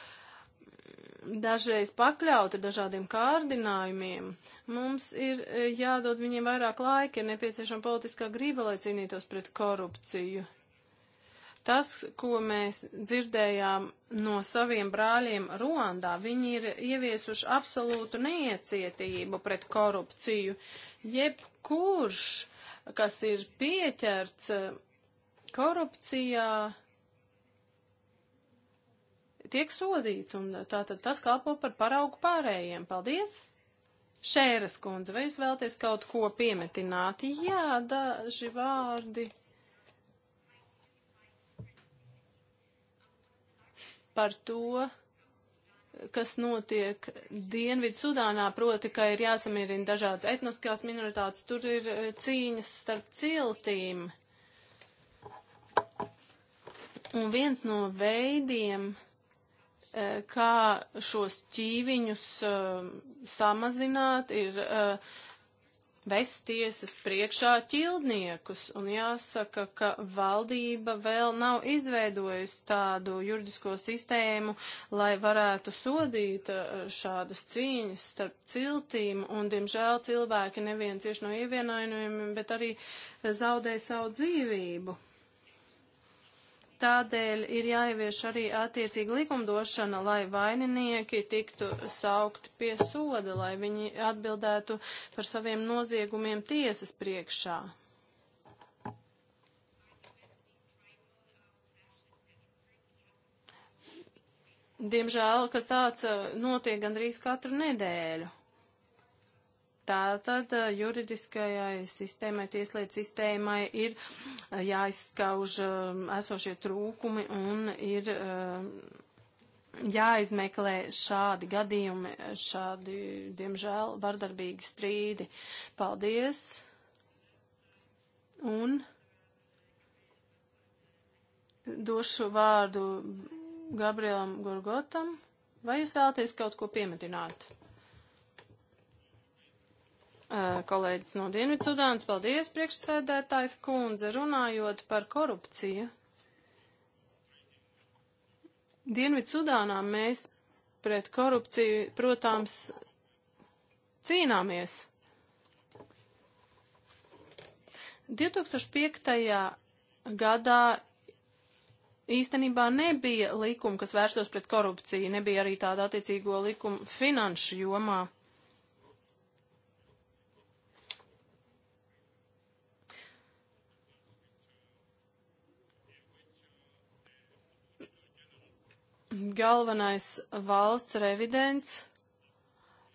dažreiz pakļauti dažādiem kārdinājumiem. Mums ir jādod viņiem vairāk laika, ir nepieciešama politiskā grība, lai cīnītos pret korupciju. Tas, ko mēs dzirdējām no saviem brāļiem Ruandā, viņi ir ieviesuši absolūtu neiecietību pret korupciju. Jebkurš, kas ir pieķerts eh, korupcijā, tiek sodīts, un tātad tas kalpo par paraugu pārējiem. Paldies! Šēras kundze, vai jūs vēlties kaut ko piemetināt? Jā, daži vārdi. par to, kas notiek Dienvidu Sudānā, proti, ka ir jāsamierina dažādas etniskās minoritātes, tur ir eh, cīņas starp ciltīm. Un viens no veidiem, eh, kā šos ķīviņus eh, samazināt, ir uh, vest tiesas priekšā ķildniekus, un jāsaka, ka valdība vēl nav izveidojusi tādu juridisko sistēmu, lai varētu sodīt e, šādas cīņas starp ciltīm, un, diemžēl, cilvēki nevien cieši no ievienojumiem, bet arī zaudē savu dzīvību. Tādēļ ir jāievieš arī attiecīga likumdošana, lai vaininieki tiktu saukti pie soda, lai viņi atbildētu par saviem noziegumiem tiesas priekšā. Diemžēl, kas tāds eh, notiek gandrīz katru nedēļu. Tātad eh, juridiskajai sistēmai, tieslietu sistēmai ir eh, jāizskauž eh, esošie trūkumi un ir jāizmeklē šādi gadījumi, šādi, diemžēl, vardarbīgi strīdi. Paldies! Un došu vārdu Gabrielam Gorgotam. Vai jūs vēlaties kaut ko piemetināt? Eh, kolēģis no Dienvidsudānas. Paldies, priekšsēdētājs kundze, runājot par korupciju. Dienvidsudānā mēs pret korupciju, protams, cīnāmies. 2005. gadā īstenībā nebija likuma, kas vērstos pret korupciju, nebija arī tāda attiecīgo likuma finanšu jomā. galvenais valsts revidents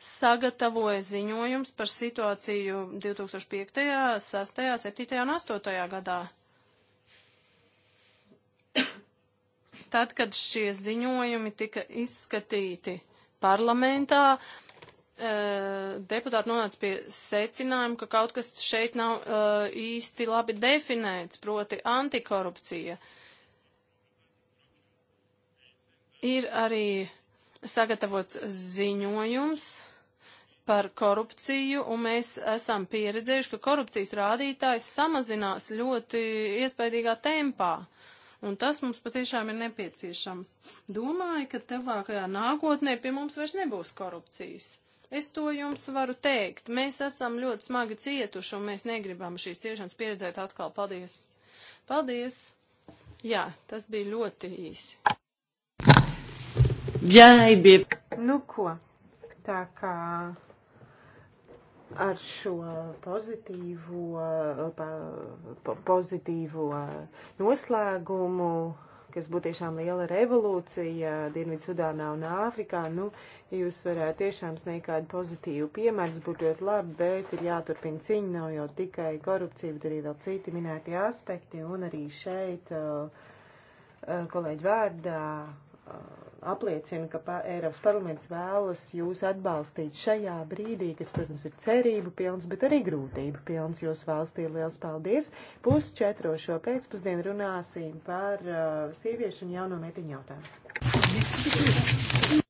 sagatavoja ziņojums par situāciju 2005., 6., 7. un 8. gadā. Tad, kad šie ziņojumi tika izskatīti parlamentā, eh, deputāti nonāca pie secinājuma, ka kaut kas šeit nav eh, īsti labi definēts, proti antikorupcija. Uh, Ir arī sagatavots ziņojums par korupciju, un mēs esam pieredzējuši, ka korupcijas rādītājs samazinās ļoti iespaidīgā tempā. Un tas mums patiešām ir nepieciešams. Domāju, ka tevākajā nākotnē pie mums vairs nebūs korupcijas. Es to jums varu teikt. Mēs esam ļoti smagi cietuši, un mēs negribam šīs ciešanas pieredzēt atkal. Paldies! Paldies! Jā, tas bija ļoti īsi. Jēbie. Nu ko, tā kā ar šo pozitīvo, pozitīvo noslēgumu, kas būtu tiešām liela revolūcija Dienvidzudānā un Āfrikā, nu, ja jūs varētu tiešām sniegt kādu pozitīvu piemēru, būtu ļoti labi, bet ir jāturpina cīņa, nav jau tikai korupcija, bet arī vēl citi minētie aspekti, un arī šeit uh, uh, kolēģi vārdā uh, apliecina, ka pa Eiropas parlaments vēlas jūs atbalstīt šajā brīdī, kas, protams, ir cerību pilns, bet arī grūtību pilns jūsu valstī. Liels paldies! Pus četro šo pēcpusdienu runāsim par uh, sieviešu un jauno metiņu jautājumu.